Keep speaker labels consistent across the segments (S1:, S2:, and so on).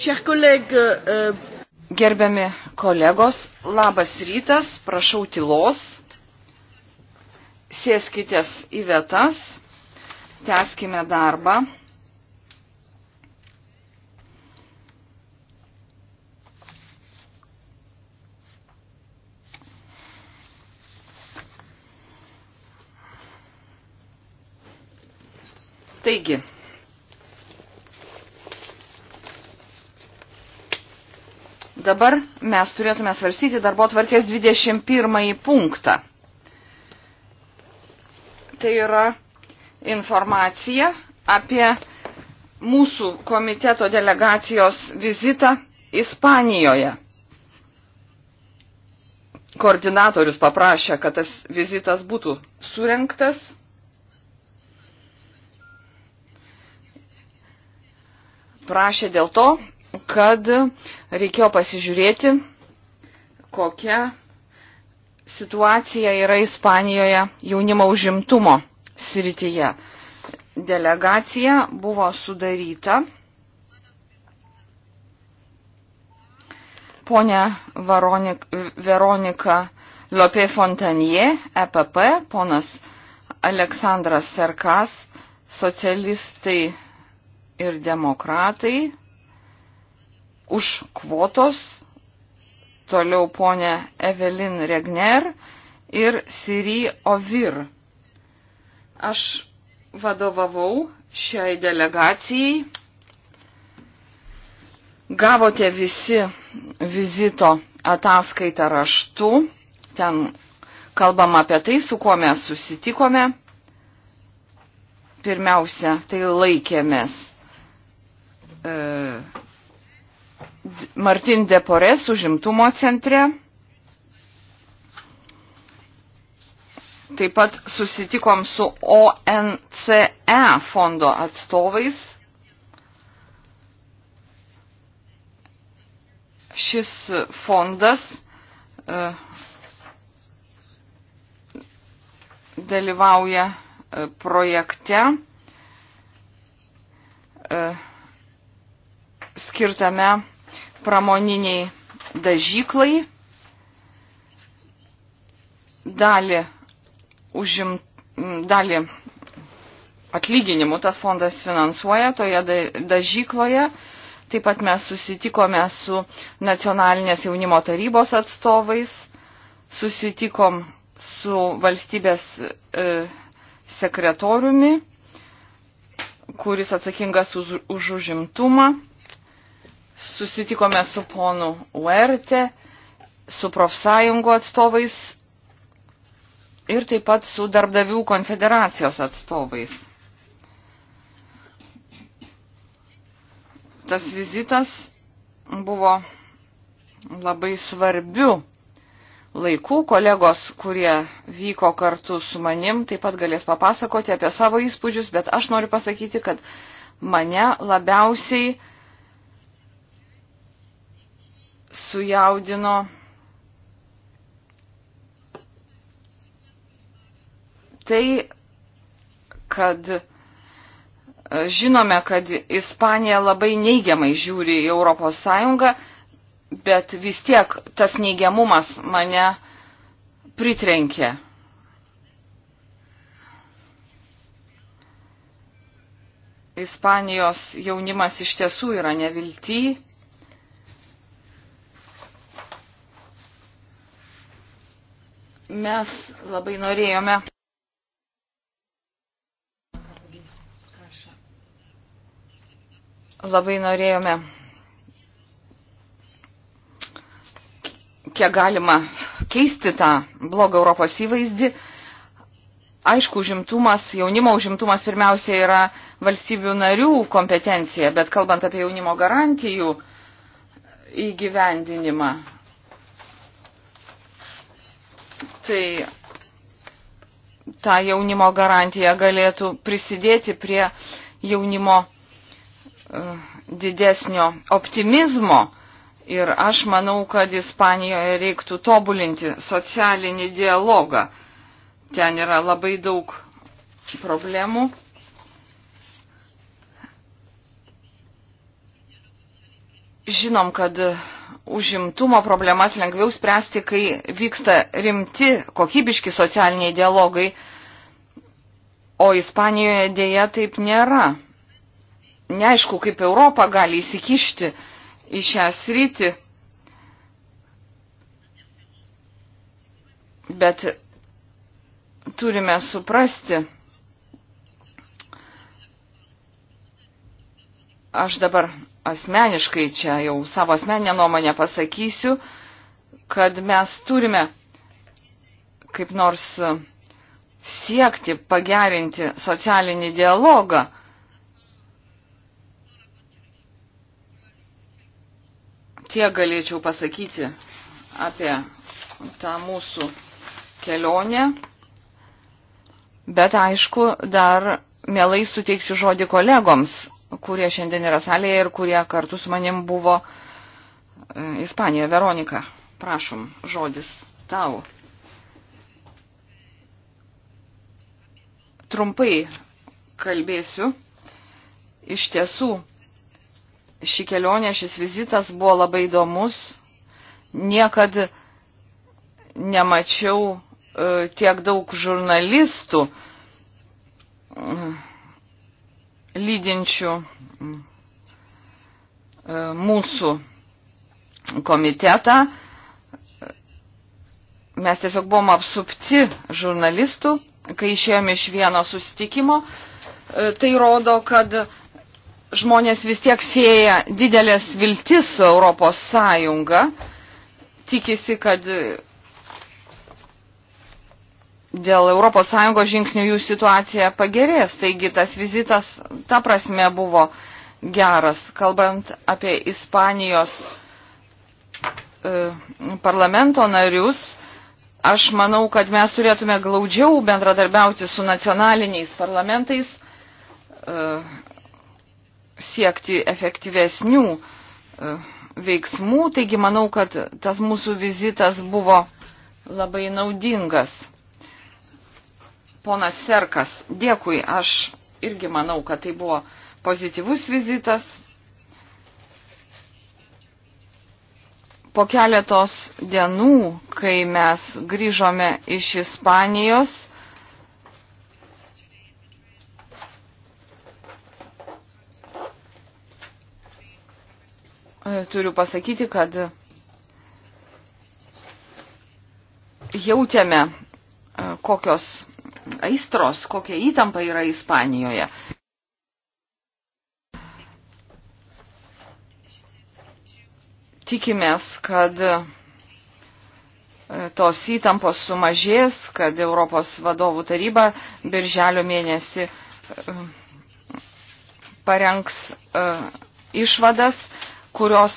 S1: Euh, Gerbiami kolegos, labas rytas, prašau tylos, sėskitės į vietas, tęskime darbą. Taigi, Dabar mes turėtume svarstyti darbo tvarkės 21 punktą. Tai yra informacija apie mūsų komiteto delegacijos vizitą Ispanijoje. Koordinatorius paprašė, kad tas vizitas būtų surinktas. Prašė dėl to, kad reikėjo pasižiūrėti, kokia situacija yra Ispanijoje jaunimo užimtumo srityje. Delegacija buvo sudaryta. Pone Veronik, Veronika Lopė Fontanie, EPP, ponas Aleksandras Serkas, socialistai ir demokratai, už kvotos, toliau ponė Evelin Regner ir Siri Ovir. Aš vadovavau šiai delegacijai. Gavote visi vizito ataskaitą raštu. Ten kalbam apie tai, su kuo mes susitikome. Pirmiausia, tai laikėmės. E, Martin Depores užimtumo centre. Taip pat susitikom su ONCE fondo atstovais. Šis fondas e, dalyvauja e, projekte e, skirtame pramoniniai dažyklai dalį, užim, dalį atlyginimų tas fondas finansuoja toje dažykloje. Taip pat mes susitikome su nacionalinės jaunimo tarybos atstovais, susitikom su valstybės e, sekretoriumi, kuris atsakingas už, už užimtumą. Už susitikome su ponu Uerte, su profsąjungų atstovais ir taip pat su darbdavių konfederacijos atstovais. Tas vizitas buvo labai svarbių laikų. Kolegos, kurie vyko kartu su manim, taip pat galės papasakoti apie savo įspūdžius, bet aš noriu pasakyti, kad mane labiausiai uh, sujaudino tai, kad e, žinome, kad Ispanija labai neigiamai žiūri į Europos Sąjungą, bet vis tiek tas neigiamumas mane pritrenkė. Ispanijos jaunimas iš tiesų yra neviltyje Mes labai norėjome. Labai norėjome, kiek galima keisti tą blogą Europos įvaizdį. Aišku, užimtumas, jaunimo užimtumas pirmiausia yra valstybių narių kompetencija, bet kalbant apie jaunimo garantijų įgyvendinimą, tai ta jaunimo garantija galėtų prisidėti prie jaunimo e, didesnio optimizmo. Ir aš manau, kad Ispanijoje reiktų tobulinti socialinį dialogą. Ten yra labai daug problemų. Žinom, kad užimtumo problemas lengviau spręsti, kai vyksta rimti kokybiški socialiniai dialogai, o Ispanijoje dėja taip nėra. Neaišku, kaip Europa gali įsikišti į šią sritį, bet turime suprasti, aš dabar asmeniškai čia jau savo asmeninę nuomonę pasakysiu, kad mes turime kaip nors siekti pagerinti socialinį dialogą. Tiek galėčiau pasakyti apie tą mūsų kelionę, bet aišku, dar mielai suteiksiu žodį kolegoms, kurie šiandien yra salėje ir kurie kartu su manim buvo e, Ispanijoje. Veronika, prašom, žodis tau. Trumpai kalbėsiu. Iš tiesų, ši kelionė, šis vizitas buvo labai įdomus. Niekad nemačiau e, tiek daug žurnalistų lydinčių e, mūsų komitetą. Mes tiesiog buvom apsupti žurnalistų, kai išėjome iš vieno susitikimo. E, tai rodo, kad žmonės vis tiek sieja didelės viltis su Europos Sąjunga, tikisi, kad dėl ES žingsnių jų situacija pagerės. Taigi tas vizitas, ta prasme, buvo geras. Kalbant apie Ispanijos e, parlamento narius, aš manau, kad mes turėtume glaudžiau bendradarbiauti su nacionaliniais parlamentais, e, siekti efektyvesnių e, veiksmų. Taigi manau, kad tas mūsų vizitas buvo labai naudingas ponas Serkas, dėkui, aš irgi manau, kad tai buvo pozityvus vizitas. Po keletos dienų, kai mes grįžome iš Ispanijos, turiu pasakyti, kad jautėme, kokios aistros, kokia įtampa yra Ispanijoje. Tikimės, kad e, tos įtampos sumažės, kad Europos vadovų taryba birželio mėnesį e, parengs e, išvadas, kurios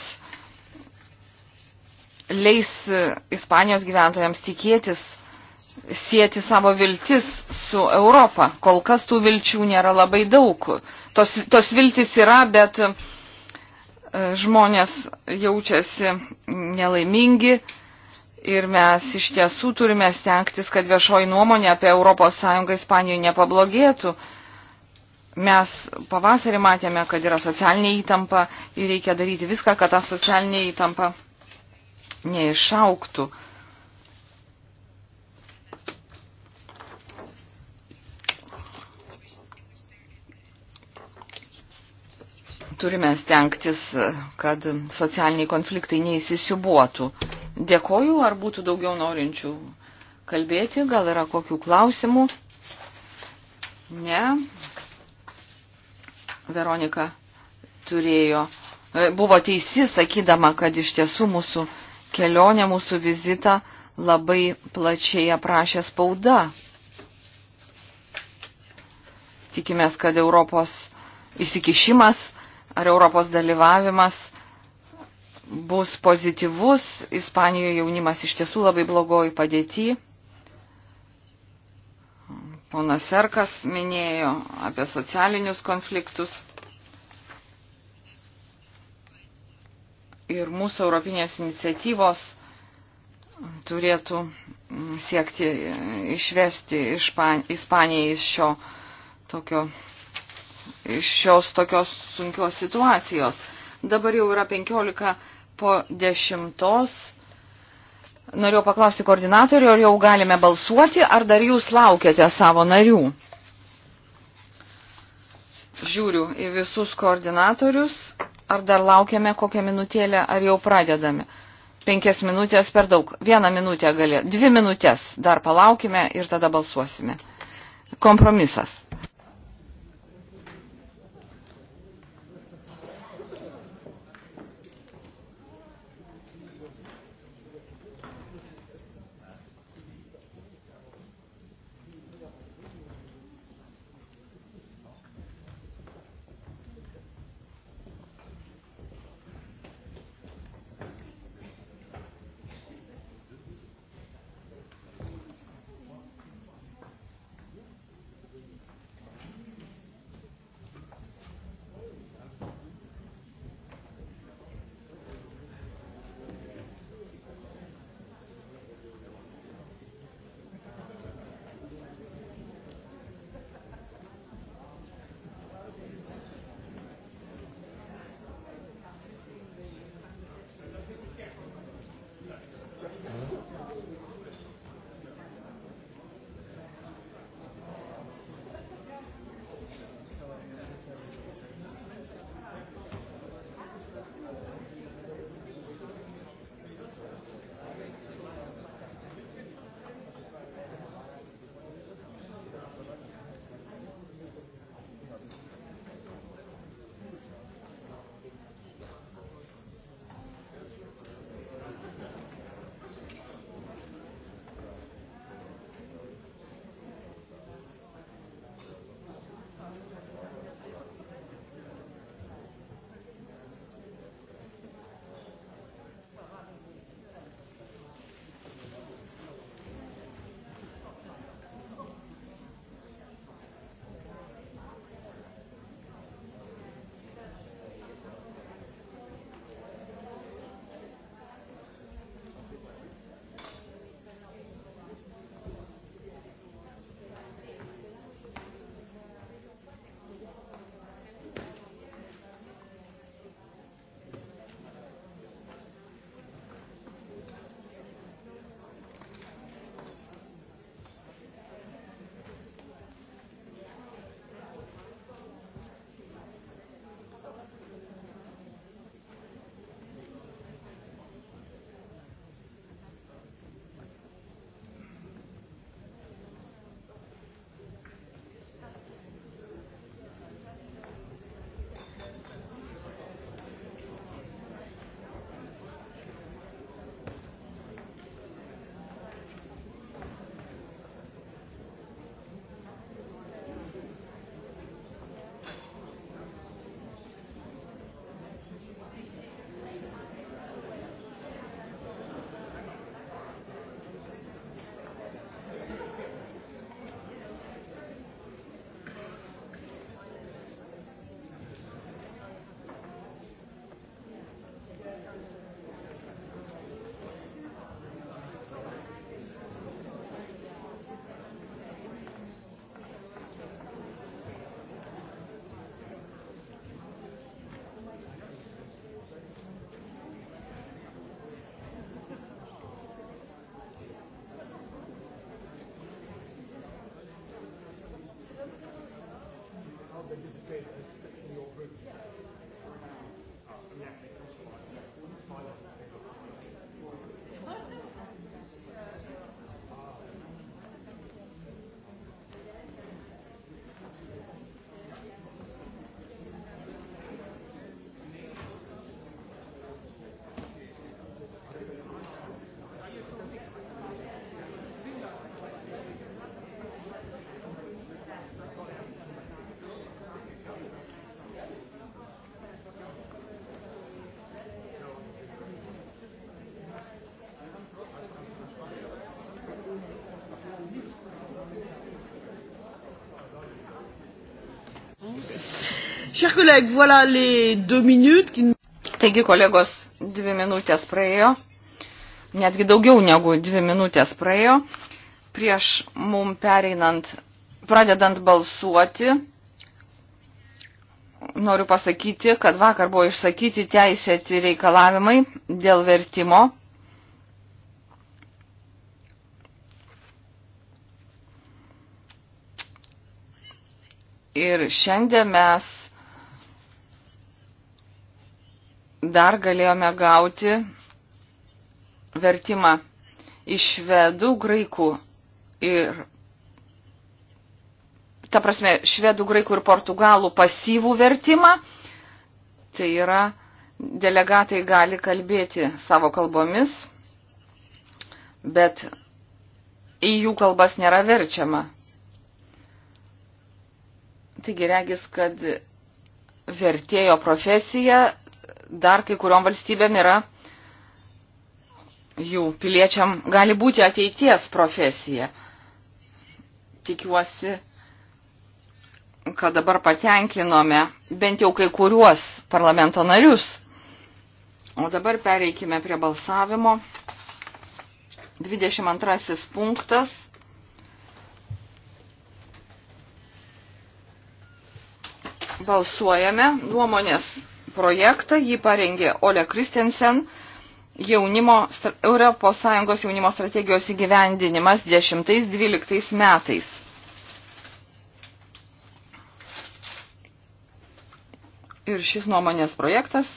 S1: leis Ispanijos gyventojams tikėtis sieti savo viltis su Europą. Kol kas tų vilčių nėra labai daug. Tos, tos viltis yra, bet e, žmonės jaučiasi nelaimingi ir mes iš tiesų turime stengtis, kad viešoji nuomonė apie ES Ispanijoje nepablogėtų. Mes pavasarį matėme, kad yra socialinė įtampa ir reikia daryti viską, kad ta socialinė įtampa neišauktų. turime stengtis, kad socialiniai konfliktai neįsisiubuotų. Dėkoju, ar būtų daugiau norinčių kalbėti, gal yra kokių klausimų? Ne. Veronika turėjo, e, buvo teisi, sakydama, kad iš tiesų mūsų kelionė, mūsų vizitą labai plačiai aprašė spauda. Tikimės, kad Europos įsikišimas ar Europos dalyvavimas bus pozityvus. Ispanijoje jaunimas iš tiesų labai blogoj padėti. Ponas Serkas minėjo apie socialinius konfliktus. Ir mūsų europinės iniciatyvos turėtų siekti išvesti Ispaniją iš šio tokio iš šios tokios sunkios situacijos. Dabar jau yra 15 po 10. Noriu paklausti koordinatorių, ar jau galime balsuoti, ar dar jūs laukiate savo narių. Žiūriu į visus koordinatorius, ar dar laukiame kokią minutėlę, ar jau pradedame. Penkias minutės per daug. Vieną minutę galė. Dvi minutės dar palaukime ir tada balsuosime. Kompromisas. Chers collègues, voilà les deux minutes. Qui... Taigi, kolegos, dvi minutės praėjo, netgi daugiau negu dvi minutės praėjo. Prieš mum pereinant, pradedant balsuoti, noriu pasakyti, kad vakar buvo išsakyti teisėti reikalavimai dėl vertimo. Ir šiandien mes dar galėjome gauti vertimą iš švedų, graikų ir. Ta prasme, švedų, graikų ir portugalų pasyvų vertimą. Tai yra, delegatai gali kalbėti savo kalbomis, bet į jų kalbas nėra verčiama. Taigi regis, kad vertėjo profesija dar kai kuriom valstybėm yra jų piliečiam gali būti ateities profesija. Tikiuosi, kad dabar patenkinome bent jau kai kuriuos parlamento narius. O dabar pereikime prie balsavimo. 22 punktas. Balsuojame nuomonės projektą, jį parengė Ole Kristensen, jaunimo, ES jaunimo strategijos įgyvendinimas 10-12 metais. Ir šis nuomonės projektas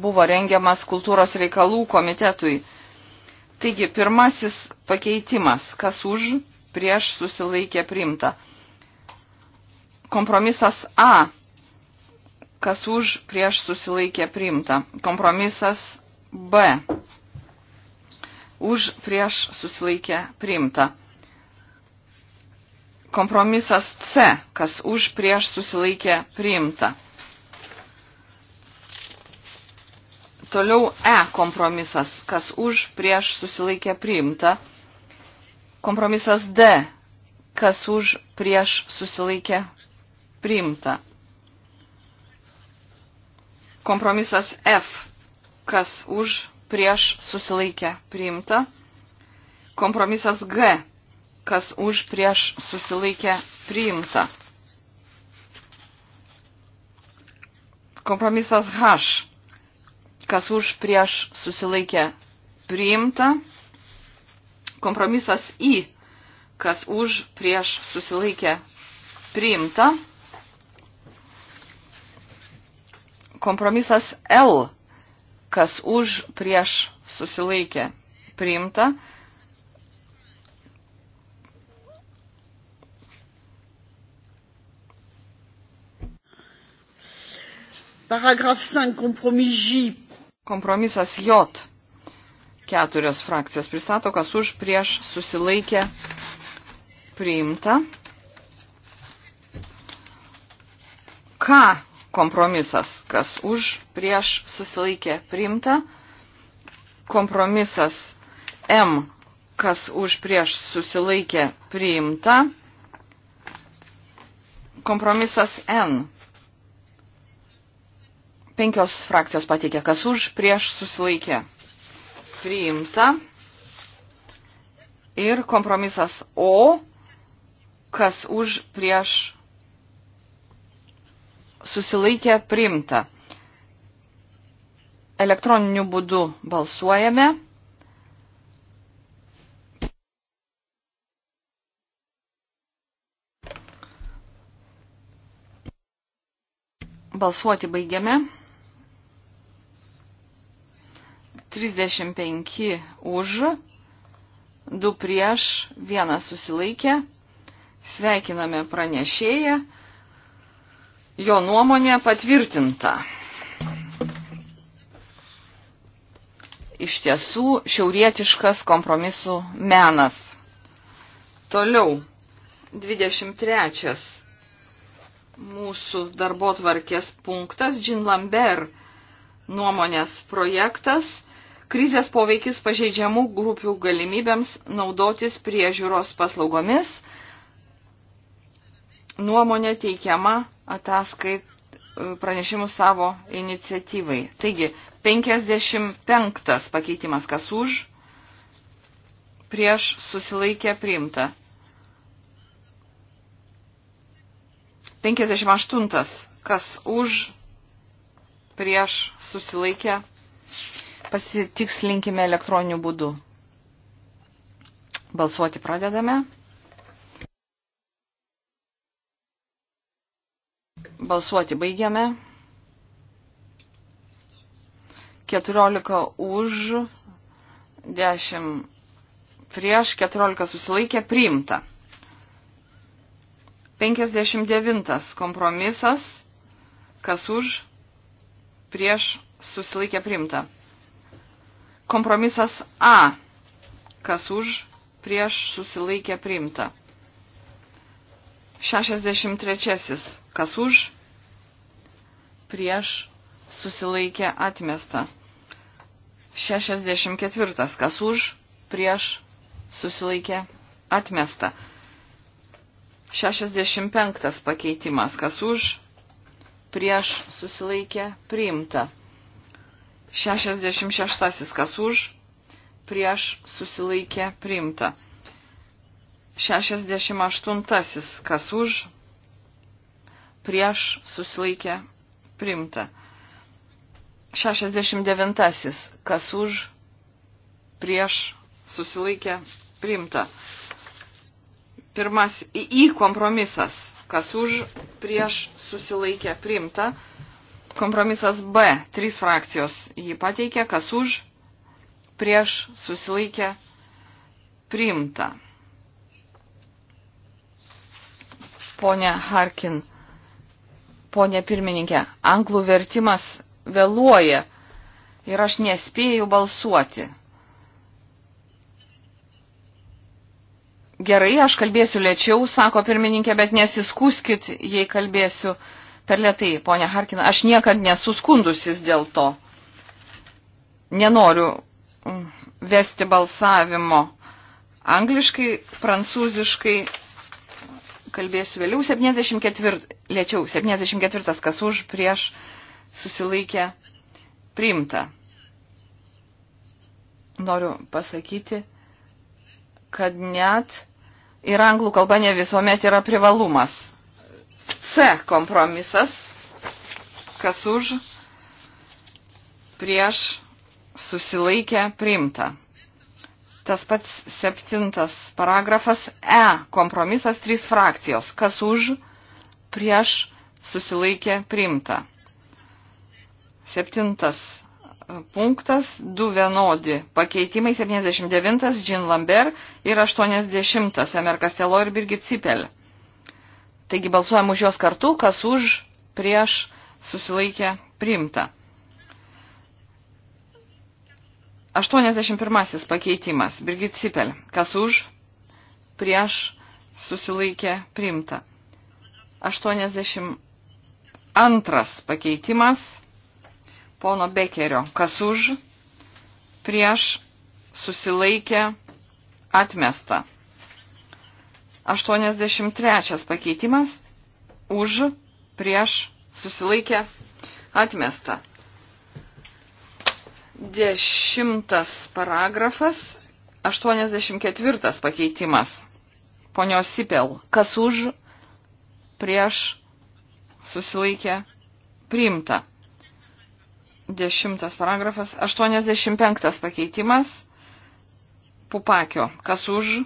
S1: buvo rengiamas kultūros reikalų komitetui. Taigi, pirmasis pakeitimas, kas už, prieš susilaikė primta. Kompromisas A kas už prieš susilaikė priimta. Kompromisas B. Už prieš susilaikė priimta. Kompromisas C. Kas už prieš susilaikė priimta. Toliau E kompromisas. Kas už prieš susilaikė priimta. Kompromisas D. Kas už prieš susilaikė priimta. Kompromisas F. Kas už, prieš, susilaikė, priimta. Kompromisas G. Kas už, prieš, susilaikė, priimta. Kompromisas H. Kas už, prieš, susilaikė, priimta. Kompromisas I. Kas už, prieš, susilaikė, priimta. Kompromisas L, kas už prieš susilaikė priimta. Paragraf 5, kompromis J. Kompromisas J. Keturios frakcijos pristato, kas už prieš susilaikė priimta. Ką kompromisas, kas už, prieš, susilaikė, priimta. Kompromisas M, kas už, prieš, susilaikė, priimta. Kompromisas N. Penkios frakcijos pateikė, kas už, prieš, susilaikė, priimta. Ir kompromisas O, kas už, prieš, susilaikė priimta. Elektroniniu būdu balsuojame. Balsuoti baigiame. 35 už, 2 prieš, 1 susilaikė. Sveikiname pranešėją jo nuomonė patvirtinta. Iš tiesų, šiaurietiškas kompromisų menas. Toliau, 23 mūsų darbo tvarkės punktas, Jean Lambert nuomonės projektas, krizės poveikis pažeidžiamų grupių galimybėms naudotis priežiūros paslaugomis, nuomonė teikiama ataskait e, pranešimus savo iniciatyvai. Taigi, 55 pakeitimas kas už, prieš susilaikė priimta. 58 kas už, prieš susilaikė, pasitikslinkime elektroniniu būdu. Balsuoti pradedame. Balsuoti baigiame. 14 už, 10 prieš, 14 susilaikė, priimta. 59 kompromisas, kas už, prieš, susilaikė, priimta. Kompromisas A, kas už, prieš, susilaikė, priimta. 63 kas už, prieš susilaikė atmesta. 64. Kas už, prieš susilaikė atmesta. 65. Pakeitimas. Kas už, prieš susilaikė priimta. 66. Kas už, prieš susilaikė priimta. 68. Kas už, prieš susilaikė Primta. 69. Kas už, prieš, susilaikė, primta. Pirmas į, į kompromisas. Kas už, prieš, susilaikė, primta. Kompromisas B. Trys frakcijos jį pateikė. Kas už, prieš, susilaikė, primta. Pone Harkin ponė pirmininkė, anglų vertimas vėluoja ir aš nespėjau balsuoti. Gerai, aš kalbėsiu lėčiau, sako pirmininkė, bet nesiskuskit, jei kalbėsiu per lėtai, ponia Harkina. Aš niekad nesu skundusis dėl to. Nenoriu mm, vesti balsavimo angliškai, prancūziškai kalbėsiu vėliau. 74, lėčiau, 74 kas už, prieš susilaikė priimta. Noriu pasakyti, kad net ir anglų kalba ne visuomet yra privalumas. C kompromisas, kas už, prieš susilaikė priimta. Tas pats septintas paragrafas E. Kompromisas trys frakcijos. Kas už, prieš, susilaikė, primta. Septintas e, punktas. Du vienodi pakeitimai. 79. Jean Lambert ir 80. Emer Kastelo ir Birgit Cipel. Taigi balsuojam už juos kartu. Kas už, prieš, susilaikė, primta. 81 pakeitimas. Birgit Sipel. Kas už? Prieš susilaikė primta. 82 pakeitimas. Pono Bekerio. Kas už? Prieš susilaikė atmesta. 83 pakeitimas. Už? Prieš susilaikė atmesta. Dešimtas paragrafas, 84 pakeitimas. Ponios Sipel, kas už, prieš, susilaikė, priimta. Dešimtas paragrafas, 85 pakeitimas. Pupakio, kas už,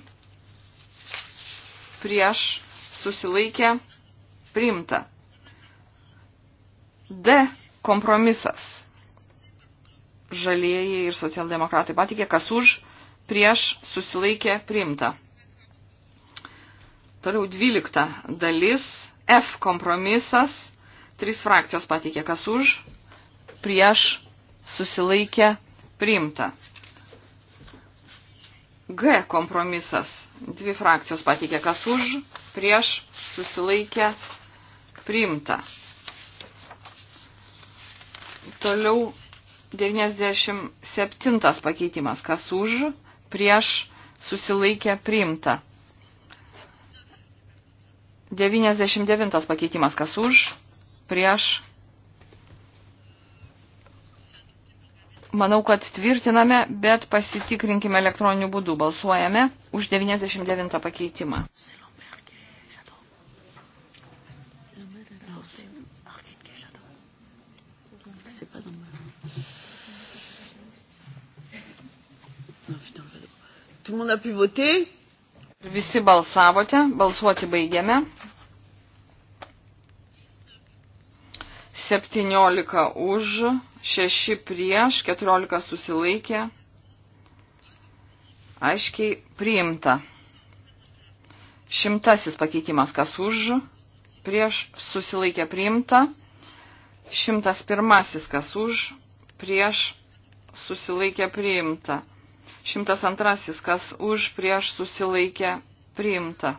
S1: prieš, susilaikė, priimta. D. Kompromisas žalieji ir socialdemokratai patikė, kas už, prieš, susilaikė, priimta. Toliau 12 dalis, F kompromisas, trys frakcijos patikė, kas už, prieš, susilaikė, priimta. G kompromisas, dvi frakcijos patikė, kas už, prieš, susilaikė, priimta. Toliau 97 pakeitimas, kas už, prieš, susilaikė, priimta. 99 pakeitimas, kas už, prieš. Manau, kad tvirtiname, bet pasitikrinkime elektroniniu būdu. Balsuojame už 99 pakeitimą. Zero.
S2: Tout le monde a pu voter. Visi
S1: balsavote, balsuoti baigiame. 17 už, 6 prieš, 14 susilaikė. Aiškiai priimta. Šimtasis pakeitimas, kas už, prieš susilaikė priimta. Šimtas pirmasis, kas už, prieš susilaikė priimta. 102. Kas už prieš susilaikė priimta.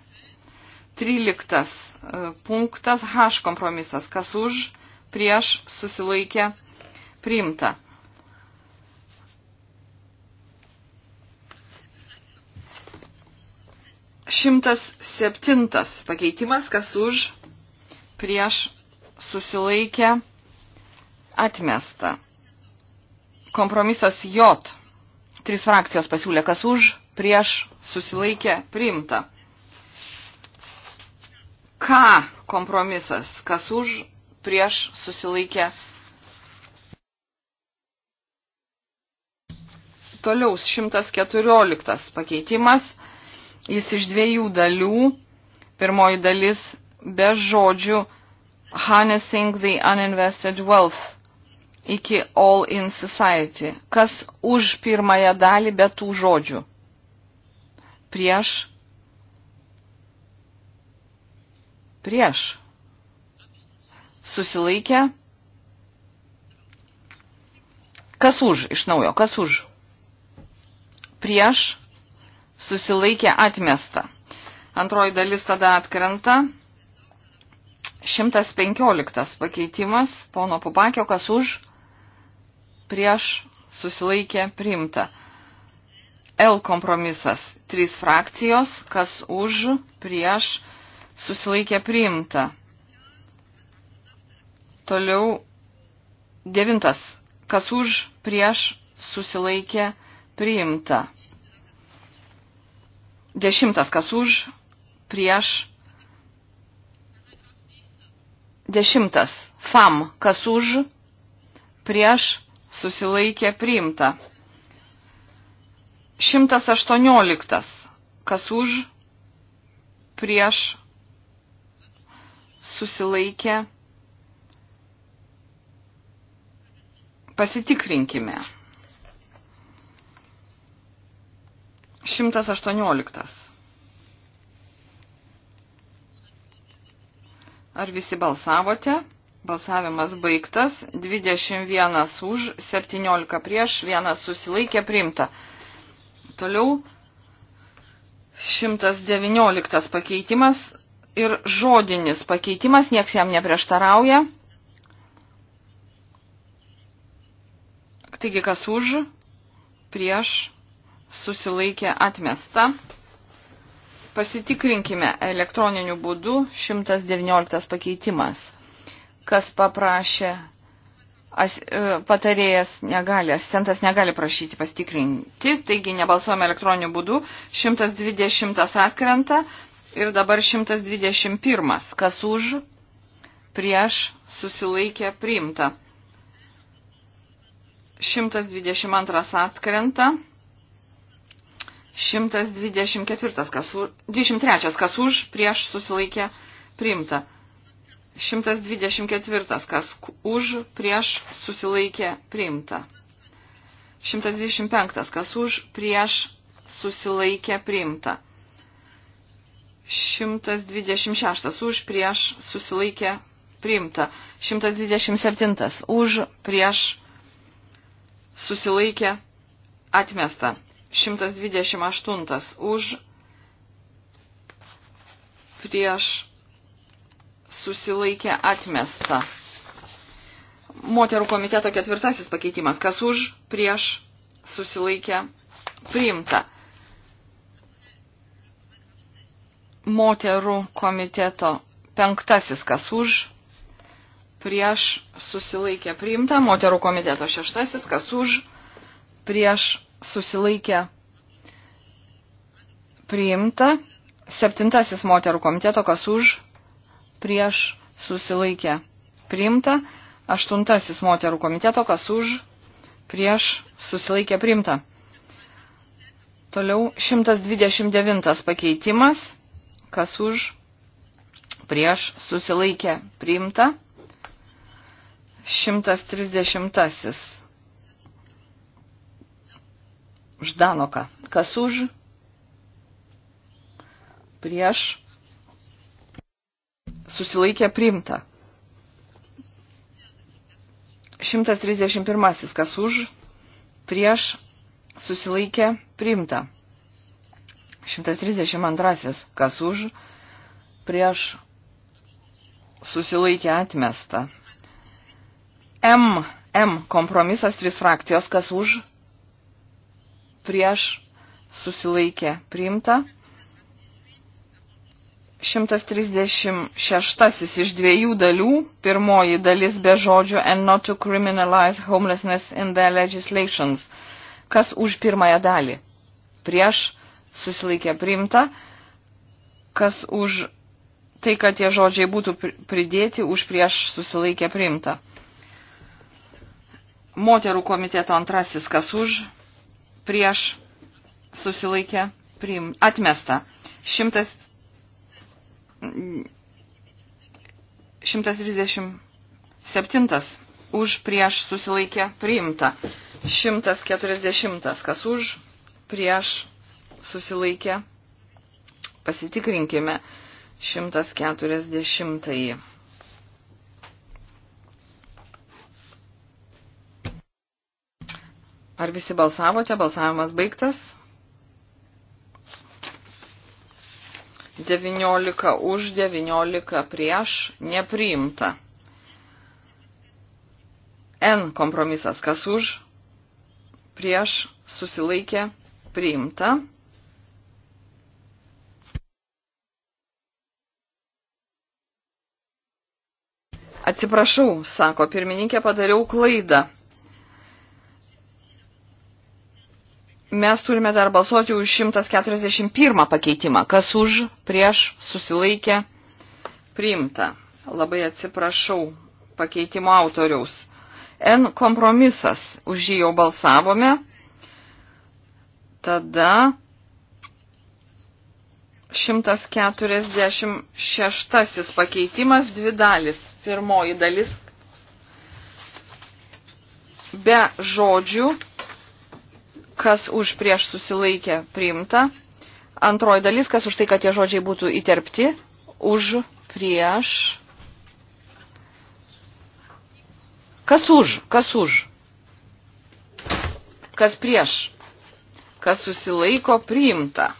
S1: 13. E, punktas H kompromisas. Kas už prieš susilaikė priimta. Šimtas septintas pakeitimas, kas už prieš susilaikė atmesta. Kompromisas J Trys frakcijos pasiūlė, kas už, prieš, susilaikė, priimta. Ką kompromisas, kas už, prieš, susilaikė. Toliau 114 pakeitimas, jis iš dviejų dalių, pirmoji dalis be žodžių harnessing the uninvested wealth iki All in Society. Kas už pirmąją dalį be tų žodžių? Prieš. Prieš. Susilaikę. Kas už? Iš naujo. Kas už? Prieš. Susilaikė atmesta. Antroji dalis tada atkrenta. 115 pakeitimas. Pono Pupakio, kas už? prieš susilaikė priimta. L kompromisas. Trys frakcijos, kas už, prieš susilaikė priimta. Toliau devintas, kas už, prieš susilaikė priimta. Dešimtas, kas už, prieš. Dešimtas, fam, kas už, prieš susilaikė priimta. 118. Kas už, prieš, susilaikė. Pasitikrinkime. 118. Ar visi balsavote? Balsavimas baigtas. 21 už, 17 prieš, 1 susilaikė priimta. Toliau 119 pakeitimas ir žodinis pakeitimas, nieks jam neprieštarauja. Taigi kas už, prieš, susilaikė atmesta. Pasitikrinkime elektroniniu būdu 119 pakeitimas kas paprašė, as, e, patarėjas negali, asistentas negali prašyti pastikrinti, taigi nebalsuojame elektroniniu būdu, 120 atkrenta ir dabar 121, kas už, prieš, susilaikė, priimta. 122 atkrenta. 124, kas už, 23, kas už, prieš susilaikė, priimta. 124. Kas už, prieš, susilaikė, priimta. 125. Kas už, prieš, susilaikė, priimta. 126. Už, prieš, susilaikė, priimta. 127. Už, prieš, susilaikė, atmesta. 128. Už, prieš, susilaikė atmesta. Moterų komiteto ketvirtasis pakeitimas. Kas už, prieš, susilaikė, priimta. Moterų komiteto penktasis. Kas už, prieš, susilaikė, priimta. Moterų komiteto šeštasis. Kas už, prieš, susilaikė, priimta. Septintasis moterų komiteto. Kas už, prieš susilaikę priimta. Aštuntasis moterų komiteto, kas už, prieš susilaikę priimta. Toliau 129 pakeitimas, kas už, prieš susilaikę priimta. 130. Ždanoka, kas už, prieš susilaikė priimta. 131. Kas už, prieš, susilaikė priimta. 132. Kas už, prieš, susilaikė atmesta. M, M kompromisas, trys frakcijos, kas už, prieš, susilaikė priimta. 136 iš dviejų dalių, pirmoji dalis be žodžių and not to criminalize homelessness in their legislations. Kas už pirmąją dalį? Prieš susilaikė priimta, kas už tai, kad tie žodžiai būtų pridėti, už prieš susilaikė priimta. Moterų komiteto antrasis, kas už, prieš susilaikė priimta, atmesta. 100 137 už prieš susilaikė priimta. 140 kas už prieš susilaikė. Pasitikrinkime 140. Ar visi balsavote? Balsavimas baigtas. 19 už, 19 prieš, nepriimta. N kompromisas, kas už, prieš, susilaikė, priimta. Atsiprašau, sako pirmininkė, padariau klaidą. Mes turime dar balsuoti už 141 pakeitimą. Kas už, prieš, susilaikė, priimta. Labai atsiprašau pakeitimo autoriaus. N kompromisas, už jį jau balsavome. Tada 146 pakeitimas, dvi dalis. Pirmoji dalis be žodžių kas už prieš susilaikė priimta. Antroji dalis, kas už tai, kad tie žodžiai būtų įterpti, už prieš. Kas už, kas už, kas prieš, kas susilaiko priimta.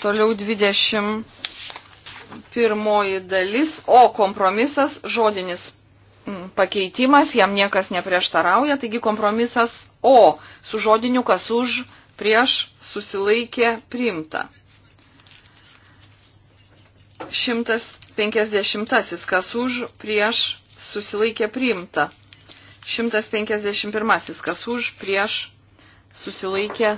S1: Toliau 21 dalis, o kompromisas žodinis pakeitimas, jam niekas neprieštarauja, taigi kompromisas O su žodiniu kas už prieš susilaikė priimta. 150 kas už prieš susilaikė priimta. 151 kas už prieš susilaikė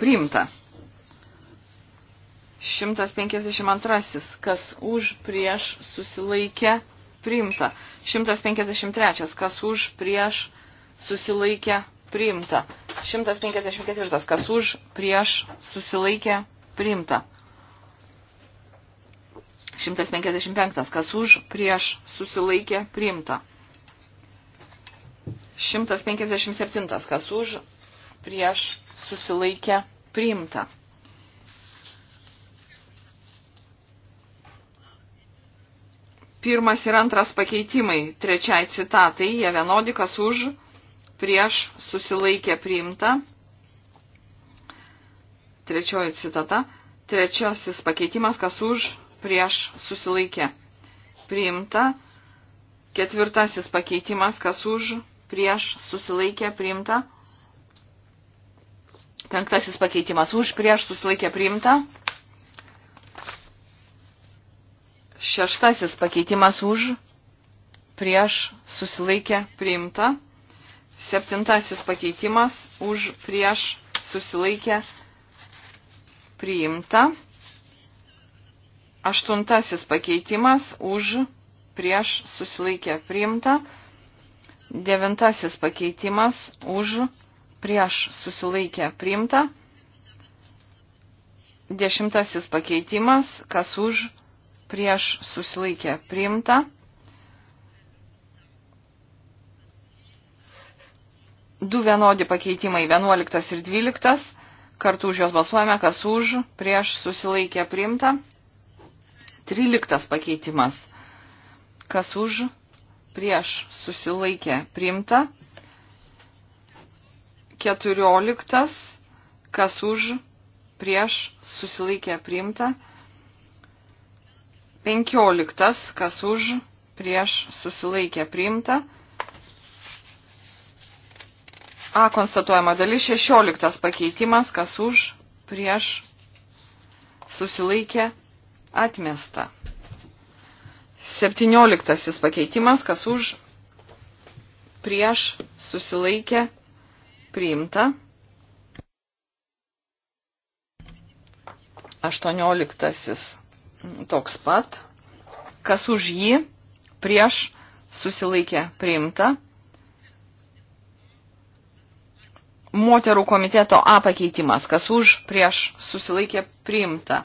S1: priimta. 152. Kas už prieš susilaikė priimta. 153. Kas už prieš susilaikė priimta. 154. Kas už prieš susilaikė priimta. 155. Kas už prieš susilaikė priimta. 157. Kas už prieš susilaikė priimta. Pirmas ir antras pakeitimai, trečiai citatai, jie vienodikas už, prieš susilaikė priimta. Trečioji citata, trečiasis pakeitimas, kas už, prieš susilaikė priimta. Ketvirtasis pakeitimas, kas už, prieš susilaikė priimta. Penktasis pakeitimas už, prieš susilaikė priimta. Šeštasis pakeitimas už, prieš, susilaikė, priimta. Septintasis pakeitimas už, prieš, susilaikė, priimta. Aštuntasis pakeitimas už, prieš, susilaikė, priimta. Devintasis pakeitimas už, prieš, susilaikė, priimta. Dešimtasis pakeitimas, kas už, prieš susilaikė priimta. Du vienodi pakeitimai 11 ir 12. Kartu už juos balsuojame, kas už, prieš susilaikė priimta. 13 pakeitimas. Kas už, prieš susilaikė priimta. 14. Kas už, prieš susilaikė priimta. 15, kas už, prieš susilaikė priimta. A konstatuojama dalis 16 pakeitimas, kas už, prieš susilaikė atmesta. 17 pakeitimas, kas už, prieš susilaikė priimta. 18 toks pat. Kas už jį prieš susilaikė priimta. Moterų komiteto A pakeitimas. Kas už prieš susilaikė priimta.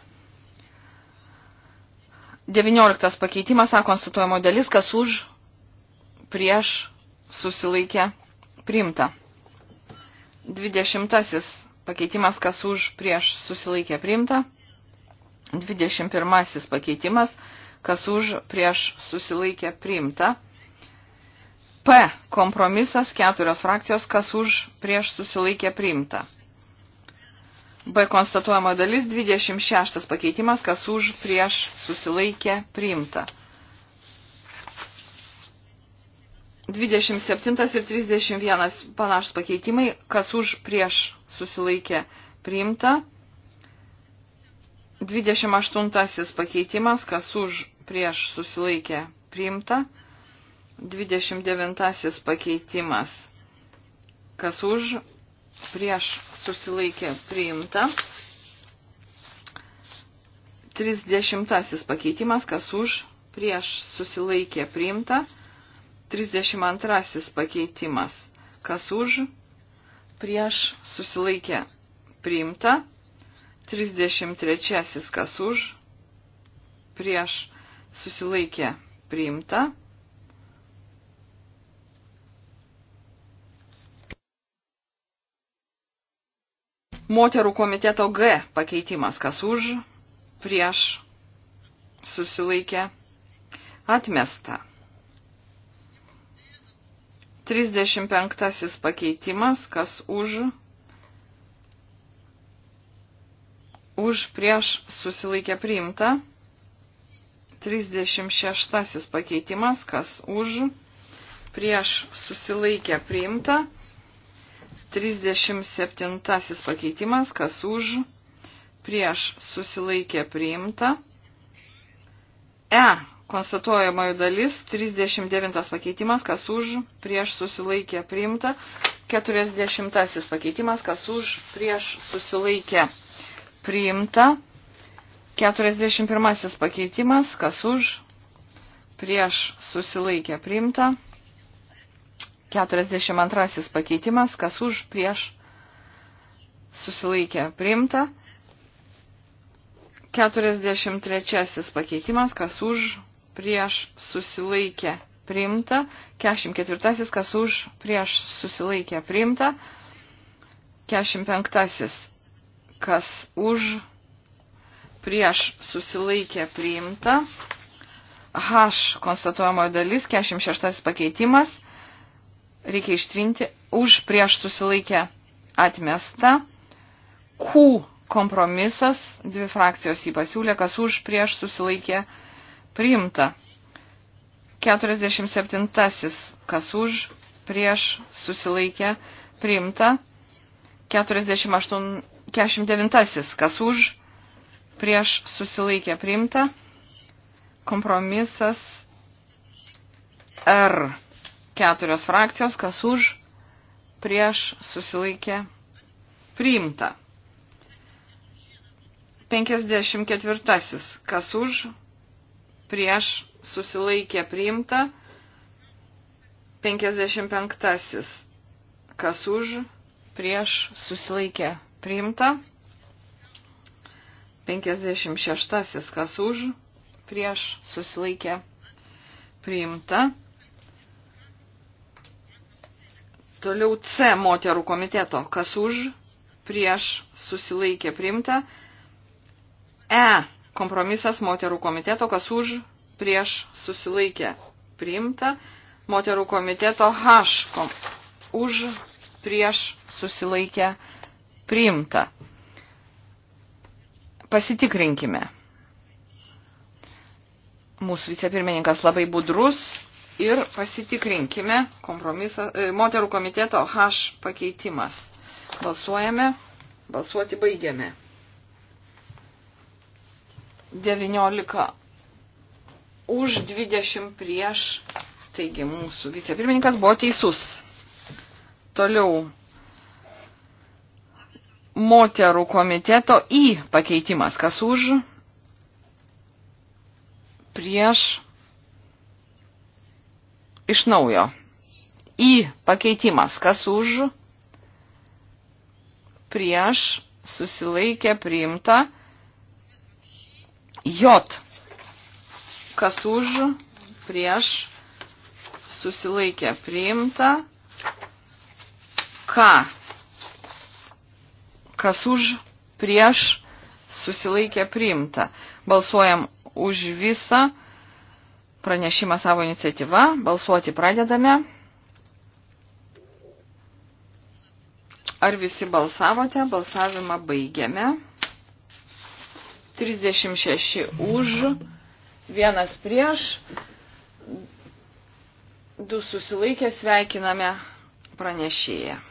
S1: 19 pakeitimas A konstatuojamo dalis. Kas už prieš susilaikė priimta. 20 pakeitimas. Kas už prieš susilaikė priimta. 21 pakeitimas, kas už prieš susilaikę priimta. P. Kompromisas keturios frakcijos, kas už prieš susilaikę priimta. B. Konstatuojama dalis 26 pakeitimas, kas už prieš susilaikę priimta. 27 ir 31 panašus pakeitimai, kas už prieš susilaikę priimta. 28 pakeitimas, kas už prieš susilaikė priimta. 29 pakeitimas, kas už prieš susilaikė priimta. 30 pakeitimas, kas už prieš susilaikė priimta. 32 pakeitimas, kas už prieš susilaikė priimta. 33 kas už, prieš susilaikė priimta. Moterų komiteto G pakeitimas kas už, prieš susilaikė atmesta. 35 pakeitimas kas už, už prieš susilaikė priimta. 36 pakeitimas, kas už prieš susilaikė priimta. 37 pakeitimas, kas už prieš susilaikė priimta. E konstatuojamojo dalis, 39 pakeitimas, kas už, prieš susilaikė priimta, 40 pakeitimas, kas už, prieš susilaikė priimta. 41 pakeitimas, kas už, prieš susilaikė priimta. 42 pakeitimas, kas už, prieš susilaikė priimta. 43 pakeitimas, kas už, prieš susilaikė priimta. 44 kas už, prieš susilaikė priimta. 45 kas už, prieš susilaikė priimta. H konstatuojamoji dalis, 46 pakeitimas, reikia ištrinti, už prieš susilaikę atmesta. Q kompromisas, dvi frakcijos jį pasiūlė, kas už prieš susilaikė priimta. 47. kas už prieš susilaikė priimta. 48. 49. Kas už, prieš susilaikė priimta. Kompromisas R. Keturios frakcijos, kas už, prieš susilaikė priimta. 54. Kas už, prieš susilaikė priimta. 55. Kas už, prieš susilaikė priimta priimta. 56. Kas už, prieš susilaikė priimta. Toliau C moterų komiteto. Kas už, prieš susilaikė priimta. E kompromisas moterų komiteto. Kas už, prieš susilaikė priimta. Moterų komiteto H kom, už, prieš susilaikė priimta priimta. Pasitikrinkime. Mūsų vicepirmininkas labai budrus ir pasitikrinkime kompromisą, e, moterų komiteto H pakeitimas. Balsuojame, balsuoti baigiame. 19 už 20 prieš. Taigi mūsų vicepirmininkas buvo teisus. Toliau moterų komiteto į pakeitimas. Kas už? Prieš. Iš naujo. Į pakeitimas. Kas už? Prieš. Susilaikė priimta. Jot. Kas už? Prieš. Susilaikė priimta. Ką? Kas už, prieš, susilaikė priimta. Balsuojam už visą pranešimą savo iniciatyvą. Balsuoti pradedame. Ar visi balsavote? Balsavimą baigiame. 36 už, vienas prieš, du susilaikė sveikiname pranešėją.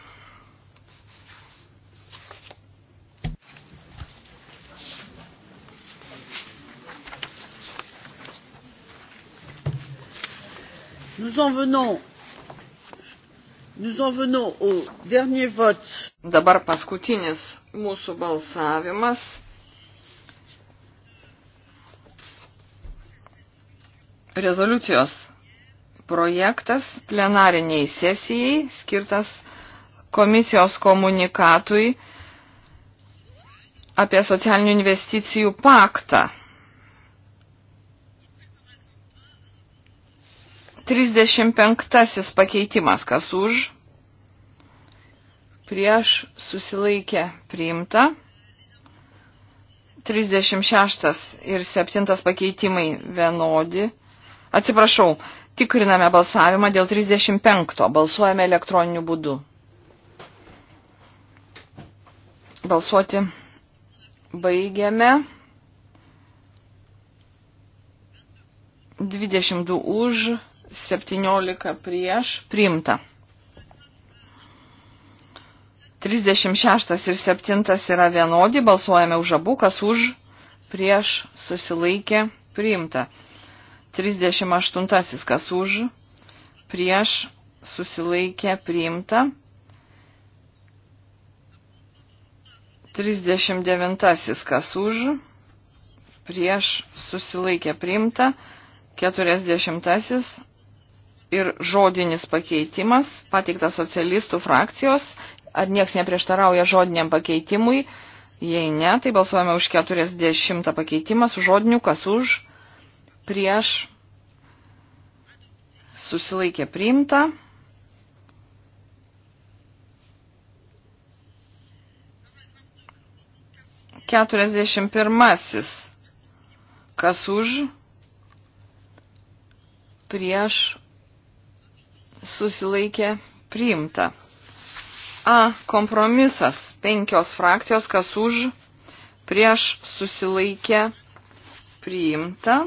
S2: Nous en venons, nous en venons au
S1: dernier vote. Dabar paskutinis mūsų balsavimas. Rezoliucijos projektas plenariniai sesijai skirtas komisijos komunikatui apie socialinių investicijų paktą. 35 pakeitimas, kas už, prieš susilaikė priimta. 36 ir 7 pakeitimai vienodi. Atsiprašau, tikriname balsavimą dėl 35. Balsuojame elektroniniu būdu. Balsuoti baigiame. 22 už, 17 prieš priimta. 36 ir 7 yra vienodi, balsuojame už abu, kas už, prieš, susilaikė, priimta. 38 kas už, prieš, susilaikė, priimta. 39 kas už, prieš, susilaikė, priimta. 40 ir žodinis pakeitimas, pateiktas socialistų frakcijos. Ar nieks neprieštarauja žodiniam pakeitimui? Jei ne, tai balsuojame už 40 pakeitimą su žodiniu, kas už, prieš, susilaikė priimta. Keturiasdešimt pirmasis. Kas už? Prieš susilaikė priimta. A. Kompromisas. Penkios frakcijos, kas už, prieš susilaikė priimta.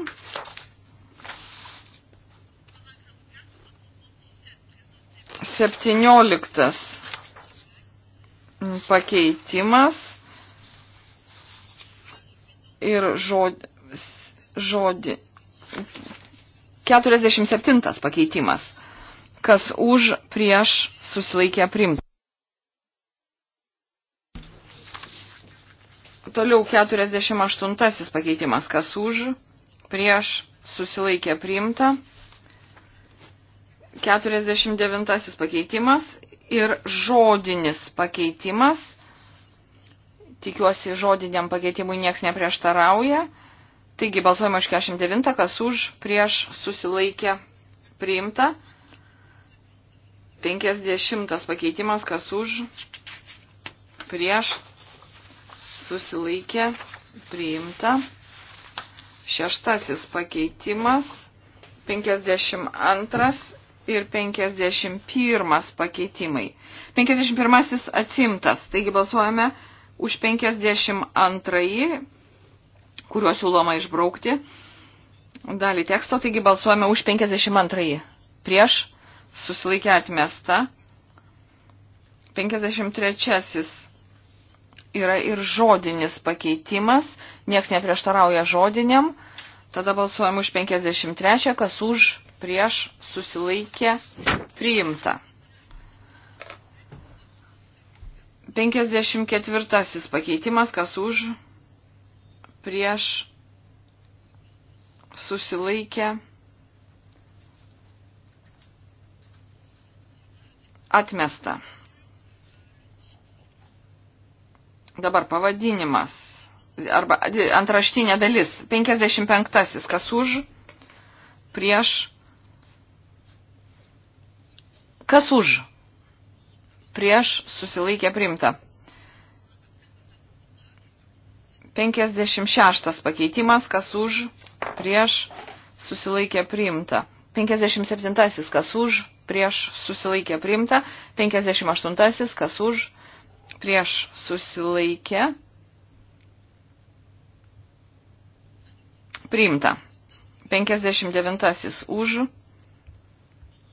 S1: Septynioliktas pakeitimas ir žodį. žodį 47 pakeitimas kas už, prieš, susilaikė primta. Toliau 48 pakeitimas, kas už, prieš, susilaikė primta. 49 pakeitimas ir žodinis pakeitimas. Tikiuosi, žodiniam pakeitimui nieks neprieštarauja. Taigi balsuojama už 49, kas už, prieš, susilaikė, priimta. 50 pakeitimas, kas už, prieš, susilaikė, priimta. Šeštasis pakeitimas, 52 ir 51 pakeitimai. 51 atsimtas, taigi balsuojame už 52, kuriuo siūloma išbraukti dalį teksto, taigi balsuojame už 52. Prieš susilaikė atmesta. 53 yra ir žodinis pakeitimas, nieks neprieštarauja žodiniam. Tada balsuojam už 53, kas už, prieš, susilaikė, priimta. 54 pakeitimas, kas už, prieš, susilaikė, priimta Atmesta. Dabar pavadinimas. Arba antraštinė dalis. 55. Kas už? Prieš. Kas už? Prieš susilaikė primta. 56 pakeitimas, kas už, prieš, susilaikė priimta. 57 kas už, prieš susilaikė priimta, 58 kas už, prieš susilaikė priimta, 59 už,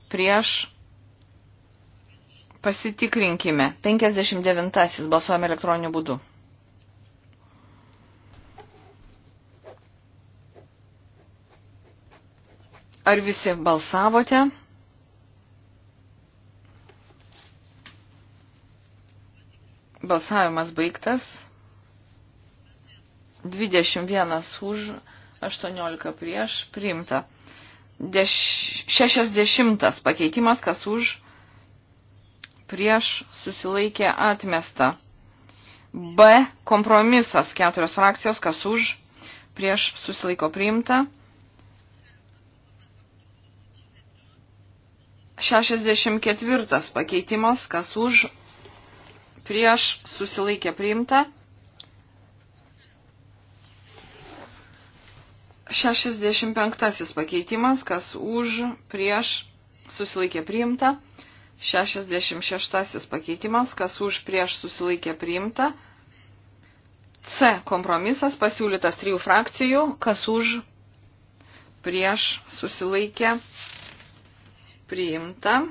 S1: prieš pasitikrinkime, 59 balsuojame elektroniniu būdu. Ar visi balsavote? Balsavimas baigtas. 21 už, 18 prieš, priimta. Deš, 60 pakeitimas, kas už, prieš, susilaikė, atmesta. B. Kompromisas, keturios frakcijos, kas už, prieš, susilaiko, priimta. 64 pakeitimas, kas už, prieš susilaikė priimta. 65 pakeitimas, kas už, prieš susilaikė priimta. 66 pakeitimas, kas už, prieš susilaikė priimta. C kompromisas pasiūlytas trijų frakcijų, kas už, prieš susilaikė priimta.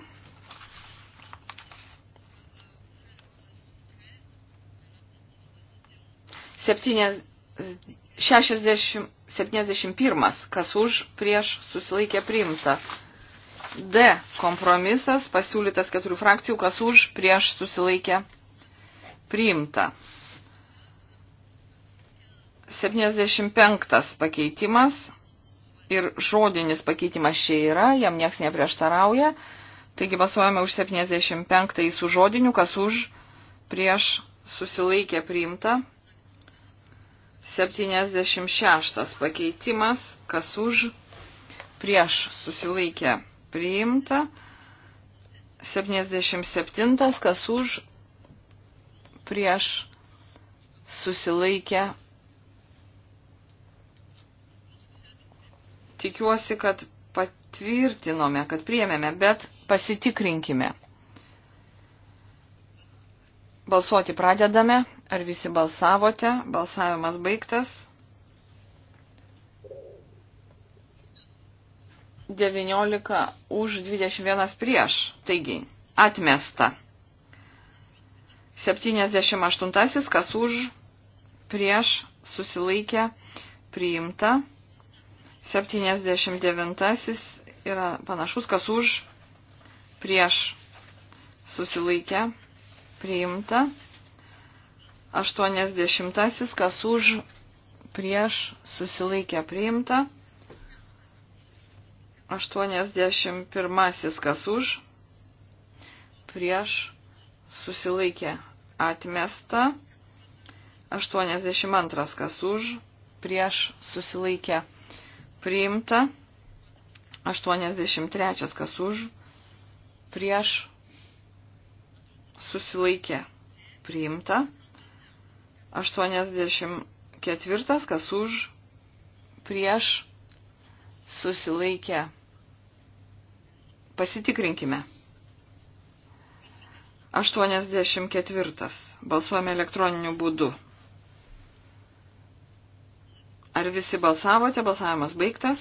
S1: 60, 71, kas už prieš susilaikė priimta. D. Kompromisas pasiūlytas keturių frakcijų, kas už prieš susilaikė priimta. 75 pakeitimas ir žodinis pakeitimas čia yra, jam nieks neprieštarauja. Taigi balsuojame už 75 su žodiniu, kas už prieš susilaikė priimta. 76 pakeitimas, kas už, prieš susilaikė priimta. 77, kas už, prieš susilaikė. Tikiuosi, kad patvirtinome, kad priėmėme, bet pasitikrinkime. Balsuoti pradedame. Ar visi balsavote? Balsavimas baigtas. 19 už 21 prieš. Taigi, atmesta. 78 kas už prieš susilaikė priimta. 79 yra panašus kas už prieš susilaikė priimta. 80. Kas už prieš susilaikė priimta. 81. Kas už prieš susilaikė atmesta. 82. Kas už prieš susilaikė priimta. 83. Kas už prieš susilaikė priimta. 84 kas už prieš susilaikė. Pasitikrinkime. 84. Balsuojame elektroniniu būdu. Ar visi balsavote? Balsavimas baigtas.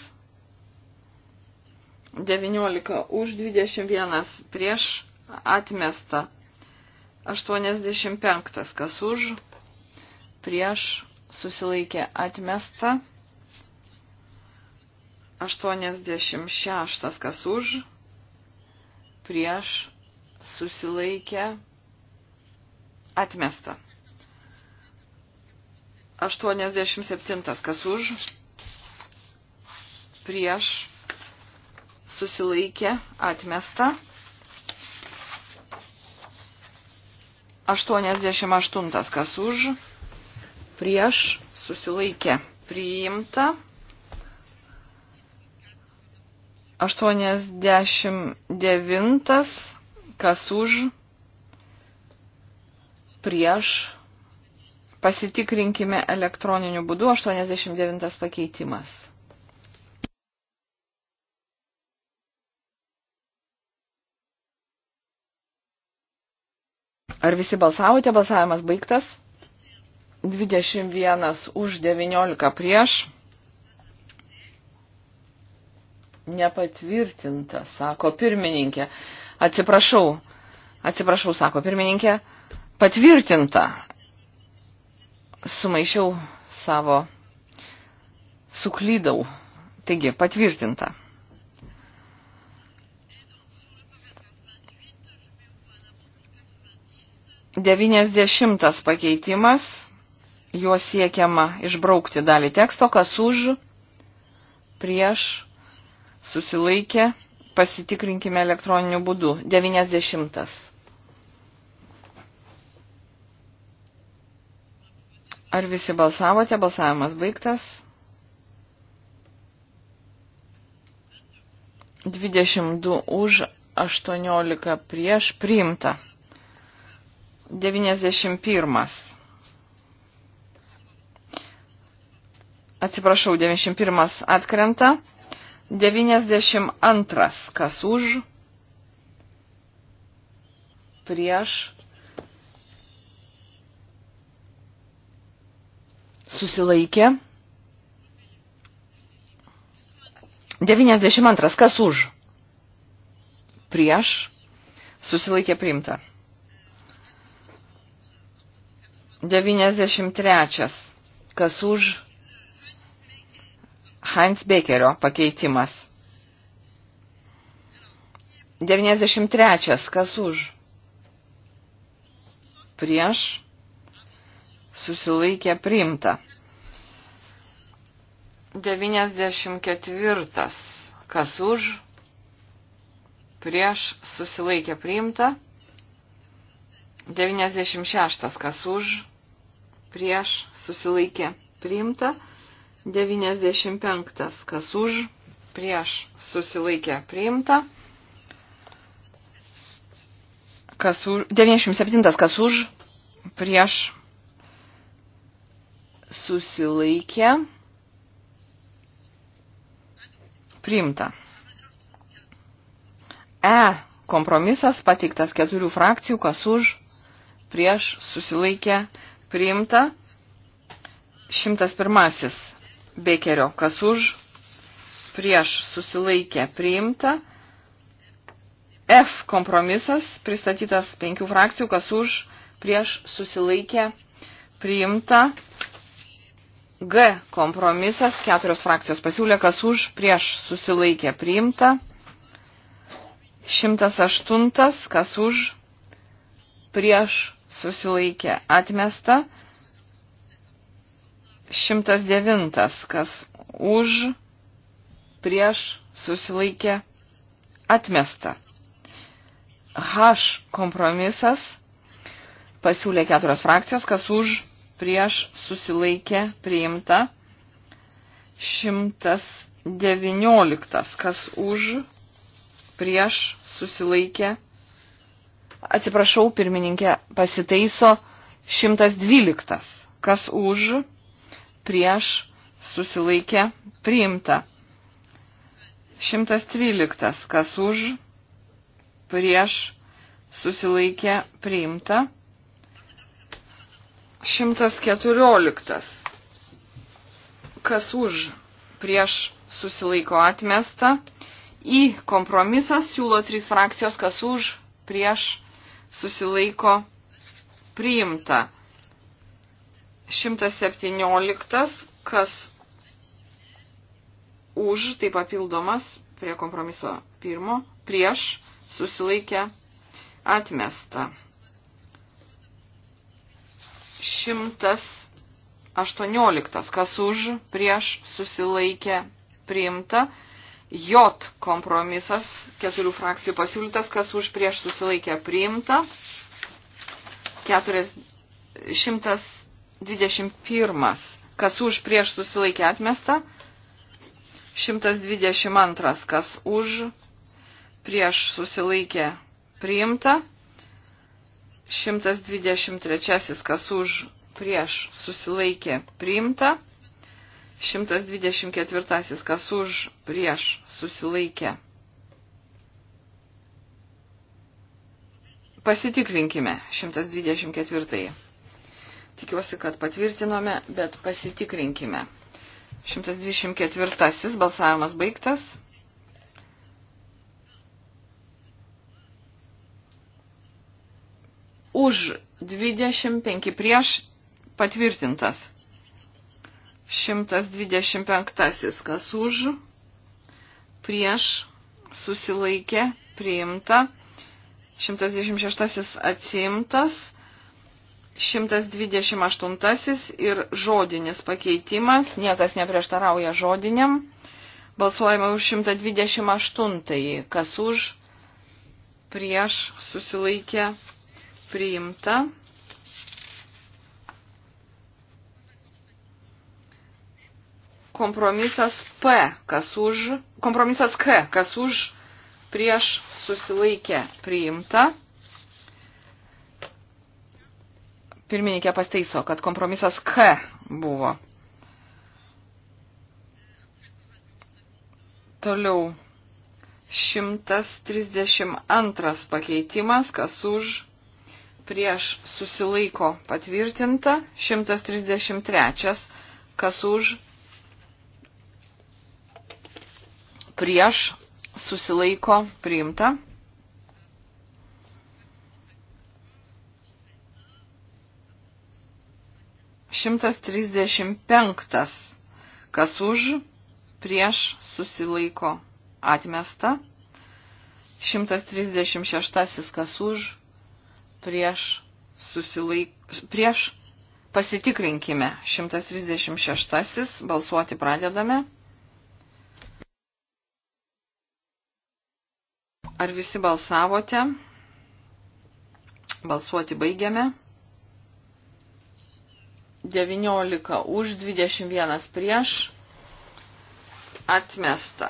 S1: 19 už 21 prieš atmesta 85. Kas už, prieš, susilaikė atmesta. 86. Kas už, prieš, susilaikė atmesta. 87. Kas už, prieš, susilaikė atmesta. 88 kas už, prieš susilaikė priimta. 89 kas už, prieš pasitikrinkime elektroniniu būdu 89 pakeitimas. Ar visi balsavote? Balsavimas baigtas. 21 už 19 prieš. Nepatvirtinta, sako pirmininkė. Atsiprašau, atsiprašau, sako pirmininkė. Patvirtinta. Sumaišiau savo, suklydau. Taigi, patvirtinta. 90 pakeitimas, juo siekiama išbraukti dalį teksto, kas už, prieš, susilaikė, pasitikrinkime elektroniniu būdu. 90. Ar visi balsavote? Balsavimas baigtas. 22 už, 18 prieš, priimta. 91. Atsiprašau, 91 atkrenta. 92 kas už, prieš, susilaikė. 92 kas už, prieš, susilaikė priimta. 93. Kas už Heinz Bekerio pakeitimas. 93. Kas už? Prieš susilaikė priimta. 94. Kas už? Prieš susilaikė priimta. 96. Kas už? prieš susilaikė priimta, 95 kas už prieš susilaikė priimta, kas už, 97 kas už prieš susilaikė priimta. E kompromisas pateiktas keturių frakcijų, kas už prieš susilaikė priimta priimta. 101. Bekerio, kas už, prieš susilaikė priimta. F kompromisas, pristatytas penkių frakcijų, kas už, prieš susilaikė priimta. G kompromisas, keturios frakcijos pasiūlė, kas už, prieš susilaikė priimta. 108, kas už, prieš susilaikė atmesta. 109, kas už, prieš, susilaikė atmesta. H kompromisas pasiūlė keturios frakcijos, kas už, prieš, susilaikė priimta. 119, kas už, prieš, susilaikė priimta Atsiprašau, pirmininkė pasitaiso 112. Kas už, prieš, susilaikė, priimta. 113. Kas už, prieš, susilaikė, priimta. 114. Kas už, prieš, susilaiko atmesta. Į kompromisą siūlo trys frakcijos, kas už, prieš, susilaiko priimta. 117, kas už, tai papildomas prie kompromiso pirmo, prieš susilaikė atmesta. 118, kas už, prieš susilaikė priimta. J kompromisas, keturių frakcijų pasiūlytas, kas už prieš susilaikė priimta. 121, kas už prieš susilaikė atmesta. 122, kas už prieš susilaikė priimta. 123, kas už prieš susilaikė priimta. 124. Kas už, prieš, susilaikė. Pasitikrinkime 124. Tikiuosi, kad patvirtinome, bet pasitikrinkime. 124. Balsavimas baigtas. Už 25 prieš patvirtintas. 125. Kas už, prieš, susilaikė, priimta. 126 atsimtas, 128 ir žodinis pakeitimas, niekas neprieštarauja žodiniam. Balsuojame už 128, kas už, prieš, susilaikė, priimta. kompromisas P, kas už, kompromisas K, kas už, prieš susilaikę priimta. Pirmininkė pasteiso, kad kompromisas K buvo. Toliau 132 pakeitimas, kas už prieš susilaiko patvirtinta, 133, kas už prieš, susilaiko, priimta. Šimtas trisdešimt penktas, kas už, prieš, susilaiko, atmesta. Šimtas trisdešimt šeštasis, kas už, prieš, susilaiko, prieš, pasitikrinkime. 136 balsuoti pradedame. Ar visi balsavote? Balsuoti baigiame. 19 už, 21 prieš. Atmesta.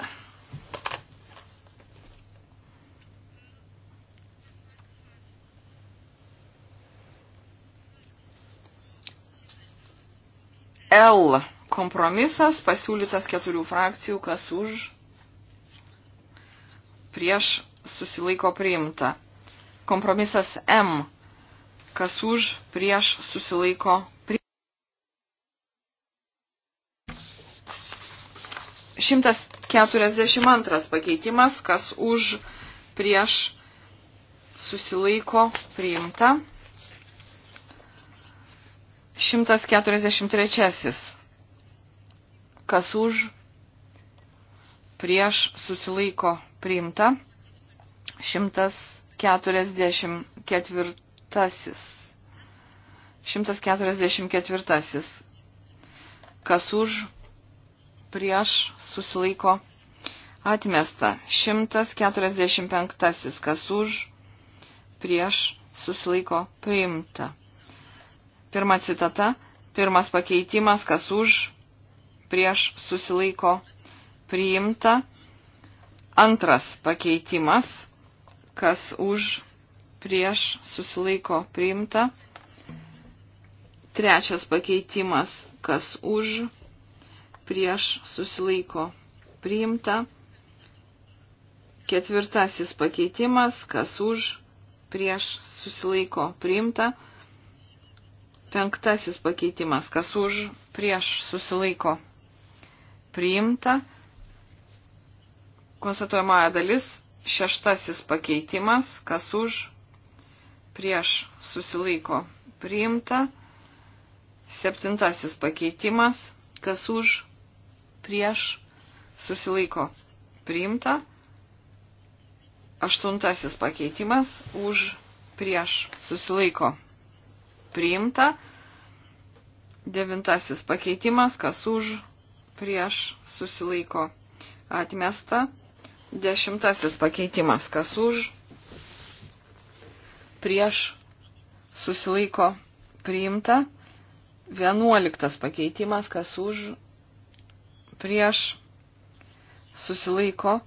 S1: L kompromisas pasiūlytas keturių frakcijų, kas už prieš susilaiko priimta. Kompromisas M, kas už, prieš, susilaiko priimta. 142 pakeitimas, kas už, prieš, susilaiko priimta. 143. Kas už, prieš, susilaiko priimta. 144. 144. Kas už, prieš, susilaiko, atmesta. 145. Kas už, prieš, susilaiko, priimta. Pirma citata, pirmas pakeitimas, kas už, prieš, susilaiko, priimta. Antras pakeitimas, kas už, prieš, susilaiko priimta. Trečias pakeitimas, kas už, prieš, susilaiko priimta. Ketvirtasis pakeitimas, kas už, prieš, susilaiko priimta. Penktasis pakeitimas, kas už, prieš, susilaiko priimta. Konstatuojamoja dalis Šeštasis pakeitimas, kas už, prieš susilaiko priimta. Septintasis pakeitimas, kas už, prieš susilaiko priimta. Aštuntasis pakeitimas, už, prieš susilaiko priimta. Devintasis pakeitimas, kas už, prieš susilaiko atmesta. Dešimtasis pakeitimas. Kas už? Prieš susilaiko priimta. Vienuoliktas pakeitimas. Kas už? Prieš susilaiko.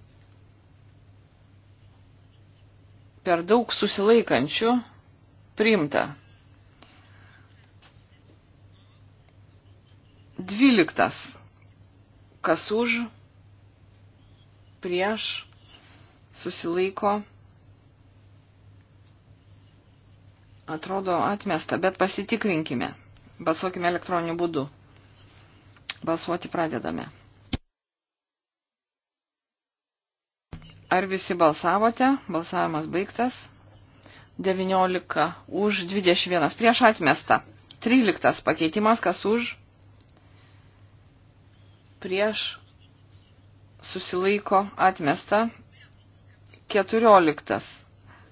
S1: Per daug susilaikančių priimta. Dvyliktas. Kas už? prieš, susilaiko, atrodo atmesta, bet pasitikrinkime. Balsuokime elektroniniu būdu. Balsuoti pradedame. Ar visi balsavote? Balsavimas baigtas. 19 už 21 prieš atmestą. 13 pakeitimas, kas už prieš susilaiko atmesta. 14.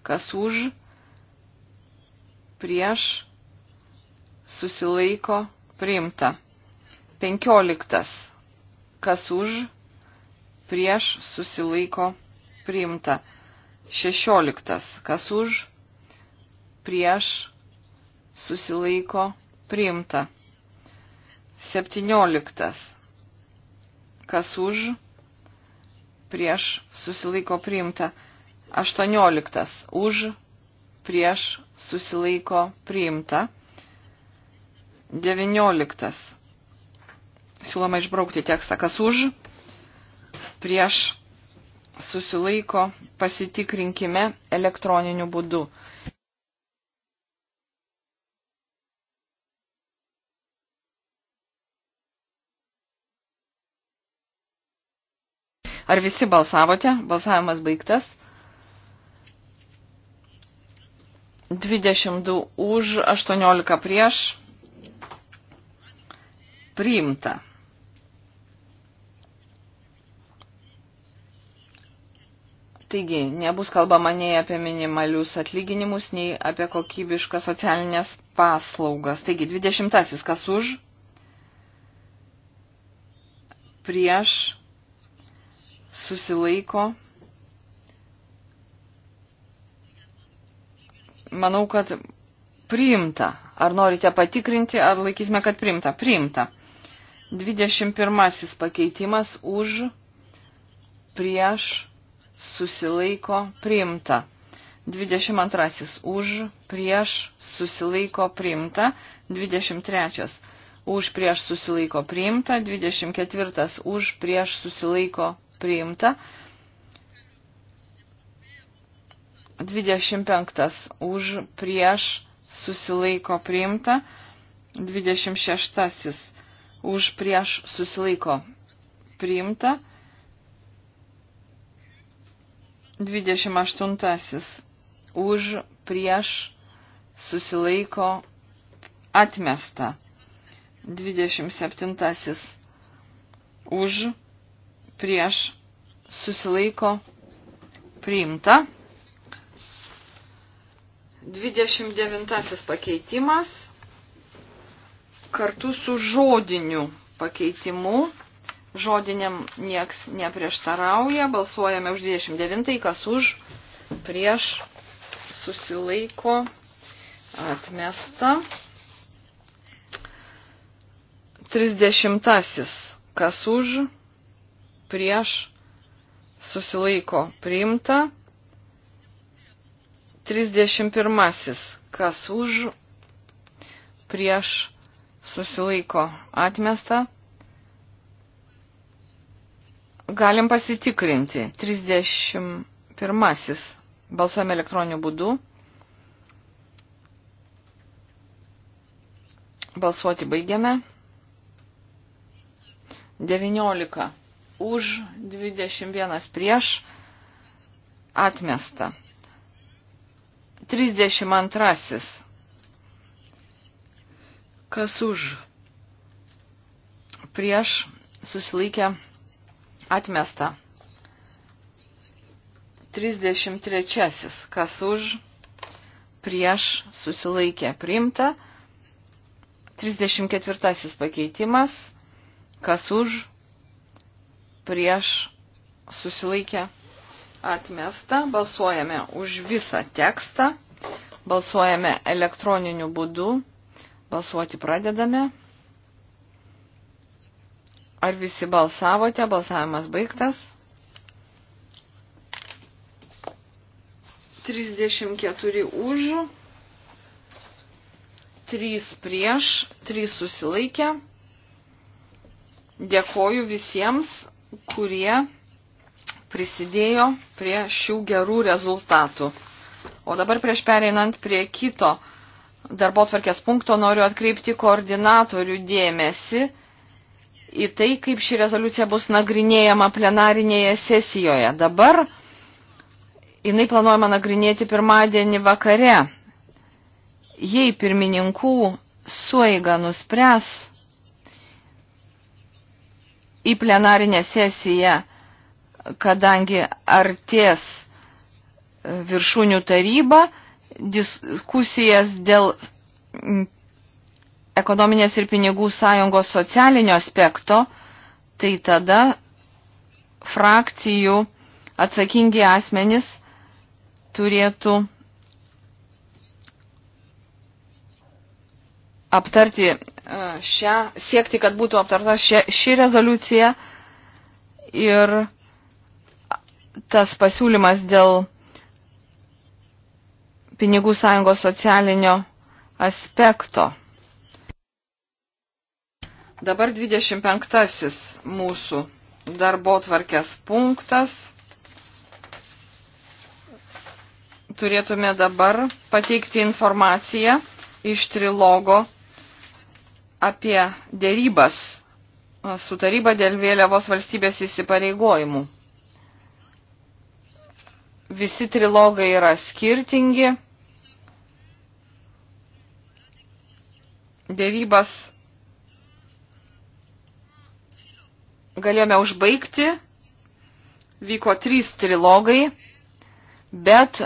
S1: Kas už, prieš, susilaiko priimta. 15. Kas už, prieš, susilaiko priimta. 16. Kas už, prieš, susilaiko priimta. 17. Kas už, prieš, susilaiko priimta. 18. Kas už, prieš susilaiko priimta. 18 už prieš susilaiko priimta. 19 siūloma išbraukti tekstą, kas už prieš susilaiko pasitikrinkime elektroniniu būdu. Ar visi balsavote? Balsavimas baigtas. 22 už, 18 prieš. Priimta. Taigi, nebus kalbama nei apie minimalius atlyginimus, nei apie kokybišką socialinės paslaugas. Taigi, 20. Kas už? Prieš susilaiko. Manau, kad priimta. Ar norite patikrinti, ar laikysime, kad priimta? Priimta. 21 pakeitimas už, prieš, susilaiko, priimta. 22 už, prieš, susilaiko, priimta. 23 už, prieš, susilaiko, priimta. 24 už, prieš, susilaiko, priimta. 25 už prieš susilaiko priimta. 26 už prieš susilaiko priimta. 28 už prieš susilaiko atmesta. 27 už prieš susilaiko priimta. 29 pakeitimas kartu su žodiniu pakeitimu. Žodiniam nieks neprieštarauja. Balsuojame už 29, kas už, prieš, susilaiko, atmesta. 30, kas už, prieš susilaiko priimta. 31. Kas už prieš susilaiko atmesta. Galim pasitikrinti. 31. Balsuojame elektroniniu būdu. Balsuoti baigiame. 19 už, 21 prieš, atmesta. 32. Kas už, prieš, susilaikė, atmesta. 33. Kas už, prieš, susilaikė, priimta. 34. pakeitimas. Kas už, prieš susilaikę atmestą. Balsuojame už visą tekstą. Balsuojame elektroniniu būdu. Balsuoti pradedame. Ar visi balsavote? Balsavimas baigtas. 34 už, 3 prieš, 3 susilaikę. Dėkoju visiems kurie prisidėjo prie šių gerų rezultatų. O dabar prieš pereinant prie kito darbo tvarkės punkto noriu atkreipti koordinatorių dėmesį į tai, kaip ši rezoliucija bus nagrinėjama plenarinėje sesijoje. Dabar jinai planuojama nagrinėti pirmadienį vakare. Jei pirmininkų suiga nuspręs į plenarinę sesiją, kadangi artės e, viršūnių taryba, diskusijas dėl ekonominės ir pinigų sąjungos socialinio aspekto, tai tada frakcijų atsakingi asmenys turėtų aptarti šią, siekti, kad būtų aptarta ši, ši rezoliucija ir tas pasiūlymas dėl pinigų sąjungos socialinio aspekto. Dabar 25 mūsų darbo tvarkės punktas. Turėtume dabar pateikti informaciją iš trilogo apie dėrybas su taryba dėl vėliavos valstybės įsipareigojimų. Visi trilogai yra skirtingi. Dėrybas galėjome užbaigti. Vyko trys trilogai, bet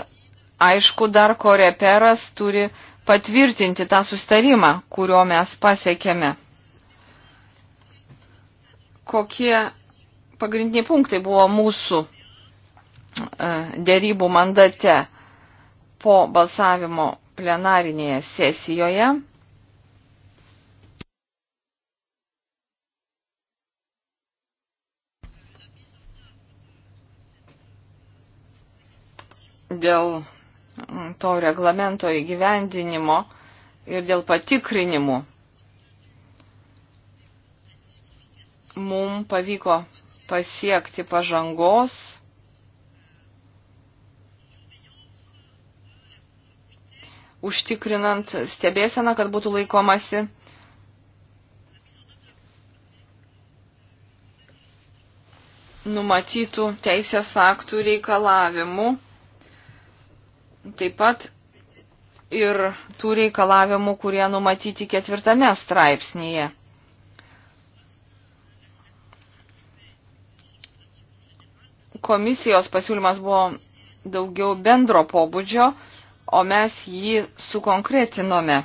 S1: aišku, dar koreperas turi patvirtinti tą sustarimą, kurio mes pasiekėme. Kokie pagrindiniai punktai buvo mūsų e, dėrybų mandate po balsavimo plenarinėje sesijoje. Dėl to reglamento įgyvendinimo ir dėl patikrinimų mums pavyko pasiekti pažangos užtikrinant stebėseną, kad būtų laikomasi numatytų teisės aktų reikalavimų taip pat ir tų reikalavimų, kurie numatyti ketvirtame straipsnėje. Komisijos pasiūlymas buvo daugiau bendro pobūdžio, o mes jį sukonkretinome.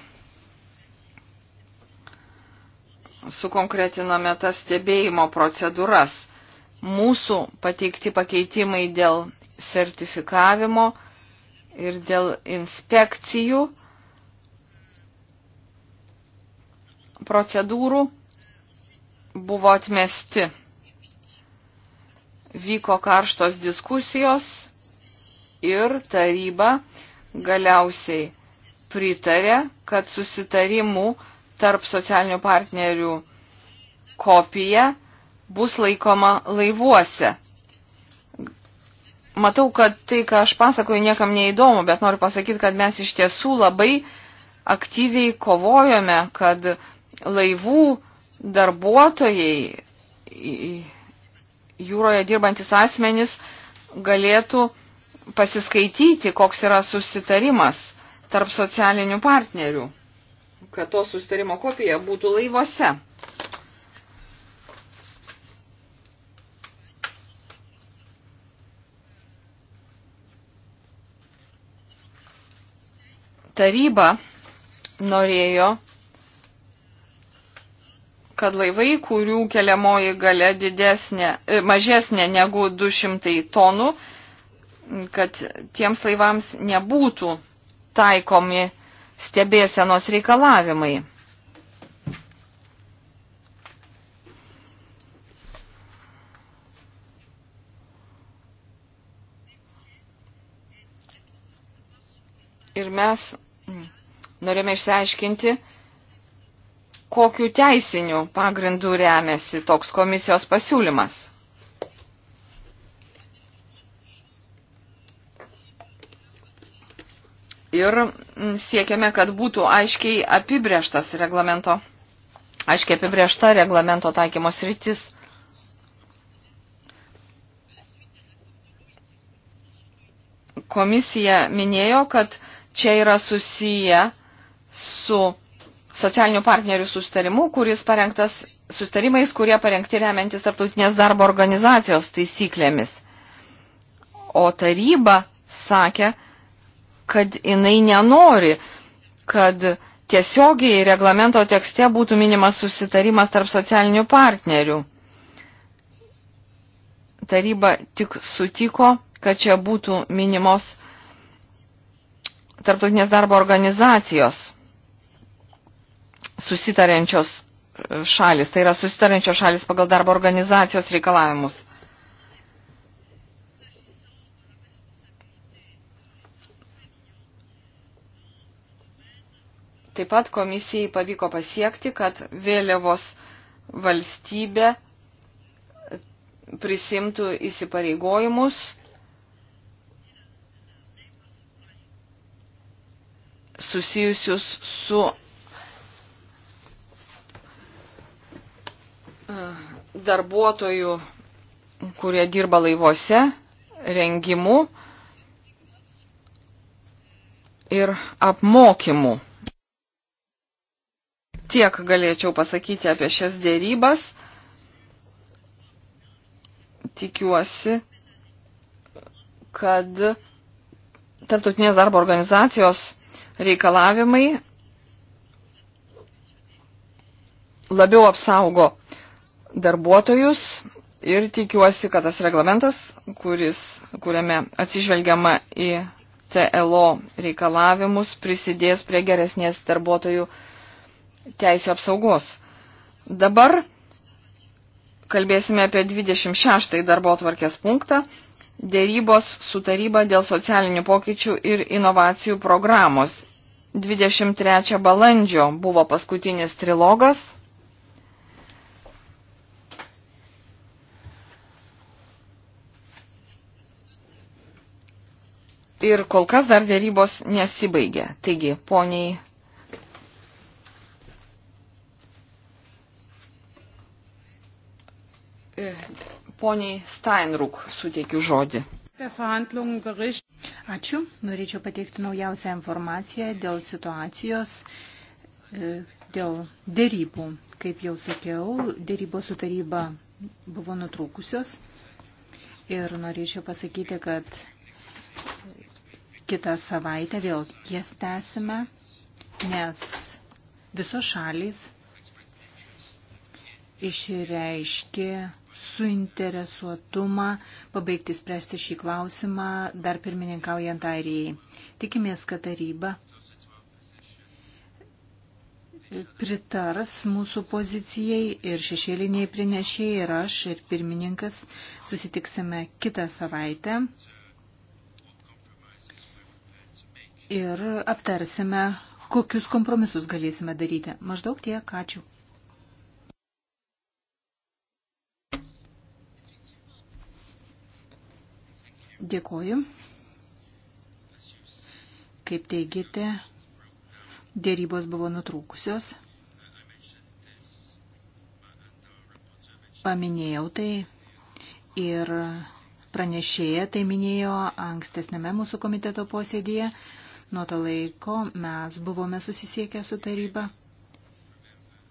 S1: Sukonkretinome tas stebėjimo procedūras. Mūsų pateikti pakeitimai dėl sertifikavimo, ir dėl inspekcijų procedūrų buvo atmesti. Vyko karštos diskusijos ir taryba galiausiai pritarė, kad susitarimų tarp socialinių partnerių kopija bus laikoma laivuose Matau, kad tai, ką aš pasakoju, niekam neįdomu, bet noriu pasakyti, kad mes iš tiesų labai aktyviai kovojome, kad laivų darbuotojai, jūroje dirbantis asmenys galėtų pasiskaityti, koks yra susitarimas tarp socialinių partnerių, kad to susitarimo kopija būtų laivuose. taryba norėjo, kad laivai, kurių keliamoji gale didesnė, e, mažesnė negu 200 tonų, kad tiems laivams nebūtų taikomi stebėsenos reikalavimai. Ir mes Norime išsiaiškinti, kokiu teisiniu pagrindu remiasi toks komisijos pasiūlymas. Ir siekiame, kad būtų aiškiai apibrieštas reglamento, aiškiai apibriešta reglamento taikymos rytis. Komisija minėjo, kad čia yra susiję su socialinių partnerių sustarimu, kuris parengtas sustarimais, kurie parengti remiantis tarptautinės darbo organizacijos taisyklėmis. O taryba sakė, kad jinai nenori, kad tiesiogiai reglamento tekste būtų minimas susitarimas tarp socialinių partnerių. Taryba tik sutiko, kad čia būtų minimos tarptautinės darbo organizacijos susitarenčios šalis, tai yra susitarenčios šalis pagal darbo organizacijos reikalavimus. Taip pat komisijai pavyko pasiekti, kad vėliavos valstybė prisimtų įsipareigojimus susijusius su darbuotojų, kurie dirba laivuose, rengimu ir apmokymu. Tiek galėčiau pasakyti apie šias dėrybas. Tikiuosi, kad tarptautinės darbo organizacijos reikalavimai labiau apsaugo darbuotojus ir tikiuosi, kad tas reglamentas, kuris, kuriame atsižvelgiama į CLO reikalavimus, prisidės prie geresnės darbuotojų teisų apsaugos. Dabar kalbėsime apie 26 darbo tvarkės punktą – dėrybos su taryba dėl socialinių pokyčių ir inovacijų programos. 23 balandžio buvo paskutinis trilogas – ir kol kas dar dėrybos nesibaigė. Taigi, poniai.
S3: E, poniai
S1: Steinruk suteikiu žodį.
S3: Ačiū. Norėčiau pateikti naujausią informaciją dėl situacijos, e, dėl dėrybų. Kaip jau sakiau, dėrybos su taryba buvo nutrūkusios. Ir norėčiau pasakyti, kad kitą savaitę vėl jas tęsime, nes visos šalys išreiškė suinteresuotumą pabaigti spręsti šį klausimą dar pirmininkaujant Airijai. Tikimės, kad taryba pritars mūsų pozicijai ir šešėliniai prinešėjai ir aš ir pirmininkas susitiksime kitą savaitę ir aptarsime, kokius kompromisus galėsime daryti. Maždaug tiek, ačiū. Dėkoju. Kaip teigite, dėrybos buvo nutrūkusios. Paminėjau tai ir pranešėja tai minėjo ankstesnėme mūsų komiteto posėdėje. Nuo to laiko mes buvome susisiekę su taryba.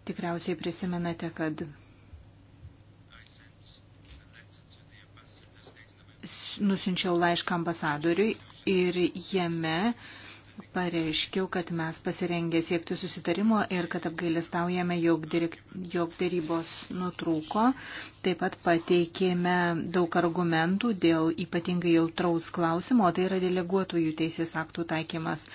S3: Tikriausiai prisimenate, kad nusinčiau laišką ambasadoriui ir jame uh, pareiškiau, kad mes pasirengę siekti susitarimo ir kad apgailestaujame, jog, direk... jog dėrybos nutrūko. Taip pat pateikėme daug argumentų dėl ypatingai jautraus klausimo, tai yra deleguotųjų teisės aktų taikymas.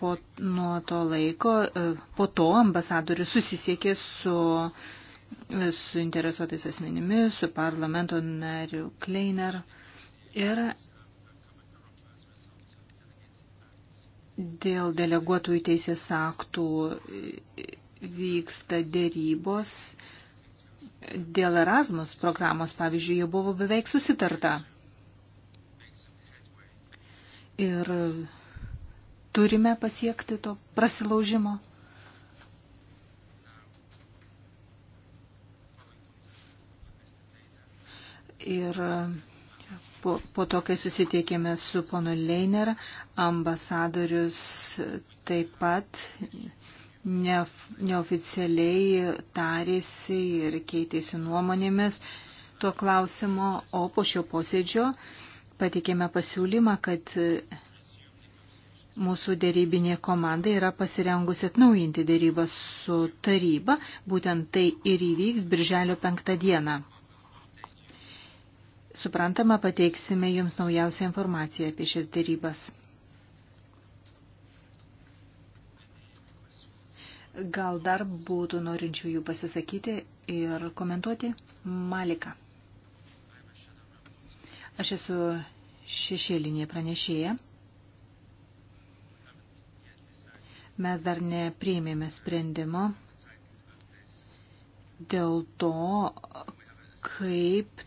S3: Po, nuo to laiko, e, po to ambasadorius susisiekė su e, suinteresuotais asmenimis, su parlamento nariu Kleiner ir Dėl deleguotųjų teisės aktų vyksta dėrybos. Dėl Erasmus programos, pavyzdžiui, jau buvo beveik susitarta. Ir turime pasiekti to prasilaužimo. Ir Po, po to, kai susitiekėme su ponu Leiner, ambasadorius taip pat ne, neoficialiai tarėsi ir keitėsi nuomonėmis tuo klausimo, o po šio posėdžio patikėme pasiūlymą, kad mūsų dėrybinė komanda yra pasirengusi atnaujinti dėrybą su taryba, būtent tai ir įvyks birželio penktą dieną. Suprantama, pateiksime Jums naujausią informaciją apie šias dėrybas. Gal dar būtų norinčių jų pasisakyti ir komentuoti? Malika. Aš esu šešėlinė pranešėja. Mes dar nepriėmėme sprendimo dėl to, kaip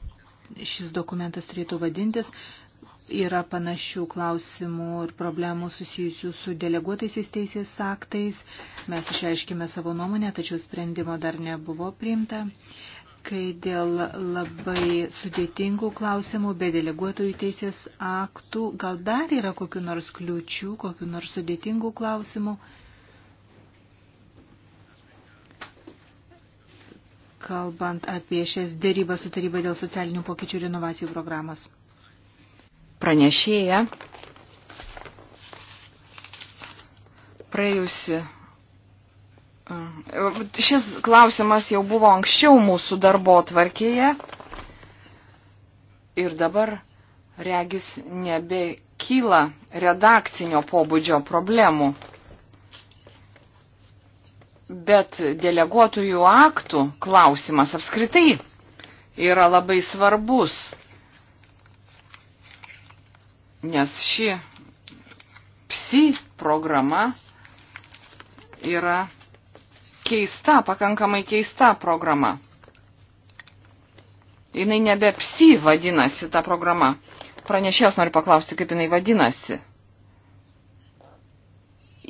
S3: šis dokumentas turėtų vadintis. Yra panašių klausimų ir problemų susijusių su deleguotaisiais teisės aktais. Mes išreiškime savo nuomonę, tačiau sprendimo dar nebuvo priimta kai dėl labai sudėtingų klausimų be deleguotojų teisės aktų gal dar yra kokiu nors kliučių, kokiu nors sudėtingų klausimų. kalbant apie šias dėrybas su taryba dėl socialinių pokyčių ir inovacijų programos.
S1: Pranešėja
S3: praėjusi.
S1: E, šis klausimas jau buvo anksčiau mūsų darbo tvarkėje ir dabar regis nebekyla redakcinio pobūdžio problemų. Bet deleguotojų aktų klausimas apskritai yra labai svarbus, nes ši psi programa yra keista, pakankamai keista programa. Jinai nebe psi vadinasi ta programa. Pranešėjos nori paklausti, kaip jinai vadinasi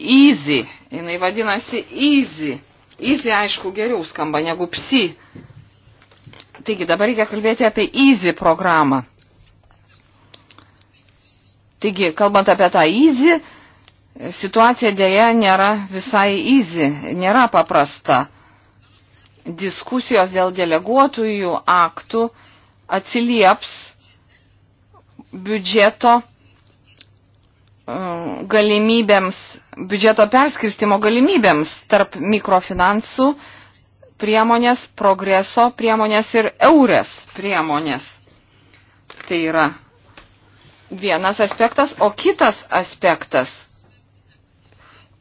S1: easy. Jinai vadinasi easy. Easy, aišku, geriau skamba negu psi. Taigi dabar reikia kalbėti apie easy programą. Taigi, kalbant apie tą easy, situacija dėja nėra visai easy, nėra paprasta. Diskusijos dėl deleguotųjų aktų atsilieps biudžeto Mm, galimybėms, biudžeto perskirstimo galimybėms tarp mikrofinansų priemonės, progreso priemonės ir eurės priemonės. Tai yra vienas aspektas, o kitas aspektas,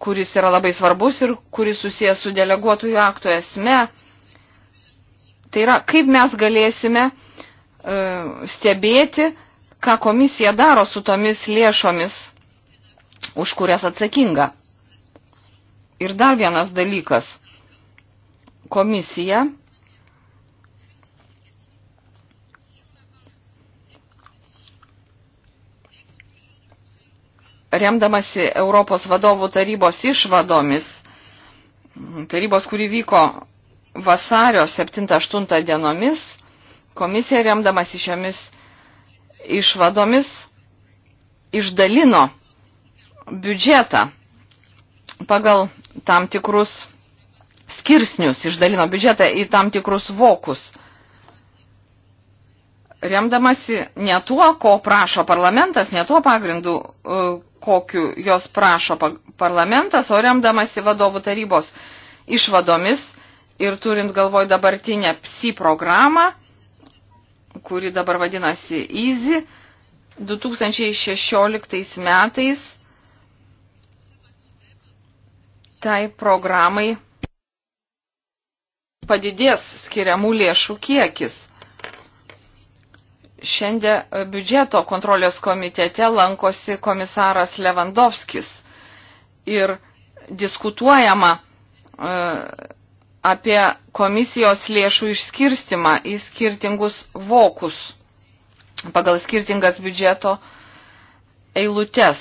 S1: kuris yra labai svarbus ir kuris susijęs su deleguotojų aktų esme, tai yra kaip mes galėsime uh, stebėti, ką komisija daro su tomis lėšomis už kurias atsakinga. Ir dar vienas dalykas. Komisija remdamasi Europos vadovų tarybos išvadomis, tarybos, kuri vyko vasario 7-8 dienomis, komisija remdamasi šiomis išvadomis išdalino biudžetą pagal tam tikrus skirsnius, išdalino biudžetą į tam tikrus vokus. Remdamasi ne tuo, ko prašo parlamentas, ne tuo pagrindu, e, kokiu jos prašo parlamentas, o remdamasi vadovų tarybos išvadomis ir turint galvoj dabartinę PSI programą, kuri dabar vadinasi EASY, 2016 metais tai programai padidės skiriamų lėšų kiekis. Šiandien biudžeto kontrolės komitete lankosi komisaras Levandovskis ir diskutuojama e, apie komisijos lėšų išskirstimą į skirtingus vokus pagal skirtingas biudžeto eilutes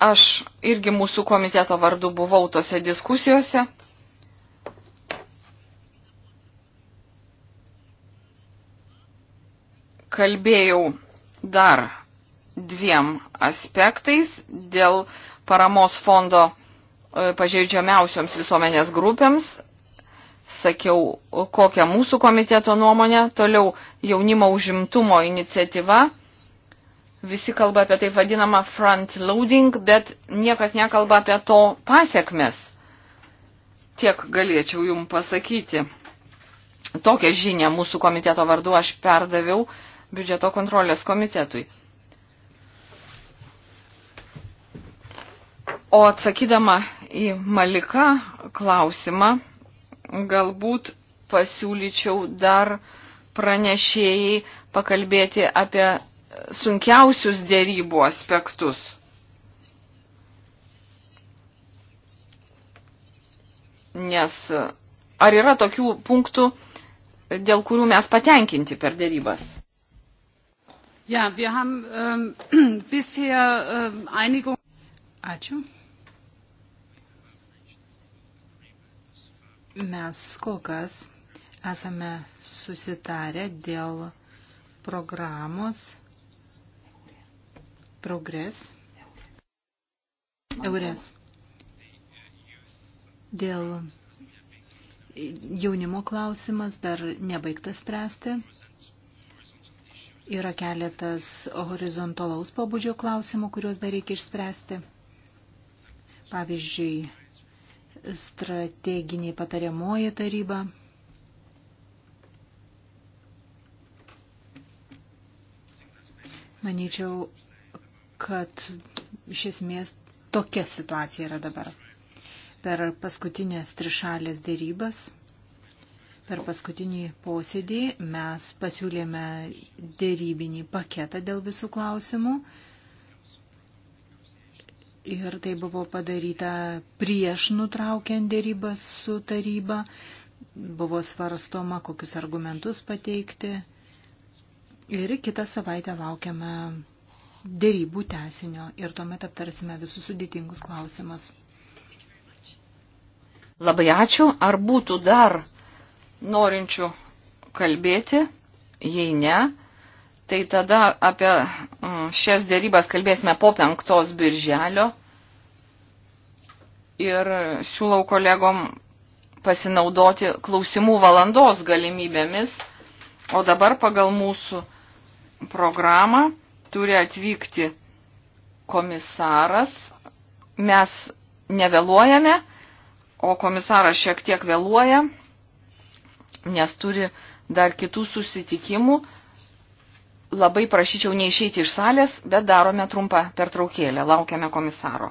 S1: Aš irgi mūsų komiteto vardu buvau tose diskusijose. Kalbėjau dar dviem aspektais dėl paramos fondo e, pažeidžiamiausioms visuomenės grupėms. Sakiau, kokią mūsų komiteto nuomonę, toliau jaunimo užimtumo iniciatyva Visi kalba apie taip vadinamą front loading, bet niekas nekalba apie to pasiekmes. Tiek galėčiau jum pasakyti. Tokią žinę mūsų komiteto vardu aš perdaviau biudžeto kontrolės komitetui. O atsakydama į Maliką klausimą, galbūt pasiūlyčiau dar pranešėjai pakalbėti apie sunkiausius dėrybų aspektus. Nes ar yra tokių punktų, dėl kurių mes patenkinti per dėrybas?
S4: Ja, wir haben ähm, bisher ähm, Einigung.
S3: Ačiū. Mes kol kas esame susitarę dėl programos progres, eures, dėl jaunimo klausimas dar nebaigtas spręsti. Yra keletas horizontalaus pabudžio klausimų, kuriuos dar reikia išspręsti. Pavyzdžiui, strateginiai patariamoji taryba. Manyčiau, kad iš esmės tokia situacija yra dabar. Per paskutinės trišalės dėrybas, per paskutinį posėdį mes pasiūlėme dėrybinį paketą dėl visų klausimų. Ir tai buvo padaryta prieš nutraukiant dėrybas su taryba. Buvo svarstoma, kokius argumentus pateikti. Ir kitą savaitę laukiame dėrybų tesinio ir tuomet aptarsime visus sudėtingus klausimus.
S1: Labai ačiū. Ar būtų dar norinčių kalbėti? Jei ne, tai tada apie mm, šias dėrybas kalbėsime po penktos birželio. Ir siūlau kolegom pasinaudoti klausimų valandos galimybėmis. O dabar pagal mūsų programą turi atvykti komisaras. Mes nevėluojame, o komisaras šiek tiek vėluoja, nes turi dar kitų susitikimų. Labai prašyčiau neišeiti iš salės, bet darome trumpą pertraukėlę. Laukiame komisaro.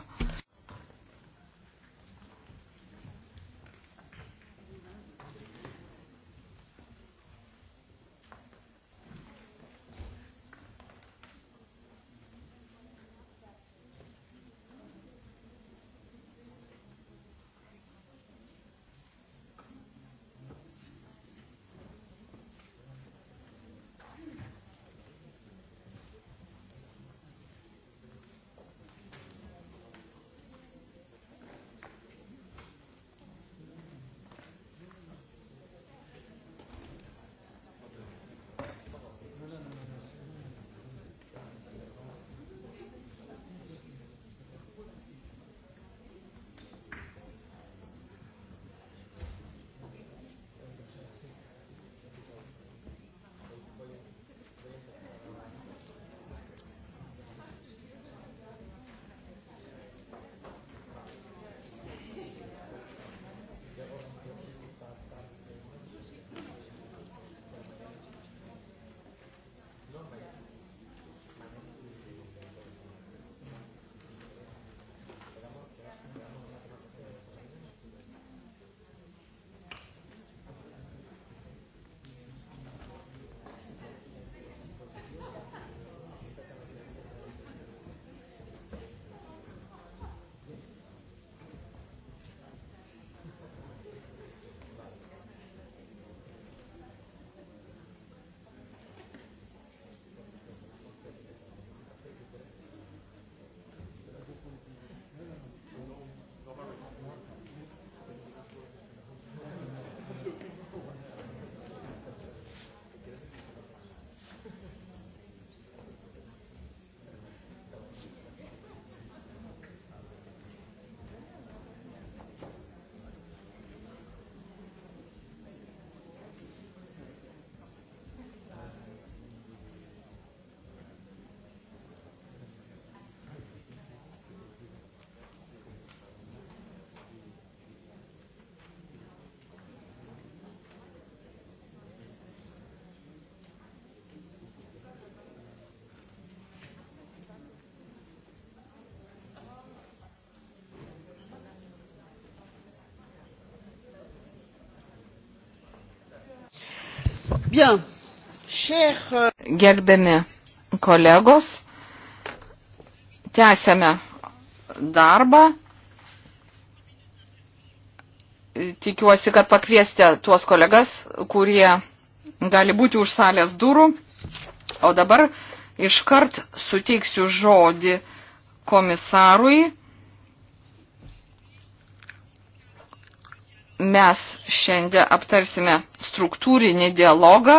S1: Bien. Cher... Euh, Gerbiami kolegos, tęsiame darbą. Tikiuosi, kad pakviesite tuos kolegas, kurie gali būti už salės durų. O dabar iškart suteiksiu žodį komisarui mes šiandien aptarsime struktūrinį dialogą,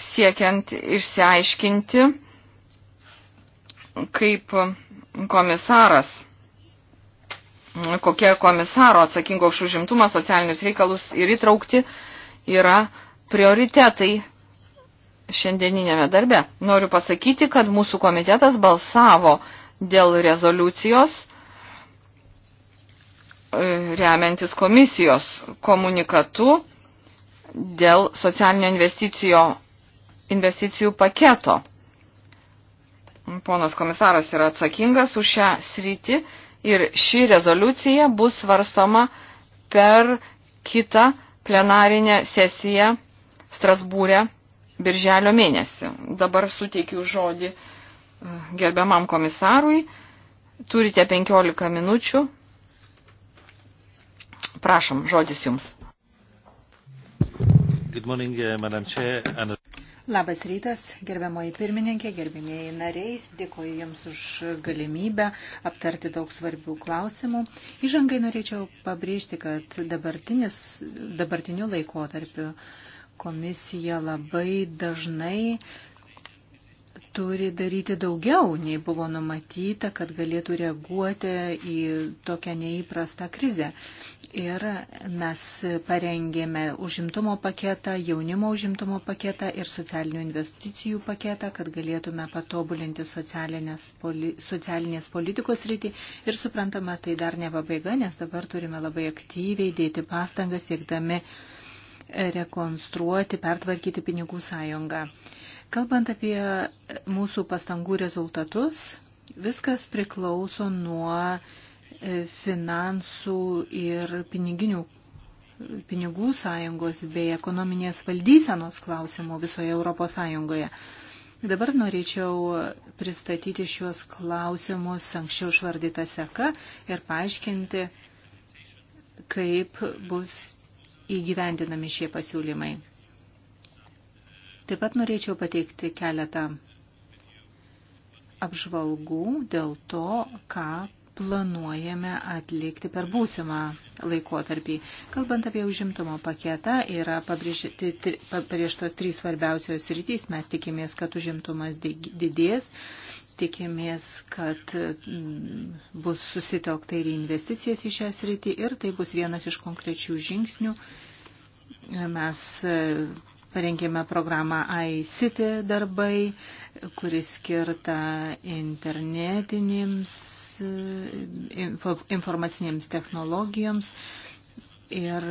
S1: siekiant išsiaiškinti, kaip komisaras, kokie komisaro atsakingo už užimtumą socialinius reikalus ir įtraukti yra prioritetai šiandieninėme darbe. Noriu pasakyti, kad mūsų komitetas balsavo dėl rezoliucijos E, remiantis komisijos komunikatu dėl socialinio investicijo, investicijų paketo. Ponas komisaras yra atsakingas už šią sritį ir ši rezoliucija bus svarstoma per kitą plenarinę sesiją Strasbūrė birželio mėnesį. Dabar suteikiu žodį e, gerbiamam komisarui. Turite 15 minučių Prašom, žodis
S5: jums. Good morning, uh, Madam Chair. And...
S3: Labas rytas, gerbiamoji pirmininkė, gerbimieji nariai, dėkoju Jums už galimybę aptarti daug svarbių klausimų. Įžangai norėčiau pabrėžti, kad dabartiniu laikotarpiu komisija labai dažnai turi daryti daugiau, nei buvo numatyta, kad galėtų reaguoti į tokią neįprastą krizę. Ir mes parengėme užimtumo paketą, jaunimo užimtumo paketą ir socialinių investicijų paketą, kad galėtume patobulinti socialinės, poli, socialinės politikos rytį. Ir suprantama, tai dar ne pabaiga, nes dabar turime labai aktyviai dėti pastangas siekdami rekonstruoti, pertvarkyti pinigų sąjungą. Kalbant apie mūsų pastangų rezultatus, viskas priklauso nuo e, finansų ir piniginių, pinigų sąjungos bei ekonominės valdysenos klausimų visoje Europos Sąjungoje. Dabar norėčiau pristatyti šiuos klausimus anksčiau išvardytą seką ir paaiškinti, kaip bus įgyvendinami šie pasiūlymai. Taip pat norėčiau pateikti keletą apžvalgų dėl to, ką planuojame atlikti per būsimą laikotarpį. Kalbant apie užimtumo paketą, yra pabrėžtos trys svarbiausios rytys. Mes tikimės, kad užimtumas didės, tikimės, kad mm, bus susitelkta ir investicijas į šią sritį ir tai bus vienas iš konkrečių žingsnių. Mes Parengėme programą iCity darbai, kuris skirta internetinėms e, info, informacinėms technologijoms. Ir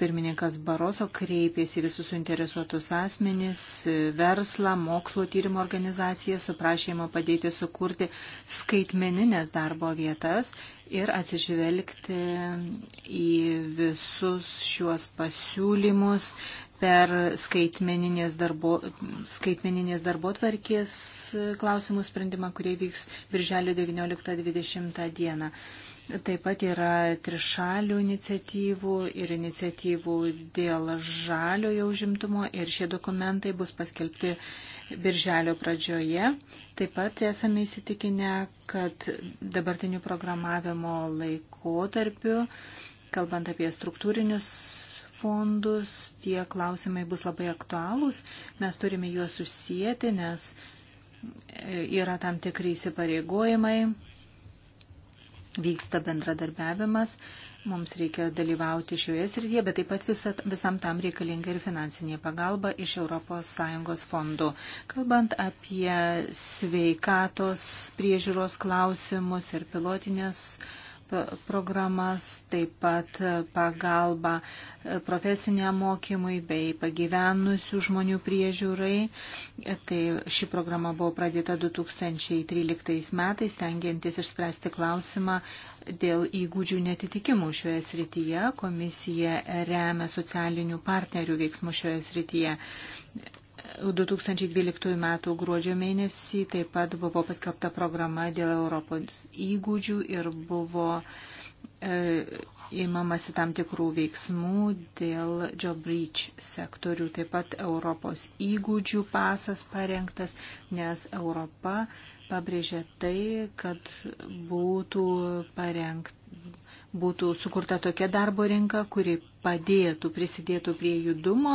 S3: pirmininkas Baroso kreipėsi visus suinteresuotus asmenys, e, verslą, mokslo tyrimo organizaciją su prašymu padėti sukurti skaitmeninės darbo vietas ir atsižvelgti į visus šiuos pasiūlymus per skaitmeninės darbo, skaitmeninės darbo tvarkės klausimų sprendimą, kurie vyks birželio 19-20 dieną. Taip pat yra trišalių iniciatyvų ir iniciatyvų dėl žaliojo užimtumo ir šie dokumentai bus paskelbti birželio pradžioje. Taip pat esame įsitikinę, kad dabartiniu programavimo laikotarpiu, kalbant apie struktūrinius fondus, tie klausimai bus labai aktualūs. Mes turime juos susijęti, nes e, yra tam tikrai įsipareigojimai, vyksta bendradarbiavimas, mums reikia dalyvauti šioje srityje, bet taip pat visa, visam tam reikalinga ir finansinė pagalba iš ES fondų. Kalbant apie sveikatos priežiūros klausimus ir pilotinės uh, programas, taip pat pagalba profesiniam mokymui bei pagyvenusių žmonių priežiūrai. Tai ši programa buvo pradėta 2013 metais, tengiantis išspręsti klausimą dėl įgūdžių netitikimų šioje srityje. Komisija remia socialinių partnerių veiksmų šioje srityje. 2012 m. gruodžio mėnesį taip pat buvo paskelbta programa dėl Europos įgūdžių ir buvo e, įmamasi tam tikrų veiksmų dėl job reach sektorių. Taip pat Europos įgūdžių pasas parengtas, nes Europa pabrėžė tai, kad būtų parengta būtų sukurta tokia darbo rinka, kuri padėtų, prisidėtų prie judumo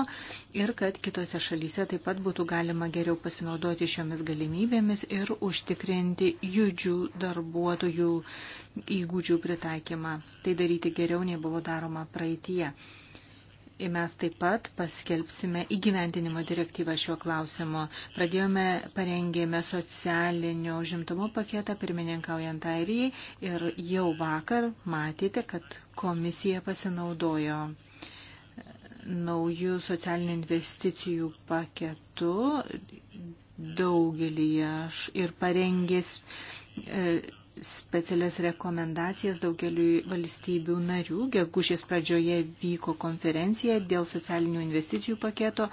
S3: ir kad kitose šalyse taip pat būtų galima geriau pasinaudoti šiomis galimybėmis ir užtikrinti judžių darbuotojų įgūdžių pritaikymą. Tai daryti geriau nei buvo daroma praeitie. Ir mes taip pat paskelbsime įgyventinimo direktyvą šiuo klausimu. Pradėjome, parengėme socialinio užimtumo paketą pirmininkaujant airijai ir jau vakar matėte, kad komisija pasinaudojo naujų socialinių investicijų paketu daugelį aš ir parengės e, specialias rekomendacijas daugeliu valstybių narių. Gegužės pradžioje vyko konferencija dėl socialinių investicijų paketo.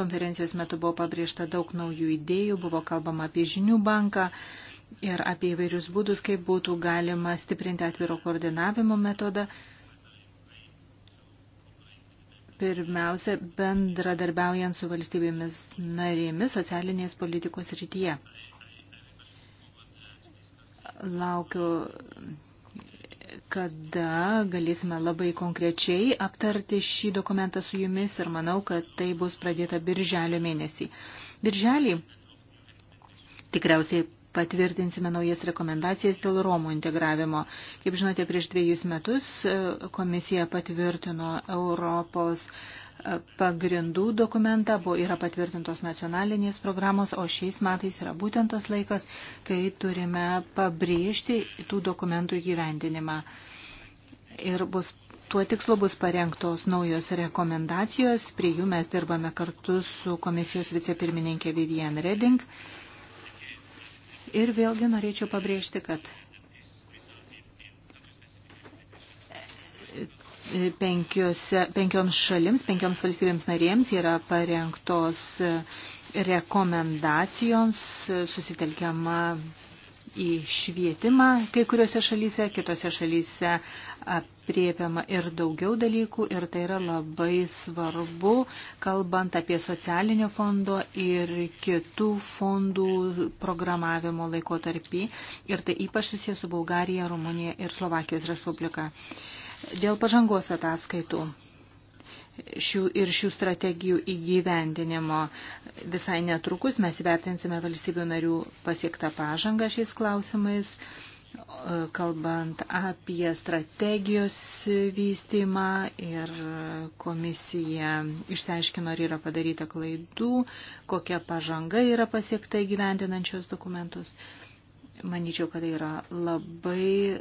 S3: Konferencijos metu buvo pabrėžta daug naujų idėjų, buvo kalbama apie žinių banką ir apie įvairius būdus, kaip būtų galima stiprinti atviro koordinavimo metodą. Pirmiausia, bendradarbiaujant su valstybėmis narėmis socialinės politikos rytyje laukiu, kada galėsime labai konkrečiai aptarti šį dokumentą su jumis ir manau, kad tai bus pradėta birželio mėnesį. Birželį tikriausiai patvirtinsime naujas rekomendacijas dėl Romų integravimo. Kaip žinote, prieš dviejus metus e, komisija patvirtino Europos pagrindų dokumentą, buvo, yra patvirtintos nacionalinės programos, o šiais metais yra būtent tas laikas, kai turime pabrėžti tų dokumentų įgyvendinimą. Ir bus, tuo tikslu bus parengtos naujos rekomendacijos, prie jų mes dirbame kartu su komisijos vicepirmininkė Vivian Reding. Ir vėlgi norėčiau pabrėžti, kad penkiose, penkioms šalims, penkioms valstybėms narėms yra parengtos rekomendacijoms, susitelkiama į švietimą kai kuriuose šalyse, kitose šalyse apriepiama ir daugiau dalykų ir tai yra labai svarbu, kalbant apie socialinio fondo ir kitų fondų programavimo laikotarpį ir tai ypač susijęs su Bulgarija, Rumunija ir Slovakijos Respublika. Uh, Dėl pažangos ataskaitų šių ir šių strategijų įgyvendinimo. Visai netrukus mes įvertinsime valstybių narių pasiektą pažangą šiais klausimais, kalbant apie strategijos vystymą ir komisija išsiaiškino, ar yra padaryta klaidų, kokia pažanga yra pasiekta įgyvendinančios dokumentus. Manyčiau, kad tai yra labai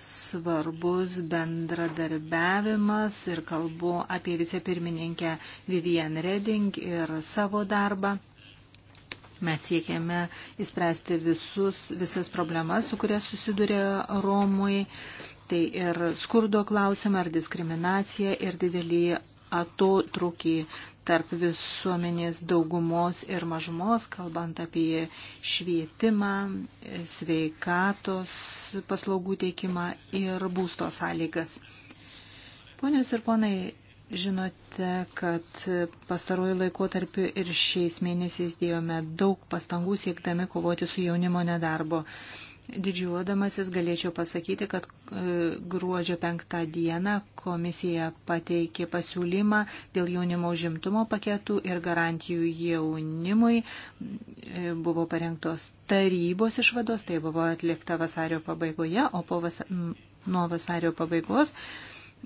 S3: svarbus bendradarbiavimas ir kalbu apie vicepirmininkę Vivian Reding ir savo darbą. Mes siekėme įspręsti visus, visas problemas, su kuria susidurė Romui. Tai ir skurdo klausimą, ir diskriminaciją, ir didelį atotrukį tarp visuomenės daugumos ir mažumos, kalbant apie švietimą, sveikatos paslaugų teikimą ir būsto sąlygas. Ponios ir ponai, žinote, kad pastaruoju laikotarpiu ir šiais mėnesiais dėjome daug pastangų siekdami kovoti su jaunimo nedarbo. Didžiuodamasis galėčiau pasakyti, kad e, gruodžio penktą dieną komisija pateikė pasiūlymą dėl jaunimo užimtumo paketų ir garantijų jaunimui. E, buvo parengtos tarybos išvados, tai buvo atlikta vasario pabaigoje, o po vasa, nuo vasario pabaigos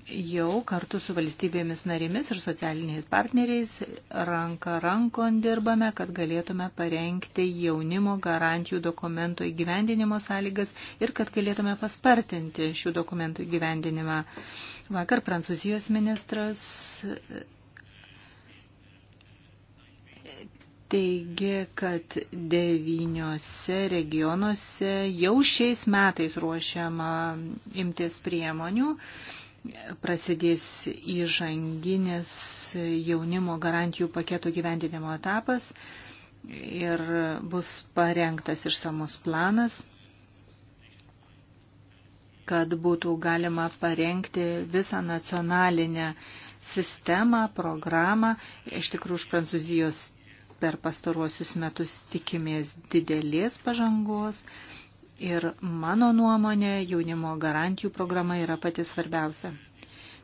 S3: jau kartu su valstybėmis narimis ir socialiniais partneriais ranka rankon dirbame, kad galėtume parengti jaunimo garantijų dokumento įgyvendinimo sąlygas ir kad galėtume paspartinti šių dokumentų įgyvendinimą. Vakar Prancūzijos ministras teigia, kad devyniose regionuose jau šiais metais ruošiama imtis priemonių prasidės įžanginis jaunimo garantijų paketo gyvendinimo etapas ir bus parengtas išsamus planas, kad būtų galima parengti visą nacionalinę sistemą, programą. Iš tikrųjų, už Prancūzijos per pastaruosius metus tikimės didelės pažangos Ir mano nuomonė, jaunimo garantijų programa yra pati svarbiausia.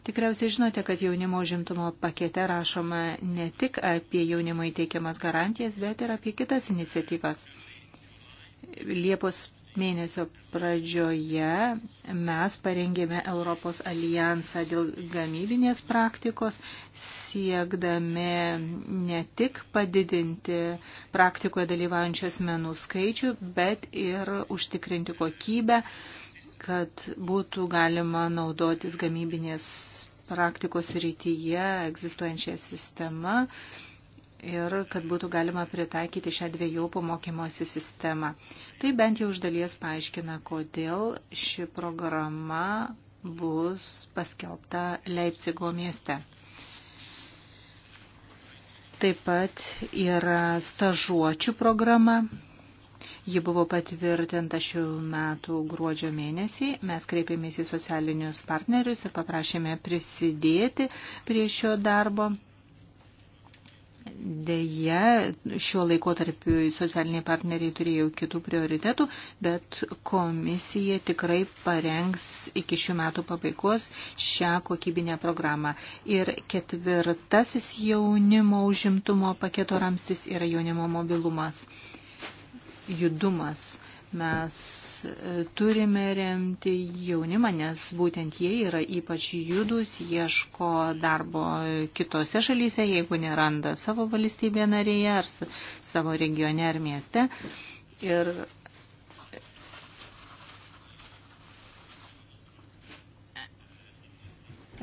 S3: Tikriausiai žinote, kad jaunimo užimtumo pakete rašoma ne tik apie jaunimo įteikiamas garantijas, bet ir apie kitas iniciatyvas. Liepos mėnesio pradžioje mes parengėme Europos alijansą dėl gamybinės praktikos, siekdami ne tik padidinti praktikoje dalyvaujančių asmenų skaičių, bet ir užtikrinti kokybę, kad būtų galima naudotis gamybinės praktikos rytyje egzistuojančią sistemą ir kad būtų galima pritaikyti šią dviejopų mokymosi sistemą. Tai bent jau iš dalies paaiškina, kodėl ši programa bus paskelbta Leipcigo mieste. Taip pat yra stažuočių programa. Ji buvo patvirtinta šių metų gruodžio mėnesį. Mes kreipėmės į socialinius partnerius ir paprašėme prisidėti prie šio darbo Deja, šiuo laikotarpiu socialiniai partneriai turėjo kitų prioritetų, bet komisija tikrai parengs iki šių metų pabaigos šią kokybinę programą. Ir ketvirtasis jaunimo užimtumo paketo ramstis yra jaunimo mobilumas, judumas Mes e, turime remti jaunimą, nes būtent jie yra ypač judus, ieško darbo kitose šalyse, jeigu neranda savo valstybėje narėje ar savo regione ar mieste. Ir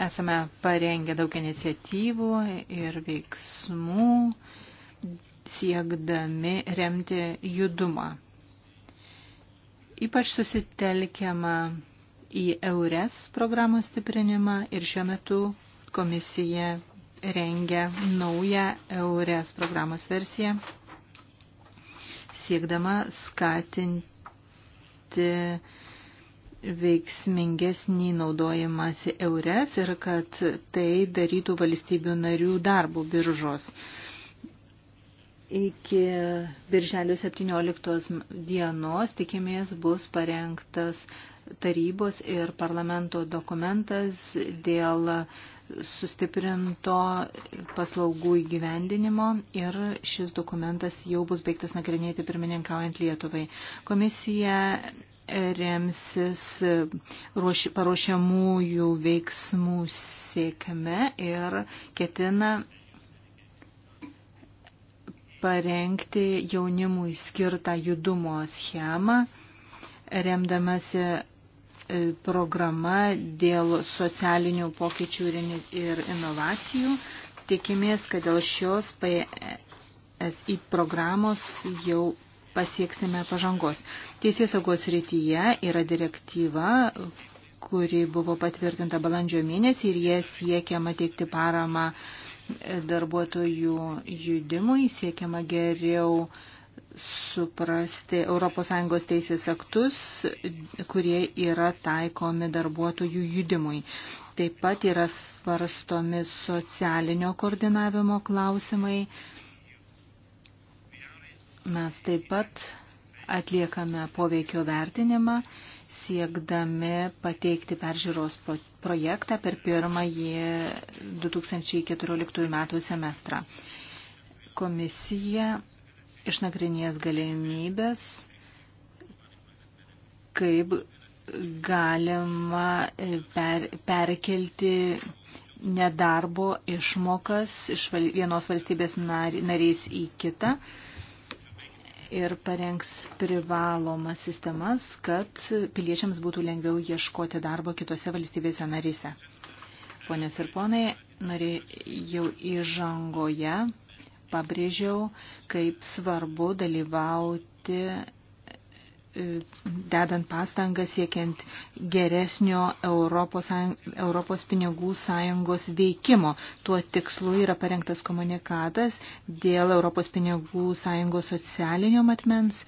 S3: Esame parengę daug iniciatyvų ir veiksmų siekdami remti judumą ypač susitelkiama į EURES programos stiprinimą ir šiuo metu komisija rengia naują EURES programos versiją, siekdama skatinti veiksmingesnį naudojimąsi EURES ir kad tai darytų valstybių narių darbų biržos. Uh, Iki birželio 17 dienos tikimės bus parengtas tarybos ir parlamento dokumentas dėl sustiprinto paslaugų įgyvendinimo ir šis dokumentas jau bus baigtas nagrinėti pirmininkaujant Lietuvai. Komisija remsis ruoš, paruošiamųjų veiksmų sėkme ir ketina parengti jaunimui skirtą judumo schemą, remdamasi e, programa dėl socialinių pokyčių ir inovacijų. Tikimės, kad dėl šios PSI programos jau pasieksime pažangos. Teisės saugos rytyje yra direktyva, kuri buvo patvirtinta balandžio mėnesį ir jie siekia teikti paramą uh, darbuotojų judimui, siekiama geriau suprasti ES teisės aktus, kurie yra taikomi darbuotojų judimui. Taip pat yra svarstomi socialinio koordinavimo klausimai. Mes taip pat atliekame poveikio vertinimą, siekdami pateikti peržiūros projektą per pirmąjį 2014 metų semestrą. Komisija išnagrinės galimybės, kaip galima per, perkelti nedarbo išmokas iš vienos valstybės narys į kitą ir parengs privalomas sistemas, kad piliečiams būtų lengviau ieškoti darbo kitose valstybėse narise. Ponios ir ponai, norėjau įžangoje pabrėžiau, kaip svarbu dalyvauti E, dedant pastangą siekiant geresnio Europos, Europos pinigų sąjungos veikimo. Tuo tikslu yra parengtas komunikatas dėl Europos pinigų sąjungos socialinio matmens.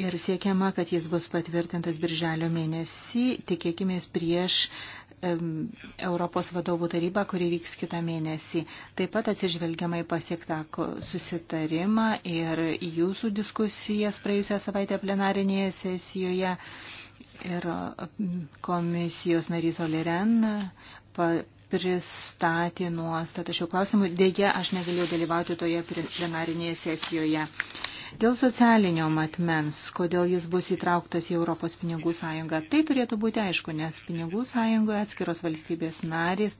S3: Ir siekiama, kad jis bus patvirtintas birželio mėnesį, tikėkime prieš uh, Europos vadovų taryba, kuri vyks kitą mėnesį. Taip pat atsižvelgiamai pasiektą susitarimą ir jūsų diskusijas praėjusią savaitę plenarinėje sesijoje. Ir komisijos narys Oliren pristatė nuostatą šių klausimų. Deja, aš negalėjau dalyvauti toje plenarinėje sesijoje. Dėl socialinio matmens, kodėl jis bus įtrauktas į Europos pinigų sąjungą, tai turėtų būti aišku, nes pinigų sąjungoje atskiros valstybės narės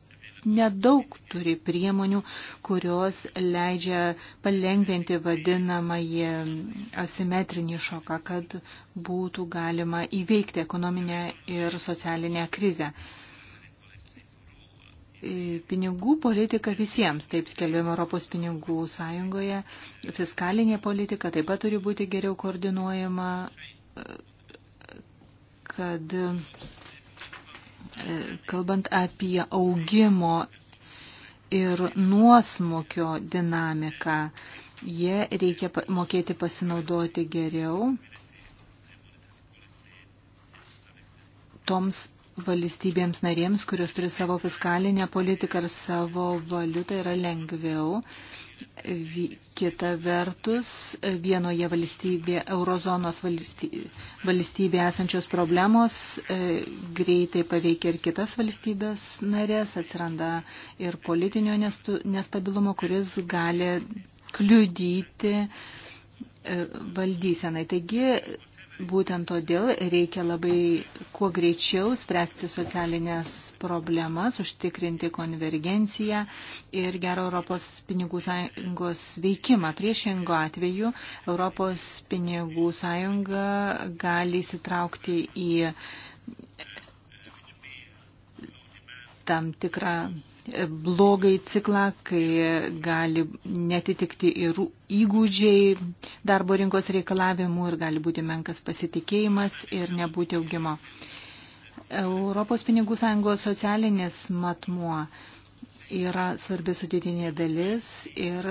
S3: nedaug turi priemonių, kurios leidžia palengventi vadinamąjį asimetrinį šoką, kad būtų galima įveikti ekonominę ir socialinę krizę pinigų politika visiems, taip skelbėm Europos pinigų sąjungoje, fiskalinė politika taip pat turi būti geriau koordinuojama, kad kalbant apie augimo ir nuosmukio dinamiką, jie reikia mokėti pasinaudoti geriau toms valstybėms narėms, kurios turi savo fiskalinę politiką ir savo valiutą, yra lengviau. Kita vertus, vienoje valstybėje, eurozonos valstybėje, valstybėje esančios problemos e, greitai paveikia ir kitas valstybės narės, atsiranda ir politinio nestabilumo, kuris gali kliudyti e, valdysenai. Taigi Būtent todėl reikia labai kuo greičiau spręsti socialinės problemas, užtikrinti konvergenciją ir gerą Europos pinigų sąjungos veikimą. Priešingo atveju Europos pinigų sąjunga gali įsitraukti į tam tikrą blogai ciklą, kai gali netitikti ir įgūdžiai darbo rinkos reikalavimų ir gali būti menkas pasitikėjimas ir nebūti augimo. Europos pinigų sąjungos socialinis matmuo yra svarbi sudėtinė dalis ir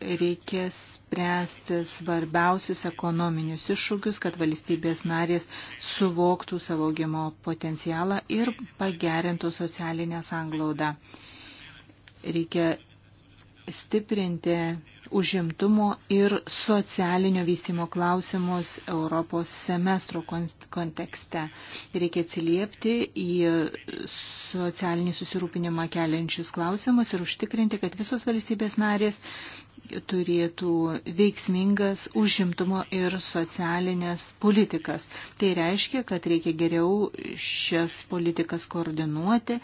S3: reikės spręsti svarbiausius ekonominius iššūkius, kad valstybės narės suvoktų savo augimo potencialą ir pagerintų socialinę sanglaudą. Reikia stiprinti užimtumo ir socialinio vystimo klausimus Europos semestro kontekste. Reikia atsiliepti į socialinį susirūpinimą keliančius klausimus ir užtikrinti, kad visos valstybės narės turėtų veiksmingas užimtumo ir socialinės politikas. Tai reiškia, kad reikia geriau šias politikas koordinuoti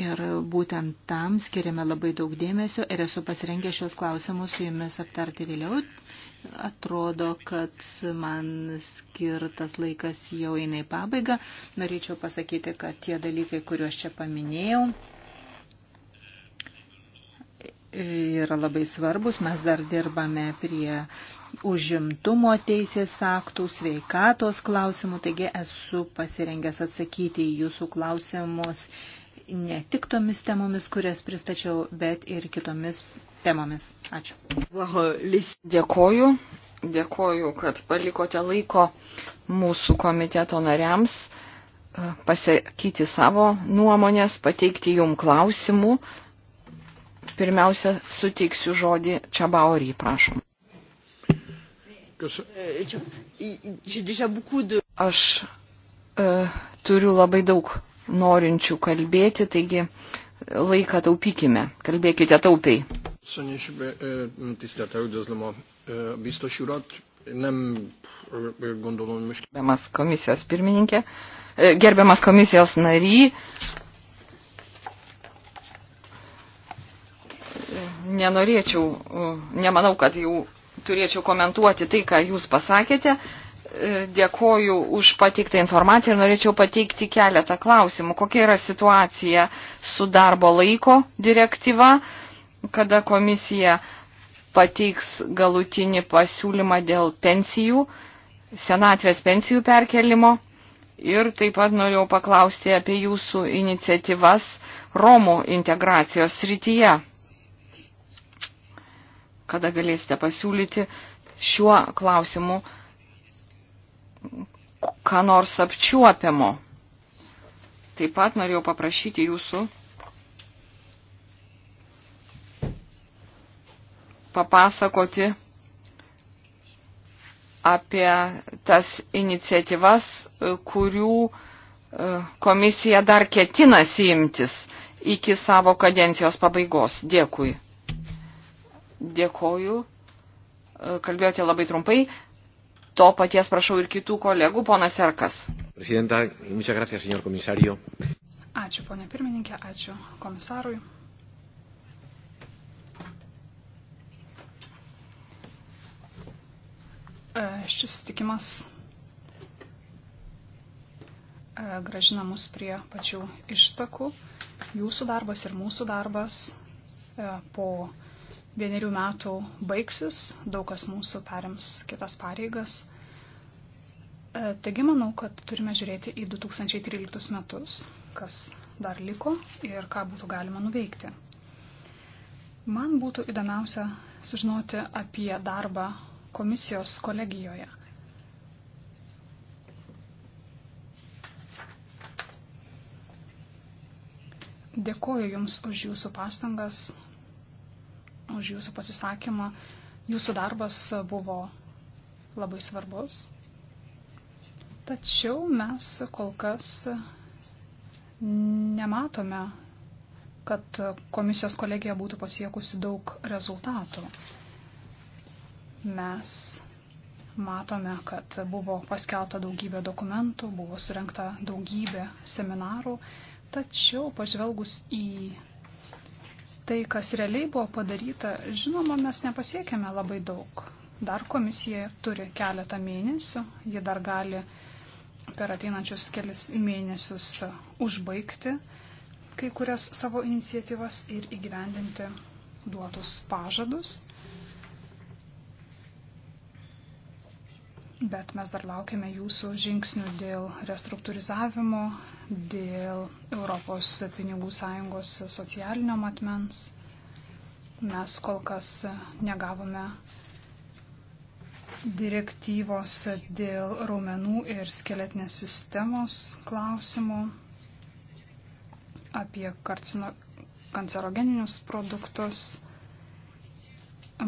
S3: Ir būtent tam skiriame labai daug dėmesio ir esu pasirengę šios klausimus su jumis aptarti vėliau. Atrodo, kad man skirtas laikas jau eina į pabaigą. Norėčiau pasakyti, kad tie dalykai, kuriuos čia paminėjau, yra labai svarbus. Mes dar dirbame prie užimtumo teisės aktų, sveikatos klausimų, taigi esu pasirengęs atsakyti į jūsų klausimus ne tik tomis temomis, kurias pristačiau, bet ir kitomis temomis. Ačiū.
S2: Dėkoju.
S3: Dėkoju, kad palikote laiko
S1: mūsų komiteto nariams e, pasakyti savo nuomonės, pateikti jum klausimų. Pirmiausia, suteiksiu žodį Čabaurį, prašom.
S2: E,
S1: Aš e, turiu labai daug norinčių kalbėti, taigi laiką taupykime, kalbėkite taupiai.
S6: Szanowny tisztelt üdvözlöm a
S1: biztos urat. Nem e, gondolom most... Gerbiamas komisijos pirmininkė, e, gerbiamas komisijos nary, nenorėčiau, e, nemanau, kad jau turėčiau komentuoti tai, ką jūs pasakėte, E, dėkoju už pateiktą informaciją ir norėčiau pateikti keletą klausimų. Kokia yra situacija su darbo laiko direktyva, kada komisija pateiks galutinį pasiūlymą dėl pensijų, senatvės pensijų perkelimo. Ir taip pat norėjau paklausti apie jūsų iniciatyvas Romų integracijos srityje. Kada galėsite pasiūlyti šiuo klausimu? ką nors apčiuopiamo. Taip pat norėjau paprašyti jūsų papasakoti apie tas iniciatyvas, kurių e, komisija dar ketina imtis iki savo kadencijos pabaigos. Dėkui. Dėkoju. E, kalbėjote labai trumpai to paties prašau ir kitų kolegų, ponas Erkas.
S6: Gracias,
S4: ačiū, ponė pirmininkė, ačiū komisarui. E, šis sutikimas e, gražina mus prie pačių ištakų. Jūsų darbas ir mūsų darbas e, po vienerių metų baigsis, daug kas mūsų perims kitas pareigas. E, taigi manau, kad turime žiūrėti į 2013 metus, kas dar liko ir ką būtų galima nuveikti. Man būtų įdomiausia sužinoti apie darbą komisijos kolegijoje. Dėkoju Jums už Jūsų pastangas, už Jūsų pasisakymą. Jūsų darbas buvo labai svarbus. Tačiau mes kol kas nematome, kad komisijos kolegija būtų pasiekusi daug rezultatų. Mes matome, kad buvo paskelbta daugybė dokumentų, buvo surinkta daugybė seminarų, tačiau pažvelgus į tai, kas realiai buvo padaryta, žinoma, mes nepasiekėme labai daug. Dar komisija turi keletą mėnesių, ji dar gali uh, per ateinančius kelis mėnesius užbaigti kai kurias savo iniciatyvas ir įgyvendinti duotus pažadus. Bet mes dar laukiame jūsų žingsnių dėl restruktūrizavimo, dėl Europos pinigų sąjungos socialinio matmens. Mes kol kas negavome direktyvos dėl raumenų ir skeletinės sistemos klausimo, apie karcino, kancerogeninius produktus.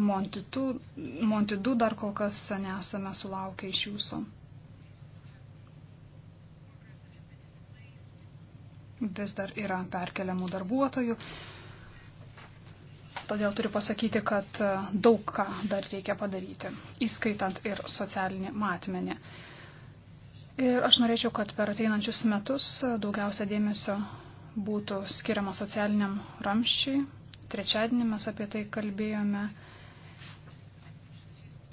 S4: Montidų, Montidų dar kol kas nesame sulaukę iš jūsų. Vis dar yra perkeliamų darbuotojų. Todėl turiu pasakyti, kad e, daug ką dar reikia padaryti, įskaitant ir socialinį matmenį. Ir aš norėčiau, kad per ateinančius metus e, daugiausia dėmesio būtų skiriama socialiniam ramščiai. Trečiadienį mes apie tai kalbėjome.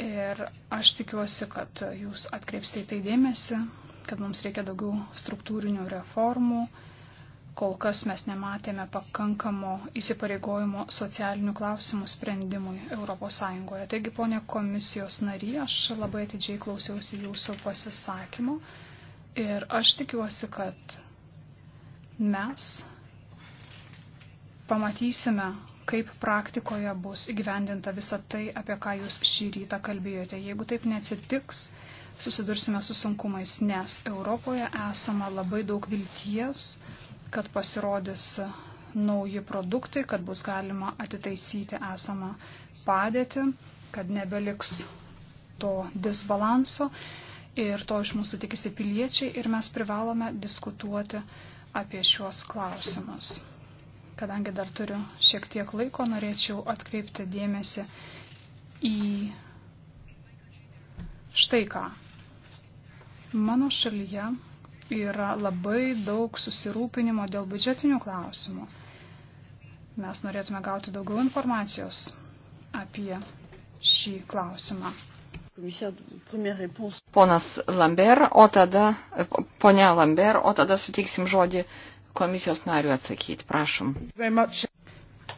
S4: Ir aš tikiuosi, kad jūs atkreipsite į tai dėmesį, kad mums reikia daugiau struktūrinių reformų kol kas mes nematėme pakankamo įsipareigojimo socialinių klausimų sprendimui ES. Taigi, ponė komisijos nary, aš labai atidžiai klausiausi jūsų pasisakymo ir aš tikiuosi, kad mes pamatysime, kaip praktikoje bus įgyvendinta visa tai, apie ką jūs šį rytą kalbėjote. Jeigu taip neatsitiks, susidursime su sunkumais, nes Europoje esama labai daug vilties, kad pasirodys nauji produktai, kad bus galima atitaisyti esamą padėtį, kad nebeliks to disbalanso ir to iš mūsų tikisi piliečiai ir mes privalome diskutuoti apie šios klausimus. Kadangi dar turiu šiek tiek laiko, norėčiau atkreipti dėmesį į štai ką. Mano šalyje yra labai daug susirūpinimo dėl biudžetinių klausimų. Mes norėtume gauti daugiau informacijos apie šį klausimą.
S1: Ponas Lambert, o tada, ponia Lambert, o tada suteiksim žodį komisijos nariu atsakyti. Prašom.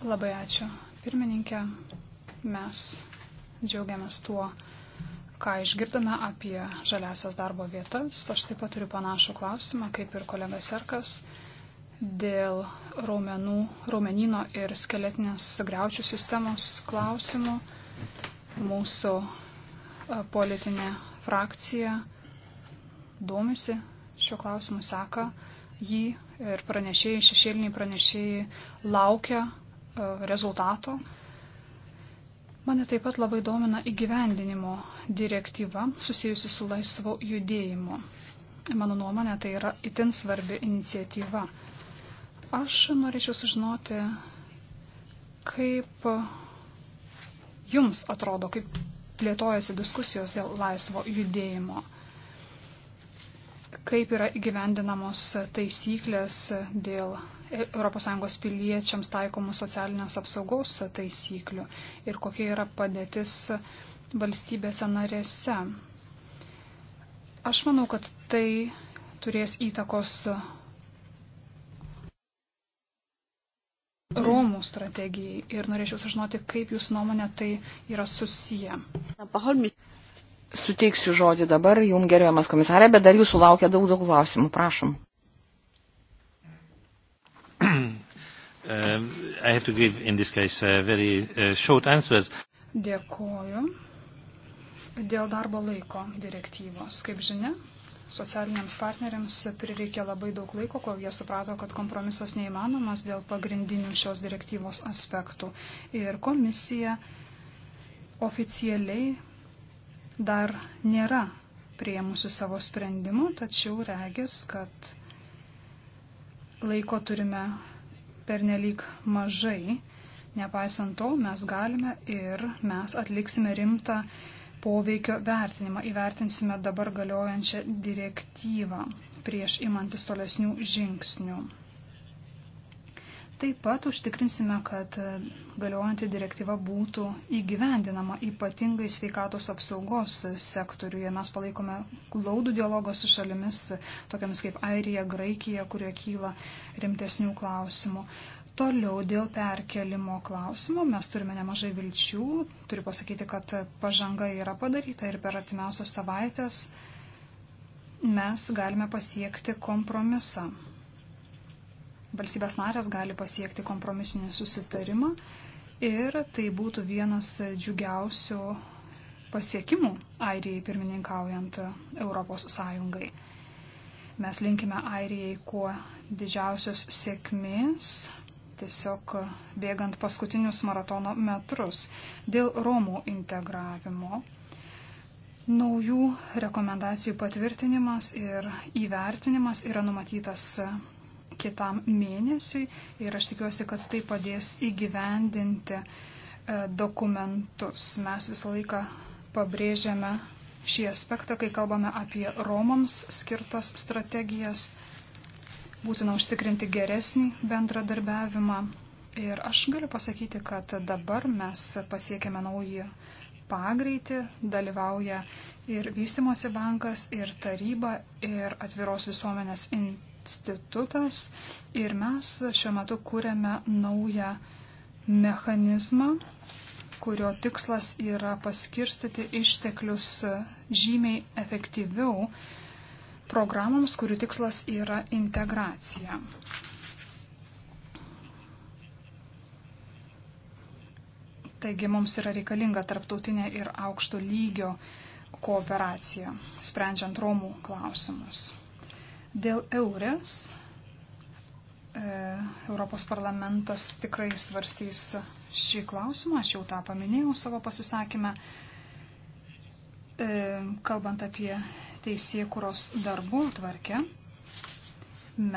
S4: Labai ačiū. Pirmininkė, mes džiaugiamės tuo, ką išgirdome apie žaliasias darbo vietas. Aš taip pat turiu panašų klausimą, kaip ir kolega Serkas, dėl raumenų, raumenino ir skeletinės greučių sistemos klausimų. Mūsų e, politinė frakcija domisi šiuo klausimu, seka jį ir pranešėjai, šešėliniai pranešėjai laukia e, rezultato Mane taip pat labai domina įgyvendinimo direktyva susijusi su laisvo judėjimu. Mano nuomonė, tai yra itin svarbi iniciatyva. Aš norėčiau sužinoti, kaip jums atrodo, kaip plėtojasi diskusijos dėl laisvo judėjimo, kaip yra įgyvendinamos taisyklės dėl ES piliečiams taikomų socialinės apsaugos taisyklių ir kokia yra padėtis valstybėse narėse. Aš manau, kad tai turės įtakos Romų strategijai ir norėčiau sužinoti, kaip jūs nuomonė tai yra susiję.
S1: Suteiksiu žodį dabar, jums gerbiamas komisarė, bet dar jūsų laukia daug daug klausimų, prašom.
S5: Um, I have to give in this case uh, very uh, short answers.
S4: Dėkoju. Dėl darbo laiko direktyvos. Kaip žinia, socialiniams partneriams prireikė labai daug laiko, kol jie suprato, kad kompromisas neįmanomas dėl pagrindinių šios direktyvos aspektų. Ir komisija oficialiai dar nėra prieimusi savo sprendimų, tačiau regis, kad laiko turime pernelyg mažai. Nepaisant to, mes galime ir mes atliksime rimtą poveikio vertinimą, įvertinsime dabar galiojančią direktyvą prieš imantis tolesnių žingsnių. Taip pat užtikrinsime, kad galiojanti direktyva būtų įgyvendinama ypatingai sveikatos apsaugos sektoriuje. Mes palaikome glaudų dialogą su šalimis, tokiamis kaip Airija, Graikija, kurie kyla rimtesnių klausimų. Toliau dėl perkelimo klausimo mes turime nemažai vilčių. Turiu pasakyti, kad pažanga yra padaryta ir per artimiausias savaitės mes galime pasiekti kompromisą valstybės narės gali pasiekti kompromisinį susitarimą ir tai būtų vienas džiugiausių pasiekimų Airijai pirmininkaujant Europos Sąjungai. Mes linkime Airijai kuo didžiausios sėkmės, tiesiog bėgant paskutinius maratono metrus dėl Romų integravimo. Naujų rekomendacijų patvirtinimas ir įvertinimas yra numatytas kitam mėnesiui ir aš tikiuosi, kad tai padės įgyvendinti e, dokumentus. Mes visą laiką pabrėžiame šį aspektą, kai kalbame apie Romams skirtas strategijas. Būtina užtikrinti geresnį bendradarbiavimą. Ir aš galiu pasakyti, kad dabar mes pasiekėme naują pagreitį, dalyvauja ir vystimosi bankas, ir taryba, ir atviros visuomenės iniciatyva institutas ir mes šiuo metu kūrėme naują mechanizmą, kurio tikslas yra paskirstyti išteklius žymiai efektyviau programoms, kurių tikslas yra integracija. Taigi mums yra reikalinga tarptautinė ir aukšto lygio kooperacija, sprendžiant Romų klausimus. Dėl eurės e, Europos parlamentas tikrai svarstys šį klausimą, aš jau tą paminėjau savo pasisakymę, e, kalbant apie teisėkuros darbų tvarkę,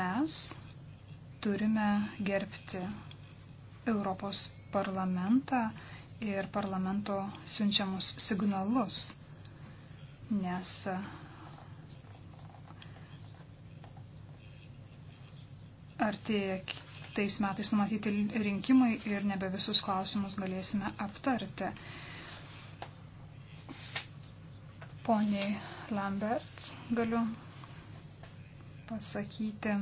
S4: mes turime gerbti Europos parlamentą ir parlamento siunčiamus signalus, nes artėja tais metais numatyti rinkimai ir nebe visus klausimus galėsime aptarti. Poniai Lambert galiu pasakyti.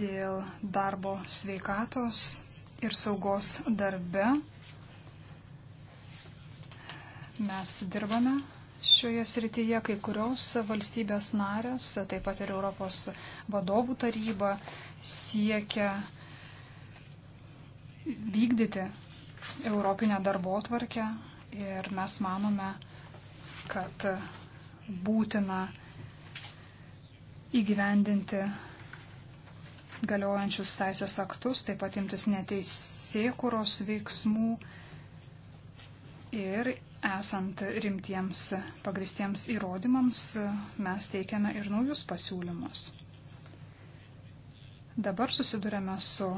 S4: Dėl darbo sveikatos ir saugos darbe Mes dirbame šioje srityje, kai kurios valstybės narės, taip pat ir Europos vadovų taryba siekia vykdyti Europinę darbo tvarkę ir mes manome, kad būtina įgyvendinti galiojančius teisės aktus, taip pat imtis neteisėkuros veiksmų ir Esant rimtiems pagristiems įrodymams, mes teikiame ir naujus pasiūlymus. Dabar susidurėme su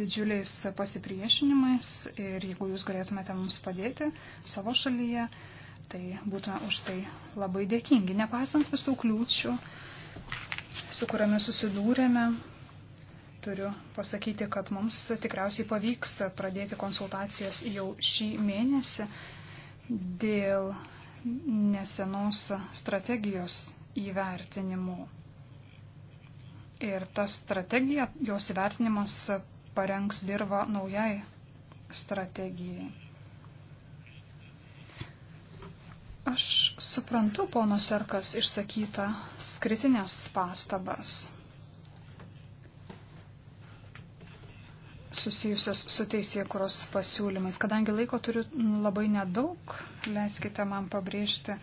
S4: didžiuliais pasipriešinimais ir jeigu jūs galėtumėte mums padėti savo šalyje, tai būtume už tai labai dėkingi. Nepaisant visų kliūčių, su kuriamis susidūrėme, turiu pasakyti, kad mums tikriausiai pavyks pradėti konsultacijas jau šį mėnesį dėl nesenos strategijos įvertinimų. Ir ta strategija, jos įvertinimas parengs dirbą naujai strategijai. Aš suprantu pono Serkas išsakytas kritinės pastabas. susijusios su teisėkuros pasiūlymais. Kadangi laiko turiu labai nedaug, leiskite man pabrėžti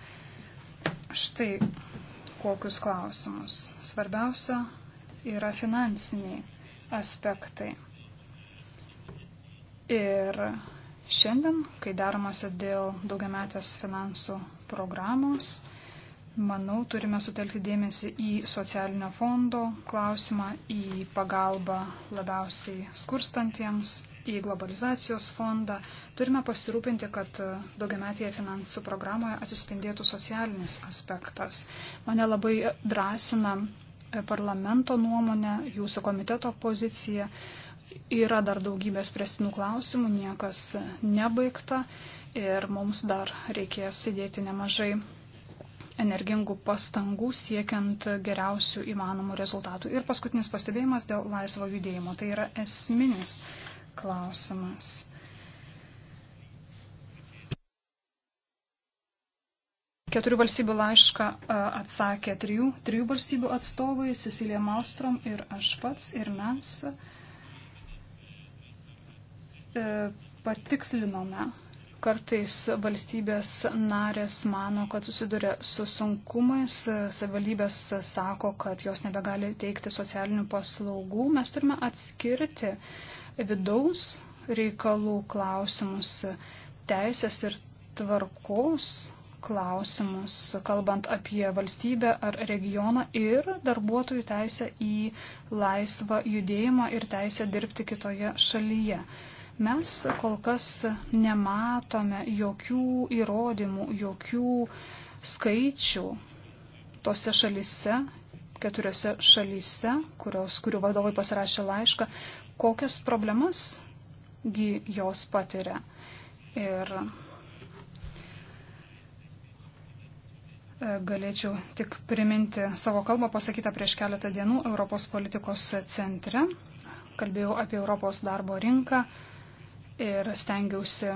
S4: štai kokius klausimus. Svarbiausia yra finansiniai aspektai. Ir šiandien, kai daromasi dėl daugiametės finansų programos, Manau, turime sutelkti dėmesį į socialinio fondo klausimą, į pagalbą labiausiai skurstantiems, į globalizacijos fondą. Turime pasirūpinti, kad daugiametėje finansų programoje atsispindėtų socialinis aspektas. Mane labai drąsina parlamento nuomonė, jūsų komiteto pozicija. Yra dar daugybės prestinų klausimų, niekas nebaigta ir mums dar reikės įdėti nemažai energingų pastangų siekiant geriausių įmanomų rezultatų. Ir paskutinis pastebėjimas dėl laisvo judėjimo. Tai yra esminis klausimas. Keturių valstybių laišką atsakė trijų, trijų valstybių atstovai - Cecilija Maustrom ir aš pats ir mes e, patikslinome Kartais valstybės narės mano, kad susiduria su sunkumais, savivalybės sako, kad jos nebegali teikti socialinių paslaugų. Mes turime atskirti vidaus reikalų klausimus, teisės ir tvarkos klausimus, kalbant apie valstybę ar regioną ir darbuotojų teisę į laisvą judėjimą ir teisę dirbti kitoje šalyje. Mes kol kas nematome jokių įrodymų, jokių skaičių tose šalise, keturiose šalyse, kurios, kurių vadovai pasirašė laišką, kokias problemas jos patiria. Ir e, galėčiau tik priminti savo kalbą pasakytą prieš keletą dienų Europos politikos centre. Kalbėjau apie Europos darbo rinką, ir stengiausi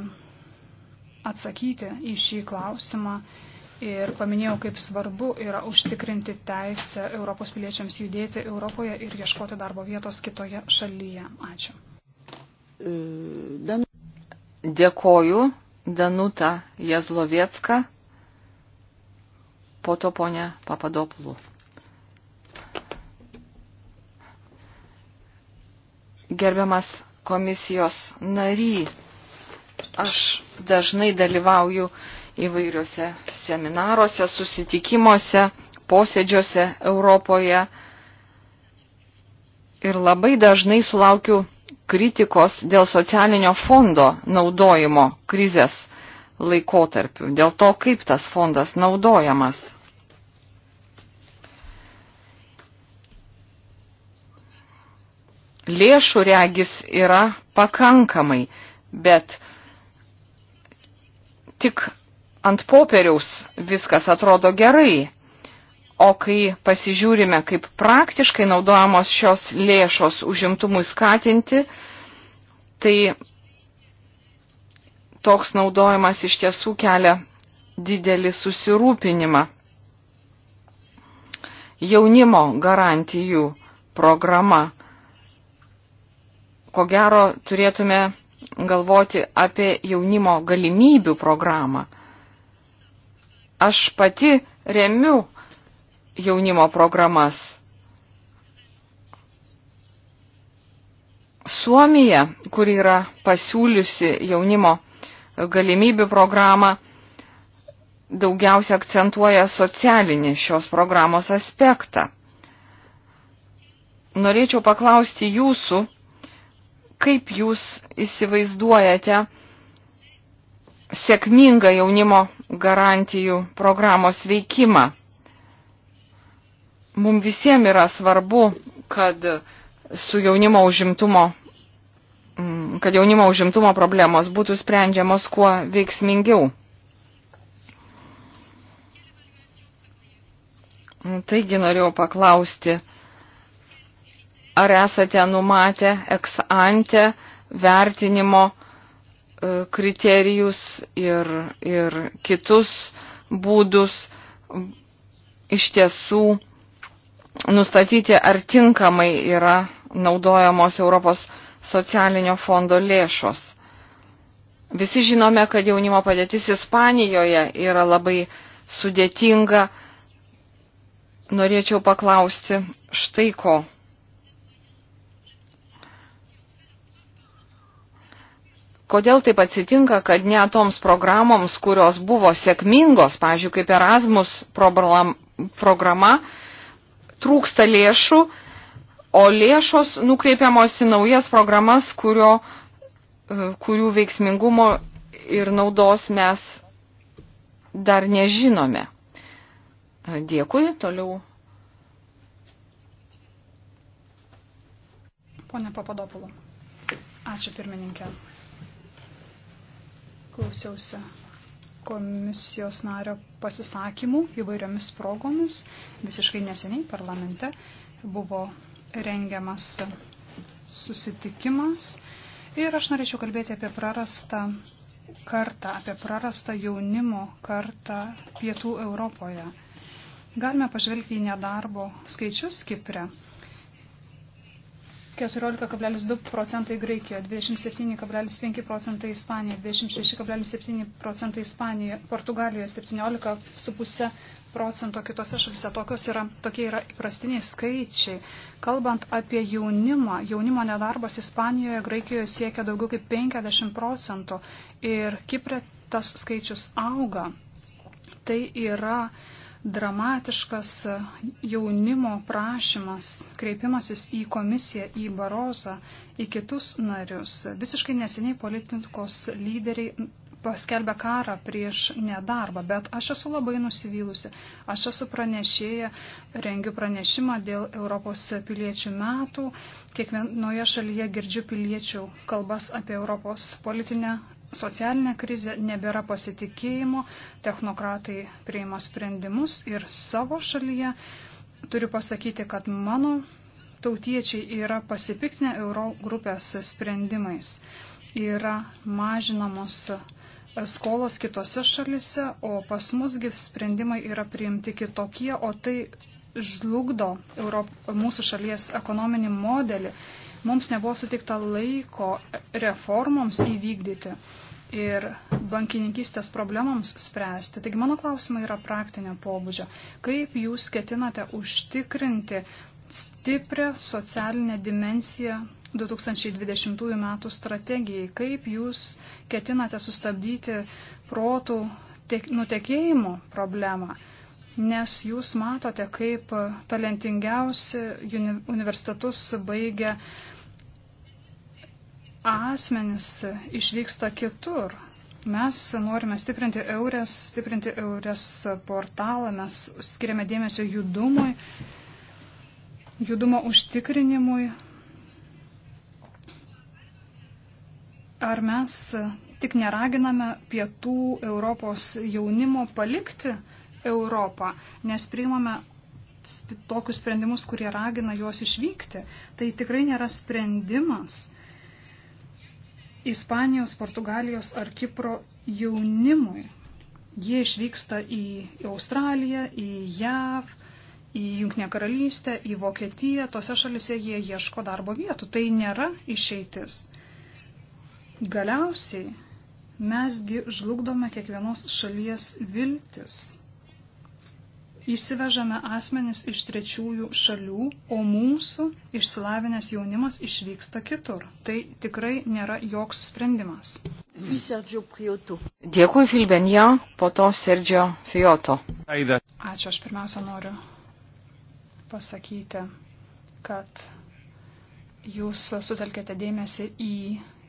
S4: atsakyti į šį klausimą ir paminėjau, kaip svarbu yra užtikrinti teisę Europos piliečiams judėti Europoje ir ieškoti darbo vietos kitoje šalyje. Ačiū.
S1: Dėkoju, Danuta Jezlovietska, po to ponė Papadoplų. Gerbiamas komisijos nary. Aš dažnai dalyvauju įvairiuose seminaruose, susitikimuose, posėdžiuose Europoje ir labai dažnai sulaukiu kritikos dėl socialinio fondo naudojimo krizės laikotarpiu, dėl to, kaip tas fondas naudojamas. lėšų regis yra pakankamai, bet tik ant popieriaus viskas atrodo gerai. O kai pasižiūrime, kaip praktiškai naudojamos šios lėšos užimtumui skatinti, tai toks naudojimas iš tiesų kelia didelį susirūpinimą. Jaunimo garantijų programa ko gero turėtume galvoti apie jaunimo galimybių programą. Aš pati remiu jaunimo programas. Suomija, kuri yra pasiūliusi jaunimo galimybių programą, daugiausia akcentuoja socialinį šios programos aspektą. Norėčiau paklausti jūsų, kaip jūs įsivaizduojate sėkmingą jaunimo garantijų programos veikimą? Mums visiems yra svarbu, kad su jaunimo užimtumo mm, kad jaunimo užimtumo problemos būtų sprendžiamos kuo veiksmingiau. Taigi norėjau paklausti, ar esate numatę eksante vertinimo e, kriterijus ir, ir kitus būdus iš tiesų nustatyti, ar tinkamai yra naudojamos Europos socialinio fondo lėšos. Visi žinome, kad jaunimo padėtis Ispanijoje yra labai sudėtinga. Norėčiau paklausti štai ko. Kodėl taip atsitinka, kad ne toms programoms, kurios buvo sėkmingos, pavyzdžiui, kaip Erasmus programa, trūksta lėšų, o lėšos nukreipiamos į naujas programas, kurio, e, kurių veiksmingumo ir naudos mes dar nežinome. E, dėkui, toliau.
S4: Pone Papadopulo. Ačiū pirmininkė. Klausiausi komisijos nario pasisakymų įvairiomis progomis. Visiškai neseniai parlamente buvo rengiamas susitikimas. Ir aš norėčiau kalbėti apie prarastą kartą, apie prarastą jaunimo kartą pietų Europoje. Galime pažvelgti į nedarbo skaičius Kipre. 14,2 procentai Graikijoje, 27,5 procentai Ispanijoje, 26,7 procentai Ispanijoje, Portugalijoje 17,5 procento kitose šalise. Tokios yra, tokie yra įprastiniai skaičiai. Kalbant apie jaunimą, jaunimo nedarbas Ispanijoje, Graikijoje siekia daugiau kaip 50 procentų ir Kiprė tas skaičius auga. Tai yra uh, dramatiškas jaunimo prašymas, kreipimasis į komisiją, į Barozą, į kitus narius. Visiškai neseniai politikos lyderiai paskelbė karą prieš nedarbą, bet aš esu labai nusivylusi. Aš esu pranešėja, rengiu pranešimą dėl Europos piliečių metų. Kiekvienoje šalyje girdžiu piliečių kalbas apie Europos politinę socialinę krizę, nebėra pasitikėjimo, technokratai priima sprendimus ir savo šalyje turiu pasakyti, kad mano tautiečiai yra pasipiktinę euro grupės sprendimais. Yra mažinamos skolos kitose šalise, o pas musgi sprendimai yra priimti kitokie, o tai žlugdo Europ, mūsų šalies ekonominį modelį mums nebuvo sutikta laiko reformoms įvykdyti ir bankininkystės problemams spręsti. Taigi mano klausimai yra praktinio pobūdžio. Kaip jūs ketinate užtikrinti stiprią socialinę dimensiją 2020 m. strategijai? Kaip jūs ketinate sustabdyti protų nutekėjimo problemą? nes jūs matote, kaip talentingiausi universitetus baigia asmenys išvyksta kitur. Mes norime stiprinti eurės, stiprinti eurės portalą, mes skiriame dėmesio judumui, judumo užtikrinimui. Ar mes tik neraginame pietų Europos jaunimo palikti Europą, nes priimame tokius sprendimus, kurie ragina juos išvykti. Tai tikrai nėra sprendimas Ispanijos, Portugalijos ar Kipro jaunimui. Jie išvyksta į Australiją, į JAV, į Junknę karalystę, į Vokietiją. Tose šalise jie ieško darbo vietų. Tai nėra išeitis. Galiausiai mesgi žlugdome kiekvienos šalies viltis įsivežame asmenis iš trečiųjų šalių, o mūsų išsilavinęs jaunimas išvyksta kitur. Tai tikrai nėra joks sprendimas.
S1: Dėkui, Filbenja, po to Sergio Fioto. Ačiū,
S4: aš pirmiausia noriu pasakyti, kad jūs sutelkėte dėmesį į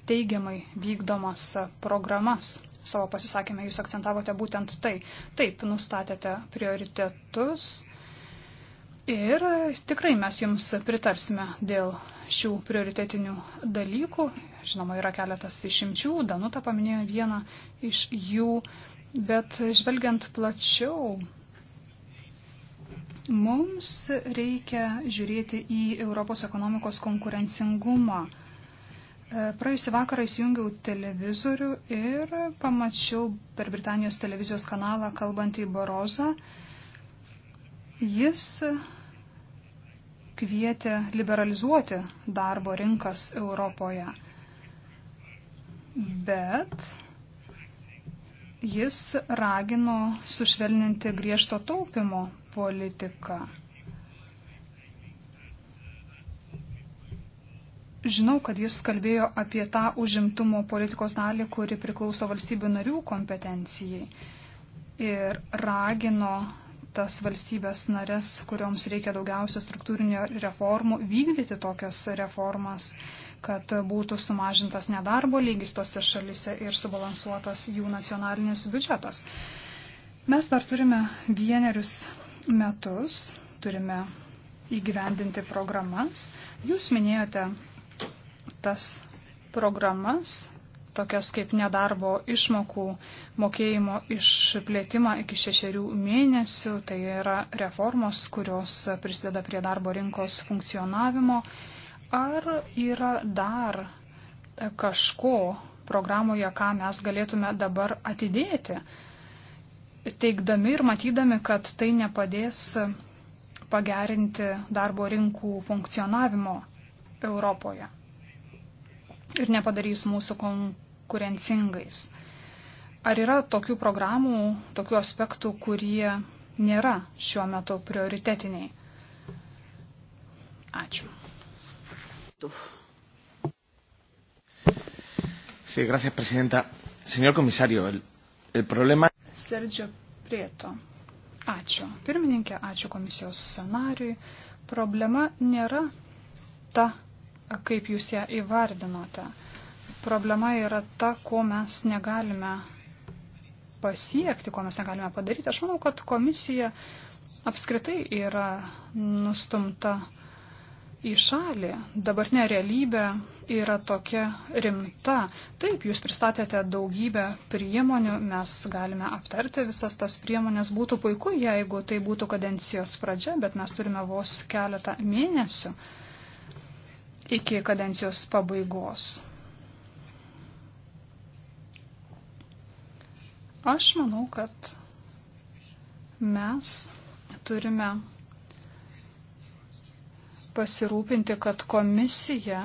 S4: teigiamai vykdomas programas savo pasisakymę jūs akcentavote būtent tai. Taip, nustatėte prioritetus ir tikrai mes jums pritarsime dėl šių prioritetinių dalykų. Žinoma, yra keletas išimčių, Danuta paminėjo vieną iš jų, bet žvelgiant plačiau, mums reikia žiūrėti į Europos ekonomikos konkurencingumą E, praėjusį vakarą įsijungiau televizorių ir pamačiau per Britanijos televizijos kanalą kalbantį Barozą. Jis kvietė liberalizuoti darbo rinkas Europoje. Bet jis ragino sušvelninti griežto taupimo politiką. Žinau, kad jis kalbėjo apie tą užimtumo politikos dalį, kuri priklauso valstybių narių kompetencijai ir ragino tas valstybės narės, kurioms reikia daugiausia struktūrinio reformų, vykdyti tokias reformas, kad būtų sumažintas nedarbo lygis tose šalise ir subalansuotas jų nacionalinis biudžetas. Mes dar turime vienerius metus, turime įgyvendinti programas. Jūs minėjote tas programas, tokias kaip nedarbo išmokų mokėjimo išplėtimą iki šešerių mėnesių. Tai yra reformos, kurios prisideda prie darbo rinkos funkcionavimo. Ar yra dar kažko programoje, ką mes galėtume dabar atidėti, teikdami ir matydami, kad tai nepadės pagerinti darbo rinkų funkcionavimo Europoje? ir nepadarys mūsų konkurencingais. Ar yra tokių programų, tokių aspektų, kurie nėra šiuo metu prioritetiniai? Ačiū.
S6: Sí, gracias, presidenta. Señor comisario, el, el problema.
S4: Sergio Prieto. Ačiū. Pirmininkė, ačiū komisijos scenariui. Problema nėra ta kaip jūs ją įvardinote. Problema yra ta, ko mes negalime pasiekti, ko mes negalime padaryti. Aš manau, kad komisija apskritai yra nustumta į šalį. Dabartinė realybė yra tokia rimta. Taip, jūs pristatėte daugybę priemonių, mes galime aptarti visas tas priemonės. Būtų puiku, jeigu tai būtų kadencijos pradžia, bet mes turime vos keletą mėnesių iki kadencijos pabaigos. Aš manau, kad mes turime pasirūpinti, kad komisija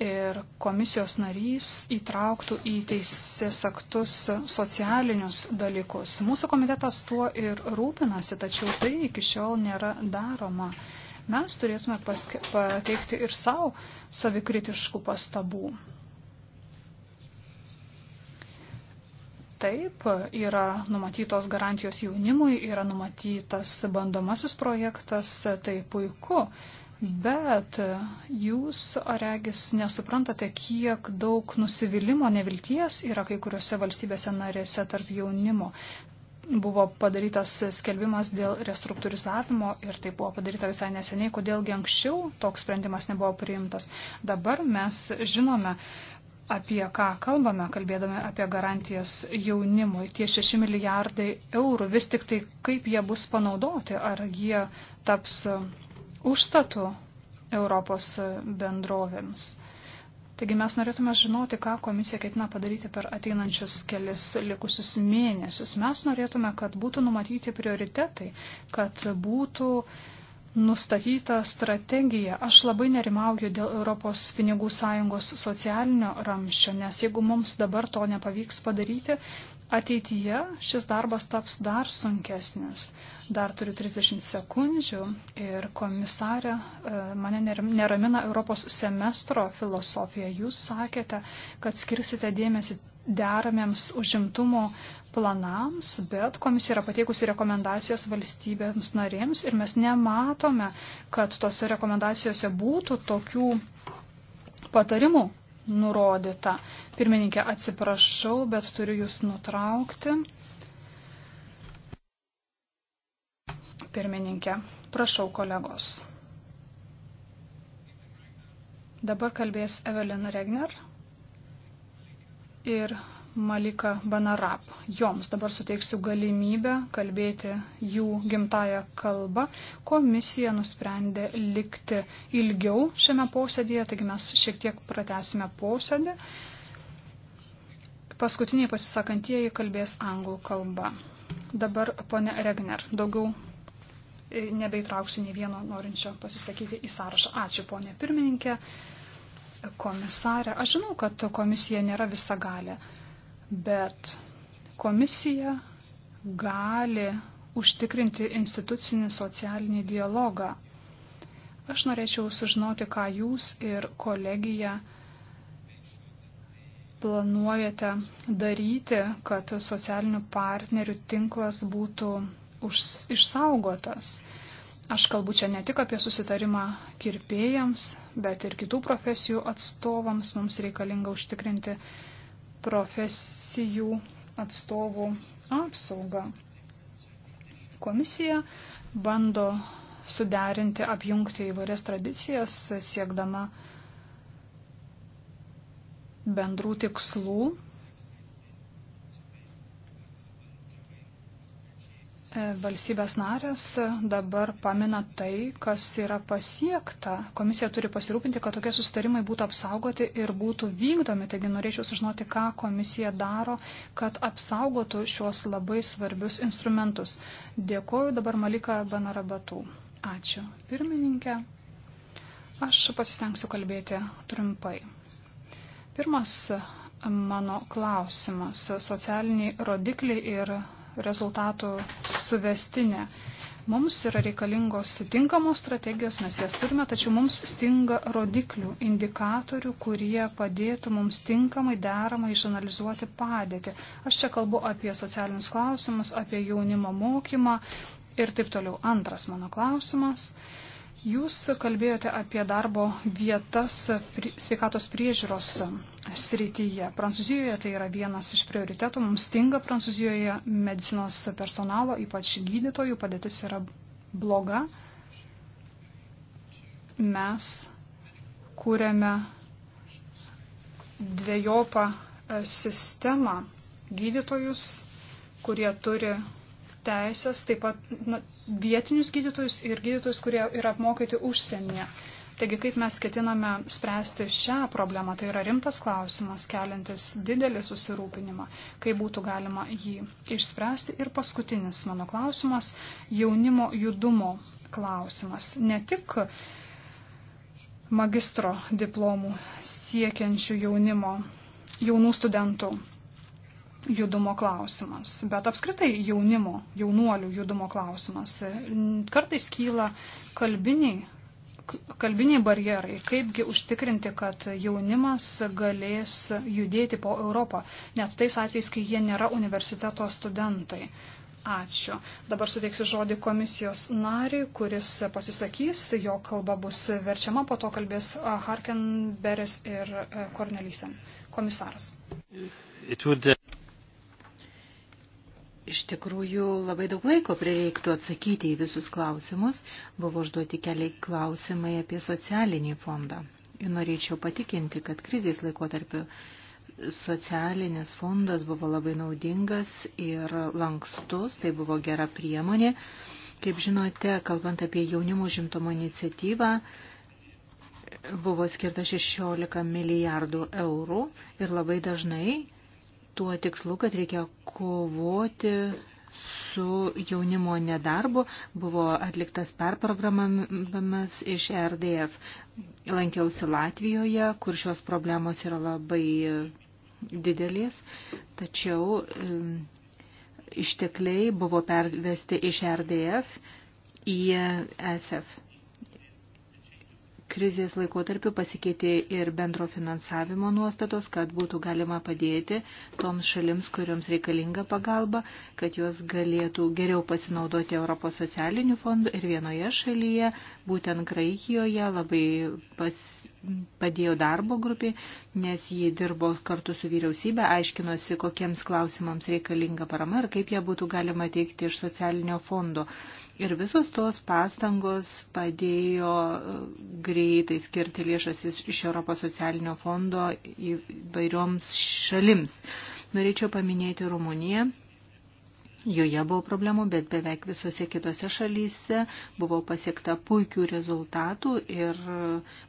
S4: ir komisijos narys įtrauktų į teisės aktus socialinius dalykus. Mūsų komitetas tuo ir rūpinasi, tačiau tai iki šiol nėra daroma mes turėtume paske, pateikti ir savo savikritiškų pastabų. Taip, yra numatytos garantijos jaunimui, yra numatytas bandomasis projektas, tai puiku, bet jūs, regis, nesuprantate, kiek daug nusivylimų, nevilties yra kai kuriuose valstybėse narėse tarp jaunimo buvo padarytas skelbimas dėl restruktūrizavimo ir tai buvo padaryta visai neseniai, kodėlgi anksčiau toks sprendimas nebuvo priimtas. Dabar mes žinome, apie ką kalbame, kalbėdami apie garantijas jaunimui. Tie 6 milijardai eurų, vis tik tai kaip jie bus panaudoti, ar jie taps užstatu Europos bendrovėms. Taigi mes norėtume žinoti, ką komisija ketina padaryti per ateinančius kelis likusius mėnesius. Mes norėtume, kad būtų numatyti prioritetai, kad būtų nustatyta strategija. Aš labai nerimauju dėl Europos pinigų sąjungos socialinio ramščio, nes jeigu mums dabar to nepavyks padaryti, Ateityje šis darbas taps dar sunkesnis. Dar turiu 30 sekundžių ir komisarė e, mane neramina Europos semestro filosofija. Jūs sakėte, kad skirsite dėmesį deramiems užimtumo planams, bet komisija yra pateikusi rekomendacijas valstybėms narėms ir mes nematome, kad tose rekomendacijose būtų tokių patarimų nurodyta. Pirmininkė, atsiprašau, bet turiu jūs nutraukti. Pirmininkė, prašau kolegos. Dabar kalbės Evelyn Regner ir Malika Banarap. Joms dabar suteiksiu galimybę kalbėti jų gimtają kalbą. Komisija nusprendė likti ilgiau šiame posėdėje, taigi mes šiek tiek pratesime posėdį. Paskutiniai pasisakantieji kalbės anglų kalba. Dabar ponė Regner, daugiau e, nebeįtrauksiu nei vieno norinčio pasisakyti į sąrašą. Ačiū ponė pirmininkė, komisarė. Aš žinau, kad komisija nėra visagalė. galė bet komisija gali užtikrinti institucinį socialinį dialogą. Aš norėčiau sužinoti, ką jūs ir kolegija planuojate daryti, kad socialinių partnerių tinklas būtų už, išsaugotas. Aš kalbu čia ne tik apie susitarimą kirpėjams, bet ir kitų profesijų atstovams mums reikalinga užtikrinti profesijų atstovų apsaugą. Komisija bando suderinti, apjungti įvairias tradicijas, siekdama bendrų tikslų E, valstybės narės dabar pamina tai, kas yra pasiekta. Komisija turi pasirūpinti, kad tokie sustarimai būtų apsaugoti ir būtų vykdomi. Taigi norėčiau sužinoti, ką komisija daro, kad apsaugotų šios labai svarbius instrumentus. Dėkuoju dabar Malika Banarabatų. Ačiū. Pirmininkė, aš pasistengsiu kalbėti trumpai. Pirmas mano klausimas - socialiniai rodikliai ir rezultatų suvestinė. Mums yra reikalingos tinkamos strategijos, mes jas turime, tačiau mums stinga rodiklių, indikatorių, kurie padėtų mums tinkamai, deramai išanalizuoti padėtį. Aš čia kalbu apie socialinius klausimus, apie jaunimo mokymą ir taip toliau. Antras mano klausimas. Uh, Jūs kalbėjote apie darbo vietas sveikatos priežiūros srityje. Prancūzijoje tai yra vienas iš prioritetų. Mums stinga Prancūzijoje medicinos personalo, ypač gydytojų padėtis yra bloga. Mes kūrėme dviejopą sistemą gydytojus, kurie turi teisės, taip pat na, vietinius gydytojus ir gydytojus, kurie yra apmokyti užsienyje. Taigi, kaip mes ketiname spręsti šią problemą, tai yra rimtas klausimas, keliantis didelį susirūpinimą, kaip būtų galima jį išspręsti. Ir paskutinis mano klausimas - jaunimo judumo klausimas. Ne tik magistro diplomų siekiančių jaunimo, jaunų studentų judumo klausimas, bet apskritai jaunimo, jaunuolių judumo klausimas. Kartais kyla kalbiniai, kalbiniai barjerai, kaipgi užtikrinti, kad jaunimas galės judėti po Europą, net tais atvejais, kai jie nėra universiteto studentai. Ačiū. Dabar suteiksiu žodį komisijos nariui, kuris pasisakys, jo kalba bus verčiama, po to kalbės Harkenberis ir Kornelysen. Komisaras.
S5: Would... Uh, Iš tikrųjų, labai
S3: daug laiko prireiktų atsakyti į visus klausimus. Buvo užduoti keliai klausimai apie socialinį fondą. Ir norėčiau patikinti, kad krizės laikotarpiu socialinis fondas buvo labai naudingas ir lankstus, tai buvo gera priemonė. Kaip žinote, kalbant apie jaunimo žimtomo iniciatyvą, buvo skirta 16 milijardų eurų ir labai dažnai tuo tikslu, kad reikia kovoti su jaunimo nedarbu buvo atliktas perprogramavimas iš RDF. Lankiausi Latvijoje, kur šios problemos yra labai didelės, tačiau ištekliai buvo pervesti iš RDF į SF. Krizės laikotarpiu pasikeitė ir bendro finansavimo nuostatos, kad būtų galima padėti toms šalims, kuriuoms reikalinga pagalba, kad jos galėtų geriau pasinaudoti Europos socialinių fondų ir vienoje šalyje, būtent Graikijoje, labai pas, padėjau darbo grupiai, nes jie dirbo kartu su vyriausybė, aiškinosi, kokiems klausimams reikalinga parama ir kaip ją būtų galima teikti iš socialinio fondo. Ir visos tos pastangos padėjo e, greitai skirti lėšas iš Europos socialinio fondo įvairioms šalims. Norėčiau paminėti Rumuniją Joje buvo problemų, bet beveik visose kitose šalyse buvo pasiekta puikių rezultatų ir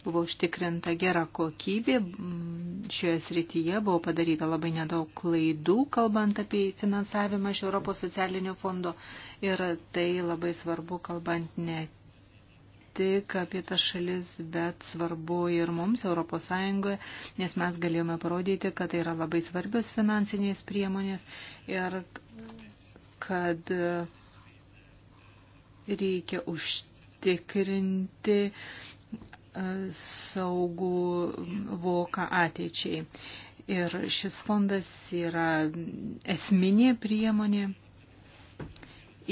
S3: buvo užtikrinta gera kokybė. Mm, šioje srityje buvo padaryta labai nedaug klaidų, kalbant apie finansavimą iš Europos socialinio fondo. Ir tai labai svarbu, kalbant ne tik apie tas šalis, bet svarbu ir mums, Europos Sąjungoje, nes mes galėjome parodyti, kad tai yra labai svarbios finansinės priemonės ir kad reikia užtikrinti e, saugų voką ateičiai. Ir šis fondas yra esminė priemonė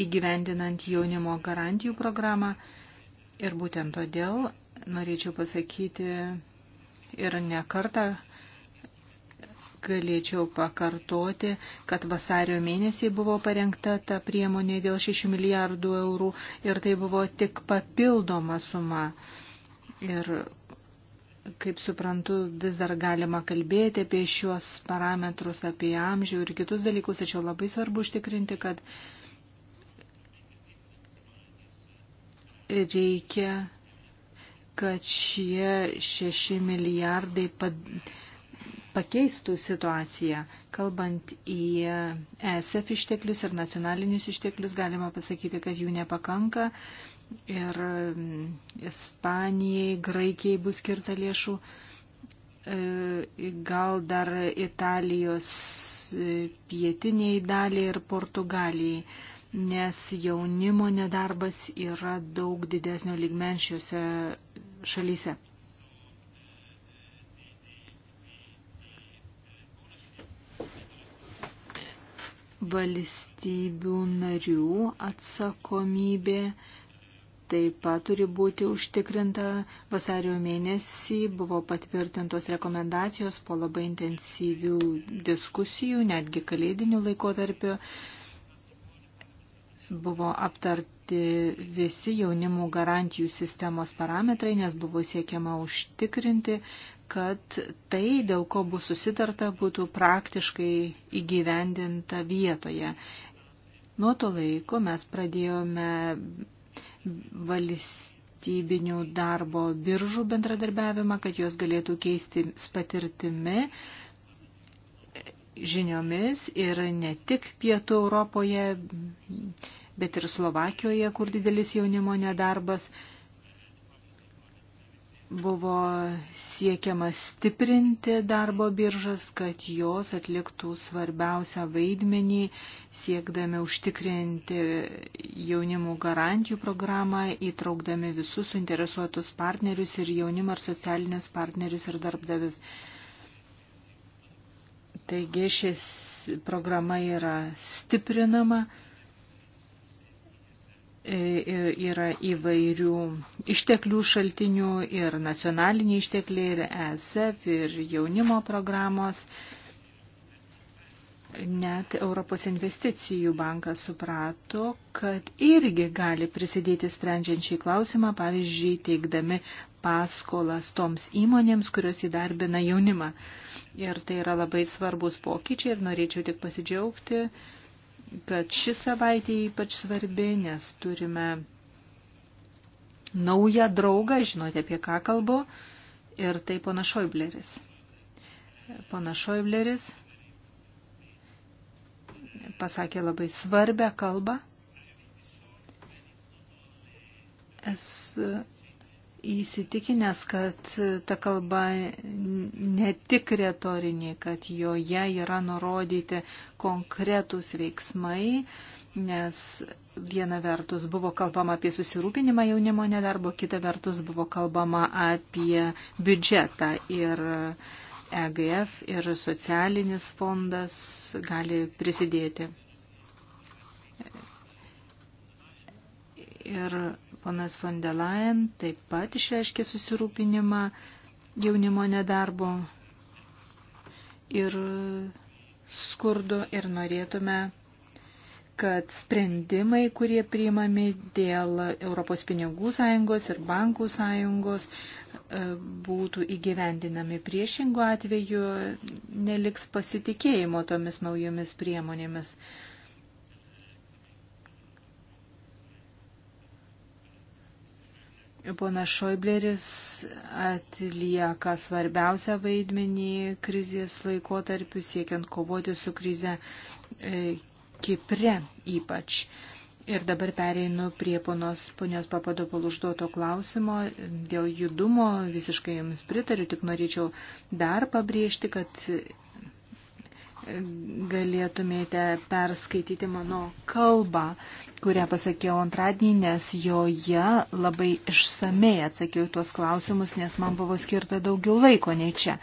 S3: įgyvendinant jaunimo garantijų programą. Ir būtent todėl norėčiau pasakyti ir nekartą galėčiau pakartoti, kad vasario mėnesį buvo parengta ta priemonė dėl 6 milijardų eurų ir tai buvo tik papildoma suma. Ir, kaip suprantu, vis dar galima kalbėti apie šiuos parametrus, apie amžių ir kitus dalykus, tačiau labai svarbu užtikrinti, kad reikia, kad šie 6 milijardai pad pakeistų situaciją. Kalbant į ESF išteklius ir nacionalinius išteklius, galima pasakyti, kad jų nepakanka ir mm, Ispanijai, Graikijai bus skirta lėšų, e, gal dar Italijos e, pietiniai daliai ir Portugalijai, nes jaunimo nedarbas yra daug didesnio lygmenšiuose šalyse. valstybių narių atsakomybė taip pat turi būti užtikrinta. Vasario mėnesį buvo patvirtintos rekomendacijos po labai intensyvių diskusijų, netgi kalėdinių laikotarpių. Buvo aptarti visi jaunimų garantijų sistemos parametrai, nes buvo siekiama užtikrinti, kad tai, dėl ko bus susitarta, būtų praktiškai įgyvendinta vietoje. Nuo to laiko mes pradėjome valstybinių darbo biržų bendradarbiavimą, kad jos galėtų keisti patirtimi, žiniomis ir ne tik Pietų Europoje, bet ir Slovakijoje, kur didelis jaunimo nedarbas buvo siekiama stiprinti darbo biržas, kad jos atliktų svarbiausią vaidmenį, siekdami užtikrinti jaunimų garantijų programą, įtraukdami visus suinteresuotus partnerius ir jaunimą ir socialinius partnerius ir darbdavius. Taigi šis programa yra stiprinama E, e, yra įvairių išteklių šaltinių ir nacionaliniai ištekliai, ir ESF, ir jaunimo programos. Net Europos investicijų bankas suprato, kad irgi gali prisidėti sprendžiant šį klausimą, pavyzdžiui, teikdami paskolas toms įmonėms, kurios įdarbina jaunimą. Ir tai yra labai svarbus pokyčiai ir norėčiau tik pasidžiaugti, uh, kad ši savaitė ypač svarbi, nes turime naują draugą, žinote apie ką kalbu, ir tai pana Šoibleris. Pana Šoibleris pasakė labai svarbę kalbą. Esu įsitikinęs, kad ta kalba ne tik retorinė, kad joje yra nurodyti konkretūs veiksmai, nes viena vertus buvo kalbama apie susirūpinimą jaunimo nedarbo, kita vertus buvo kalbama apie biudžetą ir EGF ir socialinis fondas gali prisidėti. Ir Ponas von der Leyen taip pat išreiškė susirūpinimą jaunimo nedarbo ir skurdo ir norėtume, kad sprendimai, kurie priimami dėl Europos pinigų sąjungos ir bankų sąjungos, e, būtų įgyvendinami priešingų atveju, neliks pasitikėjimo tomis naujomis priemonėmis. Pona Šoibleris atlieka svarbiausią vaidmenį krizės laikotarpiu, siekiant kovoti su krize e, Kipre ypač. Ir dabar pereinu prie ponos, ponios Papadopol užduoto klausimo dėl judumo. Visiškai jums pritariu, tik norėčiau dar pabrėžti, kad galėtumėte perskaityti mano kalbą, kurią pasakiau antradienį, nes joje labai išsamei atsakiau tuos klausimus, nes man buvo skirta daugiau laiko nei čia.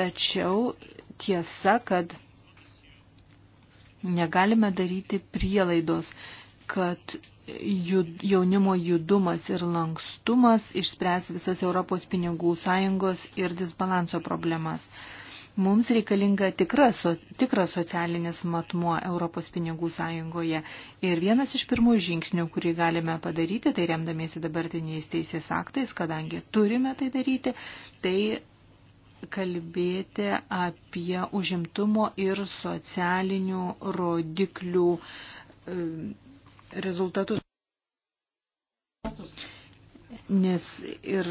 S3: Tačiau tiesa, kad negalime daryti prielaidos, kad jaunimo judumas ir lankstumas išspręs visas Europos pinigų sąjungos ir disbalanso problemas. Mums reikalinga tikras, so, tikras socialinis matmuo Europos pinigų sąjungoje. Ir vienas iš pirmųjų žingsnių, kurį galime padaryti, tai remdamiesi dabartiniais teisės aktais, kadangi turime tai daryti, tai kalbėti apie užimtumo ir socialinių rodiklių e, rezultatus. Nes ir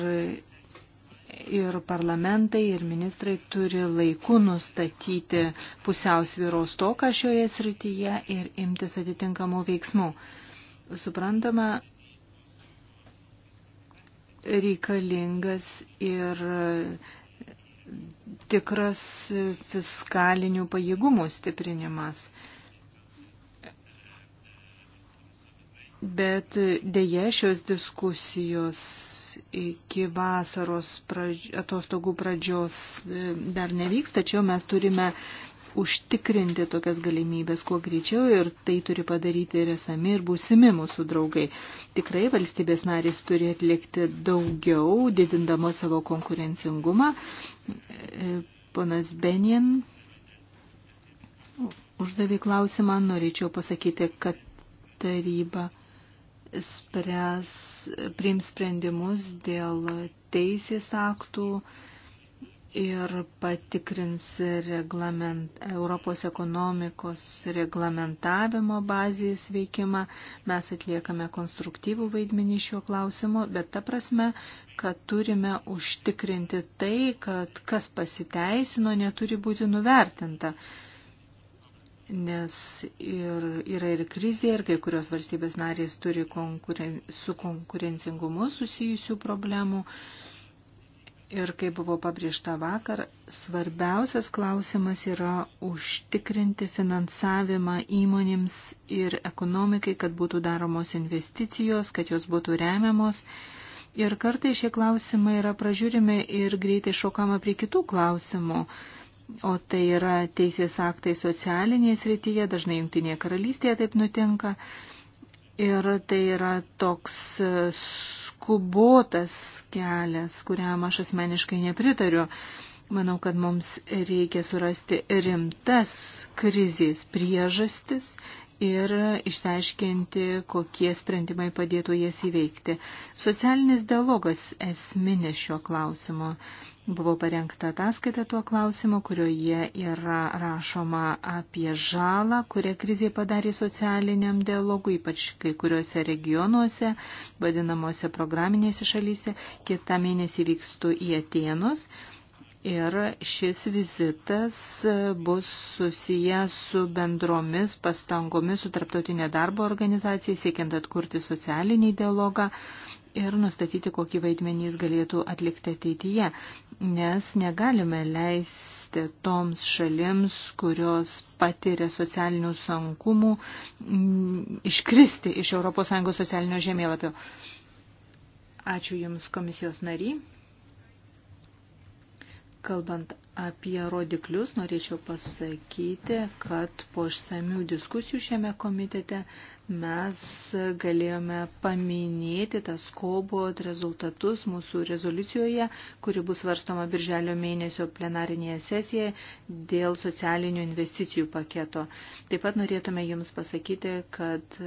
S3: ir parlamentai, ir ministrai turi laiku nustatyti pusiausvyros toką šioje srityje ir imtis atitinkamų veiksmų. Suprantama, reikalingas ir tikras fiskalinių pajėgumų stiprinimas. Bet dėje šios diskusijos iki vasaros pradž... atostogų pradžios e, dar nevyks, tačiau mes turime užtikrinti tokias galimybės kuo greičiau ir tai turi padaryti ir esami ir būsimi mūsų draugai. Tikrai valstybės narės turi atlikti daugiau, didindamo savo konkurencingumą. E, ponas Benien uždavė klausimą, norėčiau pasakyti, kad taryba spręs, priims sprendimus dėl teisės aktų ir patikrins reglament, Europos ekonomikos reglamentavimo bazės veikimą. Mes atliekame konstruktyvų vaidmenį šiuo klausimu, bet ta prasme, kad turime užtikrinti tai, kad kas pasiteisino, neturi būti nuvertinta nes ir, yra ir krizė, ir kai kurios valstybės narės turi konkuren, su konkurencingumu susijusių problemų. Ir kaip buvo pabrėžta vakar, svarbiausias klausimas yra užtikrinti finansavimą įmonėms ir ekonomikai, kad būtų daromos investicijos, kad jos būtų remiamos. Ir kartai šie klausimai yra pražiūrimi ir greitai šokama prie kitų klausimų o tai yra teisės aktai socialinėje srityje, dažnai jungtinėje karalystėje taip nutinka. Ir tai yra toks e, skubotas kelias, kuriam aš asmeniškai nepritariu. Manau, kad mums reikia surasti rimtas krizės priežastis ir išteiškinti, kokie sprendimai padėtų jas įveikti. Socialinis dialogas esminė šio klausimo. Buvo parengta ataskaita tuo klausimu, kurioje yra rašoma apie žalą, kurią krizė padarė socialiniam dialogui, ypač kai kuriuose regionuose, vadinamuose programinėse šalyse. Kita mėnesį vykstu į Atenus. Ir šis vizitas bus susijęs su bendromis pastangomis su Tarptautinė darbo organizacija, siekiant atkurti socialinį dialogą ir nustatyti, kokį vaidmenį jis galėtų atlikti ateityje. Nes negalime leisti toms šalims, kurios patiria socialinių sankumų, mm, iškristi iš ES socialinio žemėlapio. Ačiū Jums komisijos nariai. Kalbant apie rodiklius, norėčiau pasakyti, kad po išsamių diskusijų šiame komitete mes galėjome paminėti tas kobot rezultatus mūsų rezoliucijoje, kuri bus svarstoma birželio mėnesio plenarinėje sesijoje dėl socialinių investicijų paketo. Taip pat norėtume Jums pasakyti, kad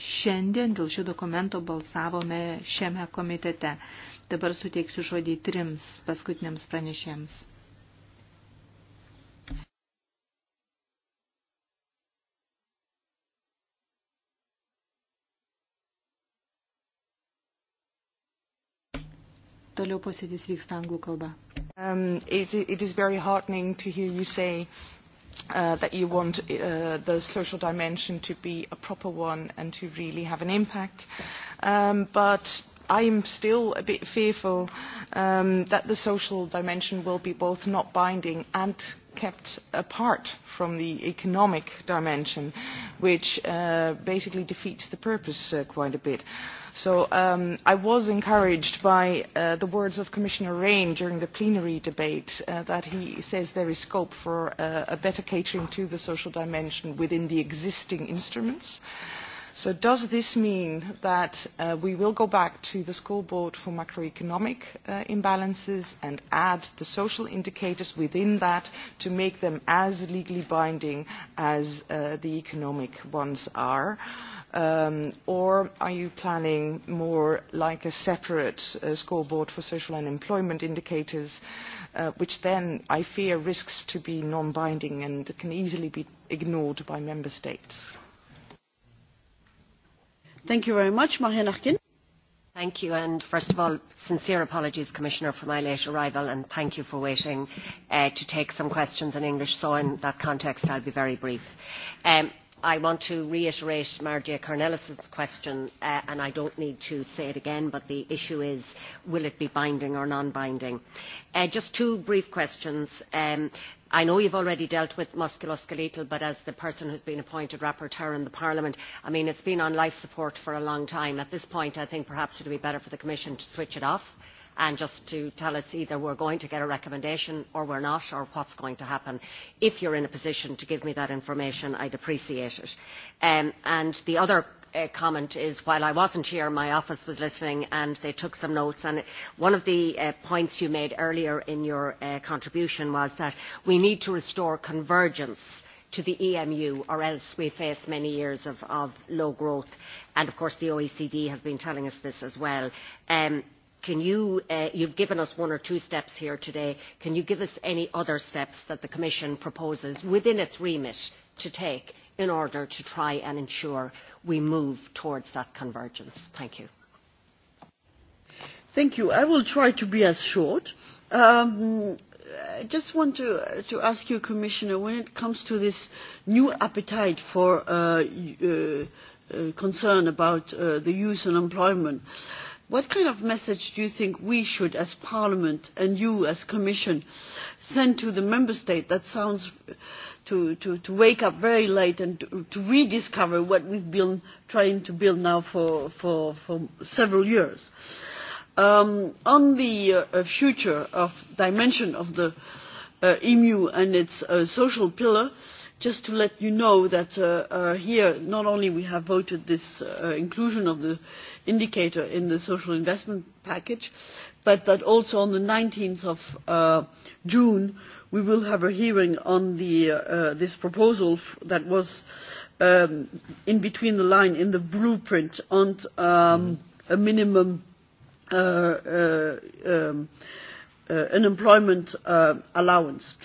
S3: šiandien dėl šio dokumento balsavome šiame komitete. Dabar suteiksiu žodį trims paskutiniams pranešėms.
S7: Toliau posėdis vyksta anglų kalba. Um, it, it is very heartening to hear you say uh, that you want uh, the social dimension to be a proper one and to really have an impact. Um, but I'm still a bit fearful um, that the social dimension will be both not binding and kept apart from the economic dimension, which uh, basically defeats the purpose uh, quite a bit. So um, I was encouraged by uh, the words of Commissioner Rehn during the plenary debate uh, that he says there is scope for uh, a better catering to the social dimension within the existing instruments. Uh, So does this mean that uh, we will go back to the scoreboard for macroeconomic uh, imbalances and add the social indicators within that to make them as legally binding as uh, the economic ones are? Um, or are you planning more like a separate uh, scoreboard for social and employment indicators, uh, which then I fear risks to be non-binding and can easily be ignored by member states? Uh,
S2: Thank you very much, Marianne Arkin.
S8: Thank you, and first of all, sincere apologies, Commissioner, for my late arrival, and thank you for waiting uh, to take some questions in English. So, in that context, I'll be very brief. Um, I want to reiterate Margia Cornelison's question, uh, and I don't need to say it again, but the issue is, will it be binding or non-binding? Uh, just two brief questions. Um, I know you've already dealt with musculoskeletal, but as the person who's been appointed rapporteur in the Parliament, I mean, it's been on life support for a long time. At this point, I think perhaps it would be better for the Commission to switch it off. Uh, and just to tell us either we're going to get a recommendation or we're not, or what's going to happen. If you're in a position to give me that information, I'd appreciate it. Um, and the other uh, comment is while I wasn't here, my office was listening and they took some notes. And one of the uh, points you made earlier in your uh, contribution was that we need to restore convergence to the EMU or else we face many years of, of low growth. And of course the OECD has been telling us this as well. Um, can you uh, you've given us one or two steps here today can you give us any other steps that the commission proposes within its remit to take in order to try and ensure we move towards that convergence thank you
S2: thank you i will try to be as short um, I just want to, to ask you, Commissioner, when it comes to this new appetite for uh, uh, uh, concern about uh, the youth and employment, uh, What kind of message do you think we should, as Parliament and you as Commission, send to the Member State that sounds to, to, to wake up very late and to, to rediscover what we've been trying to build now for, for, for several years? Um, on the uh, uh future of dimension of the uh, EMU and its uh, social pillar, just to let you know that uh, uh, here not only we have voted this uh, inclusion of the indicator in the social investment package, but that also on the 19th of uh, June we will have a hearing on the, uh, this proposal that was um, in between the line in the blueprint on um, a minimum uh, uh, um, uh, unemployment uh, allowance. Uh,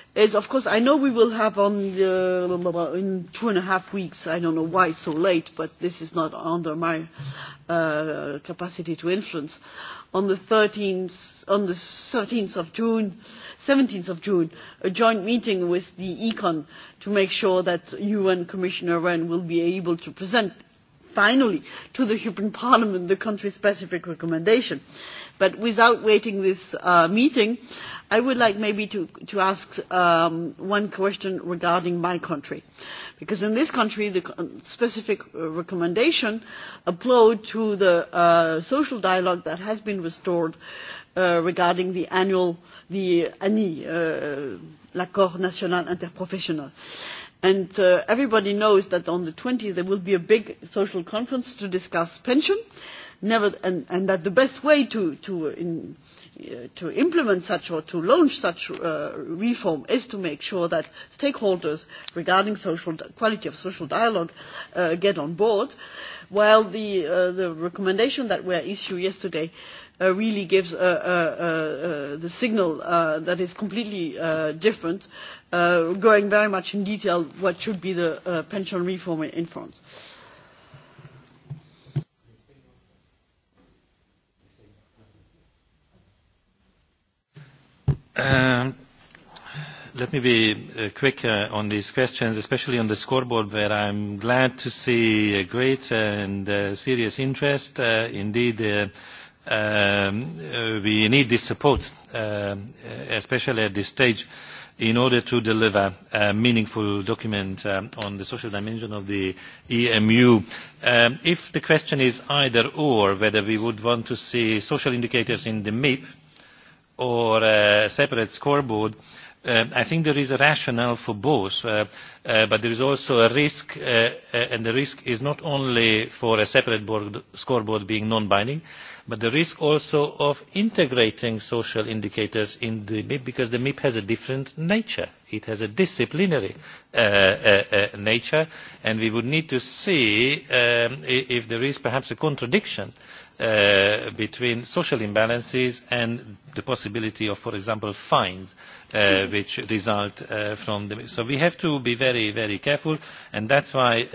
S2: is of course I know we will have on the, uh, in two and a half weeks I don't know why so late but this is not under my uh, capacity to influence on the 13th on the 13th of June 17th of June a joint meeting with the econ to make sure that UN Commissioner Wren will be able to present finally to the European Parliament the country specific recommendation But without waiting this uh, meeting, I would like maybe to, to ask um, one question regarding my country. Because in this country, the specific uh, recommendation applied to the uh, social dialogue that has been restored uh, regarding the annual, the ANI, uh, l'accord national interprofessionnel. And uh, everybody knows that on the 20th there will be a big social conference to discuss pension. Uh, never, and, and that the best way to, to, in, uh, to implement such or to launch such uh, reform is to make sure that stakeholders regarding social quality of social dialogue uh, get on board, while the, uh, the recommendation that were issued yesterday uh, really gives uh, uh, uh, uh, the signal uh, that is completely uh, different, uh, going very much in detail what should be the uh, pension reform in France. Uh,
S5: Um, let me be uh, quick uh, on these questions, especially on the scoreboard, where I'm glad to see a great uh, and uh, serious interest. Uh, indeed, uh, um, uh, we need this support, uh, especially at this stage, in order to deliver a meaningful document um, on the social dimension of the emu. Um, if the question is either or, whether we would want to see social indicators in the MIP, or a uh, separate scoreboard uh, I think there is a rationale for both, uh, uh, but there is also a risk, uh, uh, and the risk is not only for a separate board, scoreboard being non-binding, but the risk also of integrating social indicators in the MIP, because the MIP has a different nature. It has a disciplinary uh, uh, uh, nature, and we would need to see um, if there is perhaps a contradiction uh, uh, between social imbalances and the possibility of, for example, fines uh, which result uh, from the... So we have to be very, very careful, and that's why, um,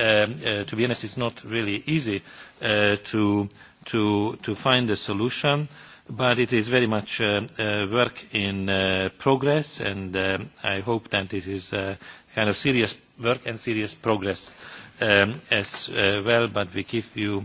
S5: uh, to be honest, it's not really easy uh, to, to, to find a solution, but it is very much uh, uh, work in uh, progress, and uh, I hope that it is uh, kind of serious work and serious progress um, as uh, well, but we give you uh,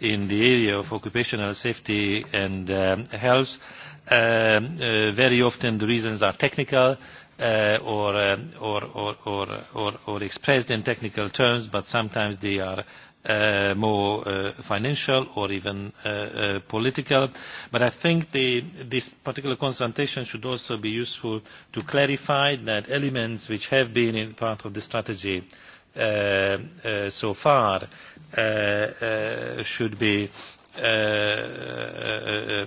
S5: in the area of occupational safety and um, health, um, uh, very often the reasons are technical uh, or, um, or, or, or, or, or expressed in technical terms, but sometimes they are uh, more uh, financial or even uh, uh, political. But I think the, this particular consultation should also be useful to clarify that elements which have been in part of the strategy uh, uh, uh, so far uh, uh, should be uh, uh, uh,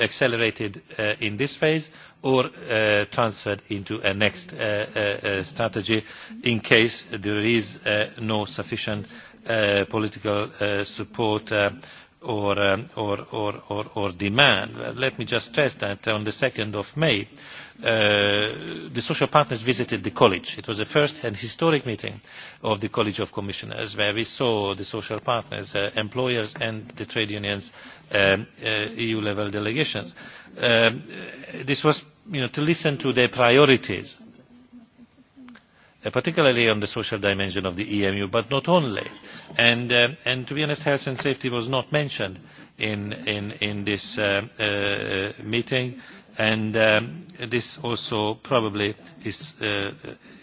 S5: accelerated uh, in this phase or uh, transferred into a next uh, uh, uh strategy in case there is uh, no sufficient uh, political uh, support uh, or, um, or, or, or, or demand. Let me just stress that on the 2nd of May, uh, Uh, the social partners visited the college. It was the first and historic meeting of the College of Commissioners where we saw the social partners, uh, employers and the trade unions, um, uh, EU-level delegations. Um, this was you know, to listen to their priorities, uh, particularly on the social dimension of the EMU, but not only. And, um, and to be honest, health and safety was not mentioned in, in, in this uh, uh, meeting. Uh, and um, this also probably is, uh,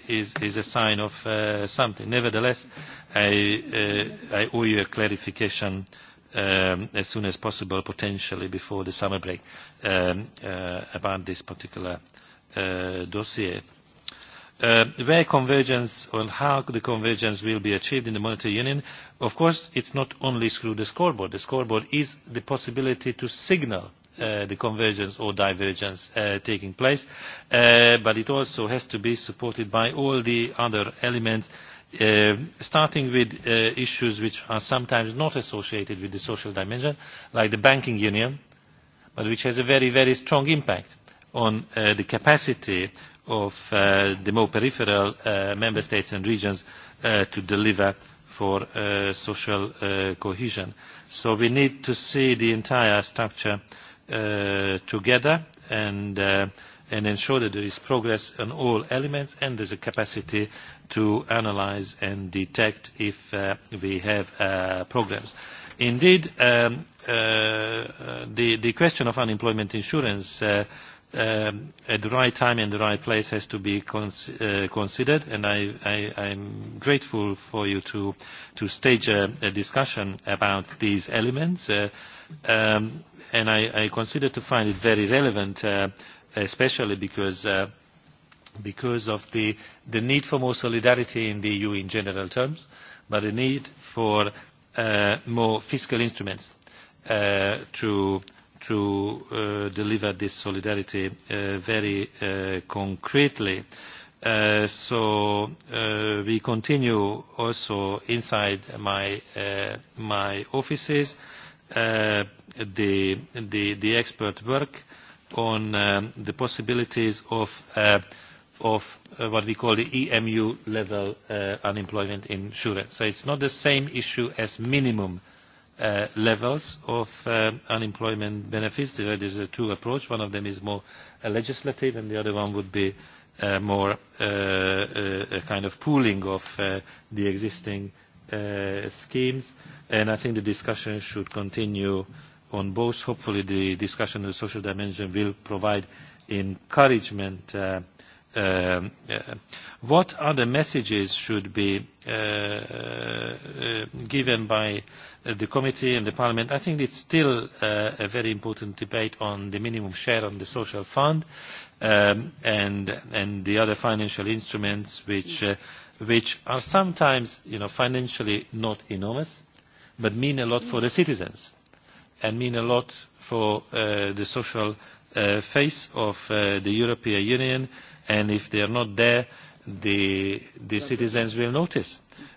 S5: is, is a sign of uh, something. nevertheless i, uh, I owe you a clarification um, as soon as possible potentially before the summer break um, uh, about this particular uh, dossier. Uh, where convergence or how the convergence will be achieved in the monetary union of course it is not only through the scoreboard. the scoreboard is the possibility to signal uh, the convergence or divergence uh, taking place uh, but it also has to be supported by all the other elements uh, starting with uh, issues which are sometimes not associated with the social dimension like the banking union but which has a very very strong impact on uh, the capacity of uh, the more peripheral uh, member states and regions uh, to deliver for uh, social uh, cohesion. So we need to see the entire structure uh, together and, uh, and ensure that there is progress on all elements and there is a capacity to analyse and detect if uh, we have uh, problems. Indeed, um, uh, the, the question of unemployment insurance uh, um, at the right time and the right place has to be cons uh, considered and I, I, I'm grateful for you to, to stage a, a discussion about these elements uh, um, and I, I consider to find it very relevant uh, especially because uh, because of the, the need for more solidarity in the EU in general terms, but the need for uh, more fiscal instruments uh, to uh, to uh, deliver this solidarity uh, very uh, concretely. Uh, so uh, we continue also inside my, uh, my offices uh, the, the, the expert work on um, the possibilities of, uh, of uh, what we call the EMU level uh, unemployment insurance. So it's not the same issue as minimum uh, uh, levels of um, unemployment benefits. There is a two approach. One of them is more uh, legislative and the other one would be uh, more uh, uh, a kind of pooling of uh, the existing uh, schemes. And I think the discussion should continue on both. Hopefully the discussion on the social dimension will provide encouragement uh, Uh, uh, what other messages should be uh, uh given by Uh, the committee and the parliament i think it is still uh, a very important debate on the minimum share on the social fund um, and, and the other financial instruments which, uh, which are sometimes you know, financially not enormous but mean a lot for the citizens and mean a lot for uh, the social uh, face of uh, the european union and if they are not there the, the citizens will notice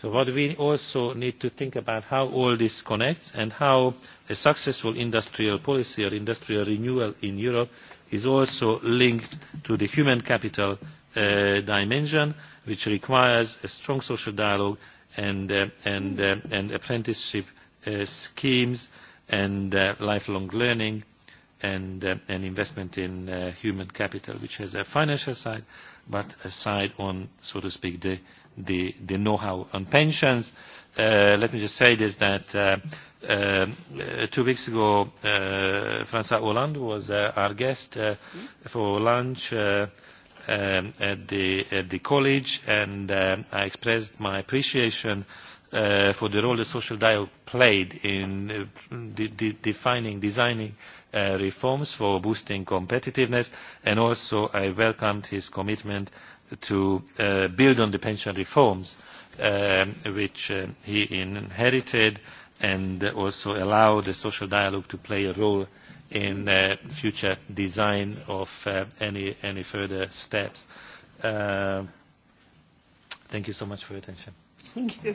S5: so what we also need to think about is how all this connects and how a successful industrial policy or industrial renewal in europe is also linked to the human capital uh, dimension which requires a strong social dialogue and, uh, and, uh, and apprenticeship uh, schemes and uh, lifelong learning and, uh, and investment in human capital which has a financial side but a side on so to speak the the, the know-how on pensions. Uh, let me just say this, that uh, uh, two weeks ago, uh, François Hollande was uh, our guest uh, mm-hmm. for lunch uh, um, at, the, at the college, and uh, I expressed my appreciation uh, for the role the social dialogue played in uh, de de defining, designing uh, reforms for boosting competitiveness, and also I welcomed his commitment to uh, build on the pension reforms um, which uh, he inherited and also allow the social dialogue to play a role in uh, future design of uh, any, any further steps. Uh, thank you so much for your attention.
S2: Thank you.